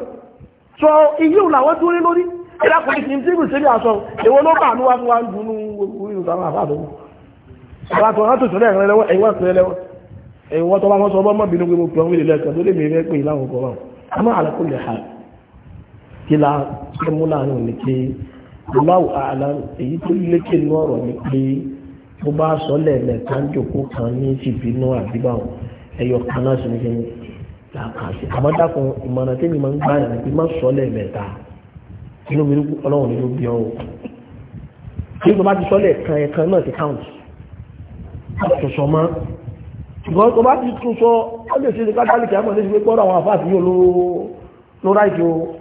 sọ iye òun làwọn dúró lórí ẹ̀dá kò ní kí n tí ìrù sílẹ̀ àṣọ èwo ló bà ní wá fún wa ń dunú orí ìrùsàwọn àwọn àtọ̀rọ̀ tó sọ̀rọ̀ kí la ṣe mú láàrin ní pé aláwọ̀ àlá èyí tó lékè ní ọ̀rọ̀ ni pé bó bá sọ lẹ́ẹ̀mẹ́ta ń jòkó kan ní ìbínú àdúgbò ẹ̀yọ̀ kan náà sì ní kí ni làkà sí àmọ́ dákun ìmọ̀ràn tẹ́mi máa ń gbá yàrá pé má sọ lẹ́ẹ̀mẹ́ta inú mi ọlọ́run ni ló bí ọ o kí ló bá ti sọ lẹ́ẹ̀kan ẹ̀kan náà ti káùntì àtúnṣọ mọ́ ṣùgbọ́n tó bá ti túnṣọ ó lè ṣe ní kátólíkì àmọ́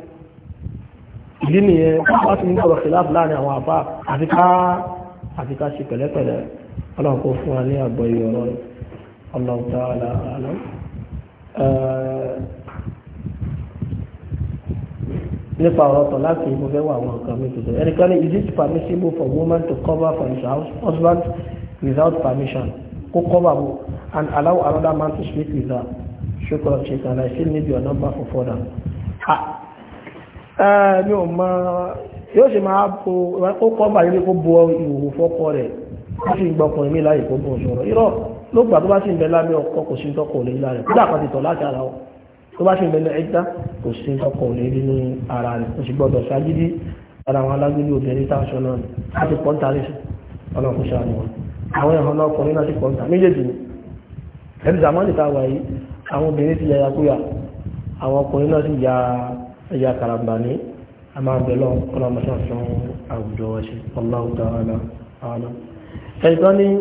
ìdí nìyẹn wọ́n ti ní ọ̀rọ̀ kìláàfù láàrin àwọn àbá àfiká àfiká ṣe pẹ̀lẹ́pẹ̀lẹ́ ọlọ́run kò fún wa ní àgbọ̀ yìí ọ̀rọ̀ ọlọ́run tá a lọ. nípa ọ̀rọ̀ tọ̀ láti mo fẹ́ wà àwọn nǹkan mi tuntun ẹnìkan ní is it permissible for women to cover for his house husband without permission kó cover mu and allow another man to sleep with her ṣùkọ́ ṣe kàn i still need your number for further. Ah, Eh, mi ò mọ yóò ṣe máa bo ó kọ́ bàyí pé kó bo ìhòòhò fọ́kọ rẹ̀ ó sì gbọ́ ọkùnrin mi láyè kó bọ̀ sọ̀rọ̀ irọ́ ló gbà tó bá sì ń bẹ lábẹ́ ọkọ kò sí tọkọ òní lára rẹ̀ kódà kan ti tọ̀ láti ara wọn tó bá sì ń bẹ ní ẹ̀dá kò sí tọkọ òní nínú ara rẹ̀ kò sì gbọ́dọ̀ ṣágídí ara àwọn alágbélé obìnrin tá a sọ náà láti pọ́ńtà lè sùn ọlọ́kùnrin sáà ni wọn àwọn ẹ̀hàn náà láti pọ́ńtà méjèèjì ni ẹ̀rí a wà And karamba ní bẹ̀lọ́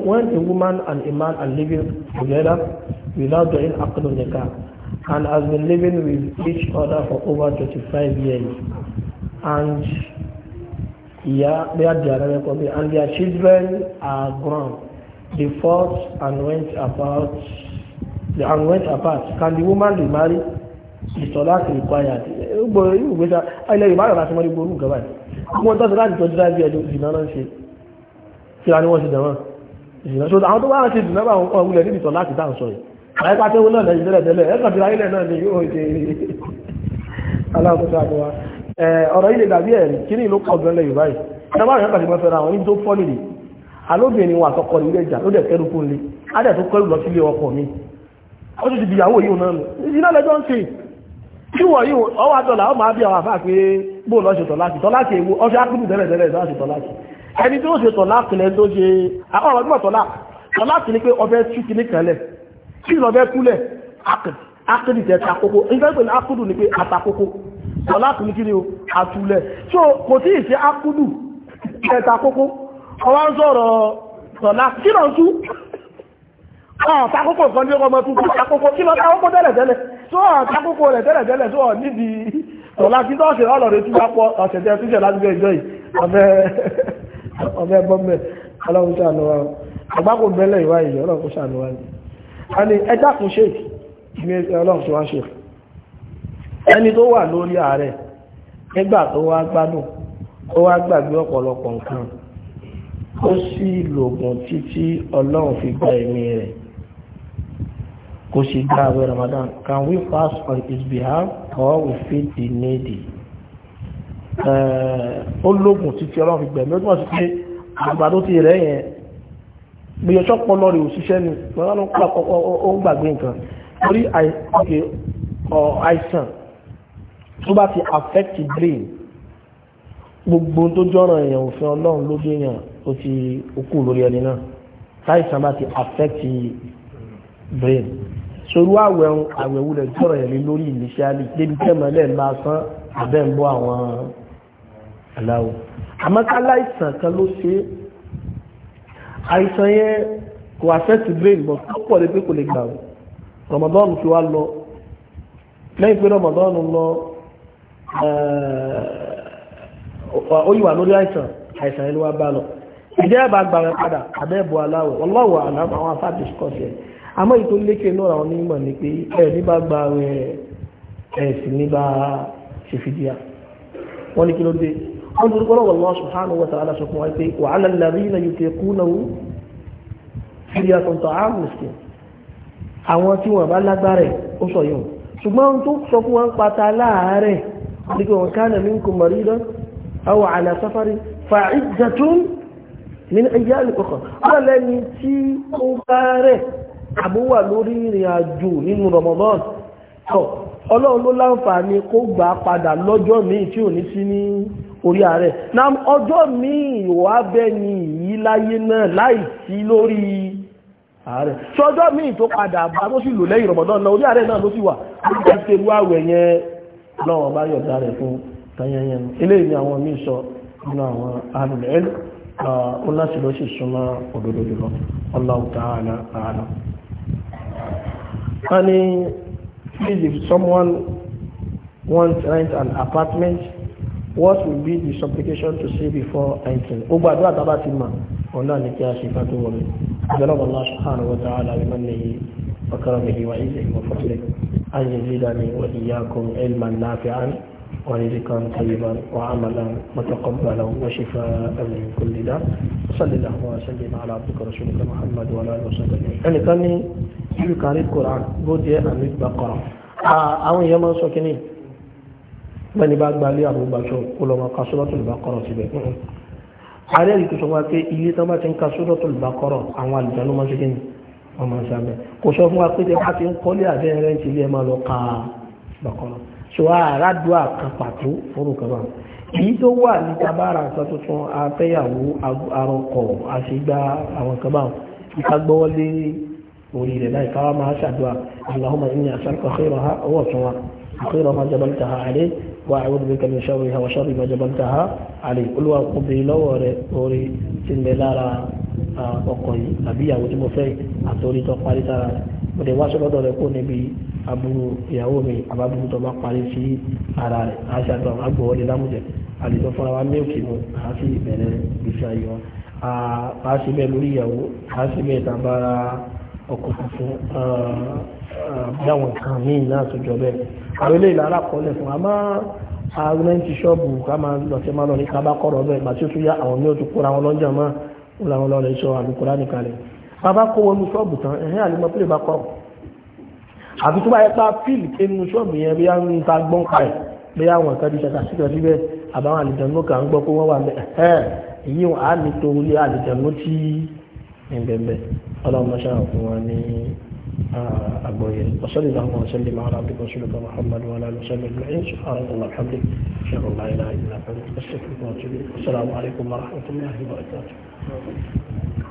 when a woman and a man are living together without doing akadu nikah and has been living with each other for over twenty-five years and yeah, they are there and their children are grown. They fought and went about, the and went apart. Can the woman remarry? ìtọ́láàtì ìpáyà gbogbo ìgbésà ilẹ̀ ìbára láti mọ́rí gbogbo nǹkan báyìí wọ́n tọ́sí láti tọ́jú láti ẹjọ́ ìdìnà náà ṣe kí a ní wọ́n ṣe dẹ̀wọ̀n ìdìnà ṣe àwọn tó bá ṣe ìdìnà bá wọn wulẹ̀ níbi tọ́láàtì dáhùn sọ yìí àyíká tó wọ́n náà lẹ́yìn tẹ́lẹ̀ ẹ̀kọ́ ti ráyílẹ̀ náà ni yóò ṣe aláàkóso àdúrà ọ̀rọ̀ ilẹ̀ dàbí ẹ̀rí kí ní ìlú pọ̀ gan lẹ́yìn báyìí ẹ̀rọ àwọn ẹ̀kọ́ ti mọ́ fẹ́ra àwọn ní tó fọ́lì rè alóbìnrin wọn àtọkọ ní ilé ìjà ló dẹ̀ kẹ́rù kún lé á dẹ̀ tó kẹ́rù lọ sílé ọkọ mi ó sì ti di ìyàwó yìí náà nù ìdílé lẹ́jọ́ ń ṣe kí wọ̀ yíò ọwọ́ àtọ́là ọmọ àbí àwọn àfáà pé bó lọ ṣe tọ̀láàkì tọ̀láàkì ewu ọṣẹ́ akúrù tẹ́lẹ̀tẹ́lẹ̀ ìdá ṣe tọ̀láàkì ẹni tí ó ṣe tọ̀láàkì lẹ́ tó ṣe àwọn ọ̀rọ̀ tọ̀lá tọ̀láàkì ni pé ọbẹ̀ tú kìíní kanlẹ̀ kí lọ bẹ́ kúlẹ̀ akídì tẹ̀ takoko ìfẹ́ pẹ̀lú akúdù ni pé atakoko tọ̀láàkì ni kí ni o atulẹ̀ so kò tí ì ṣe akúdù tẹ̀ takoko ọwọ́ ń sọ̀rọ̀ tọ̀láàkì kí lọ sú ọ̀ takoko kan ní ọmọ tuntun takoko kí lọ takoko tẹ́lẹ̀tẹ́lẹ̀ tó àkókò rẹ̀ tẹ́lẹ̀tẹ́lẹ̀ tó níbi tọ̀lá kí tó ọ̀sẹ̀ ọlọ́rẹ̀ tí wá pọ̀ ọ̀sẹ̀ tẹ́ tíṣẹ̀ láti gbé ìjọ yìí ọ̀fẹ́ bọ́m̀bẹ̀ ọlọ́run ṣàánú wa àgbákò bẹ́lẹ̀ ìwá yìí ọlọ́run ṣàánú wa yìí ẹni ẹjá kún ṣèkì ní ọlọ́run ṣe wá ṣe ẹni tó wà lórí ààrẹ nígbà tó wá gbádùn ó wá gbàgbé ọ̀pọ̀lọpọ̀ nǹkan ó sì lògùn títí ọlọ́run fi gba ẹ̀mí rẹ̀ kó ṣe gbá àwẹ̀ Ramadan can we fast on his behalf or we feed the needy ó lóògùn títí ọlọ́run fi gbẹ̀mí ó túnmọ̀ sí pé àgbàdo ti rẹ̀ yẹn bí ọjọ́ pọlọ rẹ̀ òṣìṣẹ́ ni lọ́nà ló ń pa ó ń gbàgbé nǹkan torí àìsàn tó bá ti affect brain gbogbo tó jọ́ràn èèyàn òfin ọlọ́run lójú èèyàn ó ti okú lórí ẹni náà táìsàn bá ti affect brain sorú àwẹ̀ ń àwẹ̀ wúlẹ̀ jọ̀rọ̀ yẹn lé lórí ìníṣẹ́lì débi tẹ́mọ̀lẹ́ lásán abẹ́ ń bọ́ àwọn aláwọ̀ àmọ́ ká láìsàn kan ló ṣe àìsàn yẹn kò àfẹ́tì brain but tó pọ̀ lé pé kò lè gbà wọ́n rọmọdọ́ọ̀nù fi wá lọ lẹ́yìn pé rọmọdọ́ọ̀nù lọ ó yìí wà lórí àìsàn àìsàn yẹn ló wá bá lọ ìdí ẹ̀ bá gbà wọn padà abẹ́ bọ́ aláwọ̀ ọlọ́wọ̀ àlàmọ́ àmọ́ èyí tó lékè náà àwọn onímọ̀ ni pé ẹ̀ nígbà gba rẹ̀ ẹ̀ sì nígbà ṣèfìdíà wọ́n ní kí ló dé wọ́n tó dúpọ́ lọ́wọ́ Allah subhanahu wa ta'ala sọ fún wa pé wa 'ala alladhina yutiqunahu fidyatun ta'amu miskin àwọn tí wọ́n bá lágbára ẹ̀ ó sọ yóò ṣùgbọ́n tó sọ fún wa ń pata láàárẹ̀ àdìgbò wọn kana minkum maridan aw 'ala safarin fa'iddatun min ayyamin ukhra wọ́n lẹ́ni tí ó bá rẹ̀ àbúwà lórí ìrìn àjò nínú Ramadan tọ́ ọlọ́run ló láǹfààní kó gbà padà lọ́jọ́ míì tí ò ní sí ní orí ààrẹ na ọjọ́ míì wà bẹ́ni yìí láyé náà láì sí lórí ààrẹ ṣọjọ́ míì tó padà bá tó sì lò lẹ́yìn Ramadan náà orí ààrẹ náà ló sì wà àwẹ̀ yẹn bá yọ̀dá rẹ̀ fún eléyìí ni àwọn míì sọ nínú àwọn Honey, please, if someone wants rent an apartment, what will be the supplication to say before entering? Ó gbàdúrà tábà ti mà, ọ̀nà ni kí a ṣe ká tó wọlé. Àjọlọ́gbọ̀n Allah subhanahu wa ta'ala bimanihi wa karamihi wa izzihi wa fadlihi. An yazidani wa iyyakum ilman nafi'an. ورزقا طيبا وعملا متقبلا وشفاء من كل داء صلى الله وسلم على عبدك رسولك محمد وعلى اله وصحبه اجمعين. ẹnì kan ní ibi kan rí koran bó jẹ́ àmì ìgbà kọ̀rọ̀ àwọn èèyàn máa ń sọ kínní bẹ́ẹ̀ni bá gbalé àwọn ìgbàsọ kó lọ́mọ ká Suratul Baqara síbẹ̀. ààrẹ yìí kò sọ wá pé iye tó bá ti ń ka Suratul Baqara àwọn àlùjá ló máa ń ṣe kínní wọ́n máa ń sábẹ̀ kò sọ fún wa pé tí a ti ń kọ́lé àbẹ́rẹ́ ń tilé ẹ máa lọ ka Baqara so àràdúrà kan pàtó fórúkọ náà èyí tó wà ní tabara nǹkan tuntun afẹ́yàwó arọkọ̀ àṣegbà àwọn kan báwọn ìka gbọ́wọ́lé orí rẹ̀ láì káwá máa ṣàdúrà Allahumma inni as'aluka khayraha owó ọ̀tún wa khayra ma jabaltaha alayhi wa a'udhu bika min sharriha wa sharri ma jabaltaha alayhi olúwa kò béèrè lọ́wọ́ rẹ̀ orí ti ń bẹ lára ọkọ yìí àbí ìyàwó tí mo fẹ́ àtọ́rí tó parí sára rẹ̀ mo dẹ̀ wá sọ́dọ̀ rẹ̀ kó níbi aburú ìyàwó mi àbábúrú tó bá parí sí ara rẹ̀ àṣàtọ̀ agbọ̀wọ́lẹ̀ lámùjẹ àlejò fúnra wa mílíkì mu àti ìbẹ̀rẹ̀ gbèsè ayé wọn àṣì bẹ́ẹ̀ lórí ìyàwó àṣì bẹ́ẹ̀ tàbára ọkọ̀ tuntun dáwọn nǹkan míì náà tó jọ bẹ́ẹ̀ àwọn eléyìí lára kọ́lẹ̀ fún wa máa àwọn ẹni ti ṣọ́ọ̀bù ká máa lọ sí máa lọ ní kábàkọ̀rọ̀ bẹ́ẹ̀ gbà ó tún yá àwọn mí ó làwọn lọ́rọ̀ iṣọ́ àlùkùrá nìkalẹ̀ bàbá kó wọnú ṣọ́ọ̀bù tán ẹ̀hẹ́ àlùmọ́ pé bá kọ́ àfi tó bá yẹ pa fíìlì pé nínú ṣọ́ọ̀bù yẹn bí wọ́n ta gbọ́n pa ẹ̀ bí àwọn ìtàdí ṣẹ̀ṣà síkẹ̀ síbẹ̀ àbáwọn àlùjànnú kan ń gbọ́ pé wọ́n wà ní ẹ̀hẹ́ èyí wọn á ní torí àlùjànnú tí ẹ̀ńbẹ̀ńbẹ̀ ọlọ́run mọ́ṣáà wọn ní آه، أبوين وصلى اللهم وسلم على عبدك ورسولك محمد وعلى آله وصحبه أجمعين سبحان الله وبحمدك أشهد أن لا إله إلا أنت أستغفرك وأتوب إليك والسلام عليكم ورحمة الله وبركاته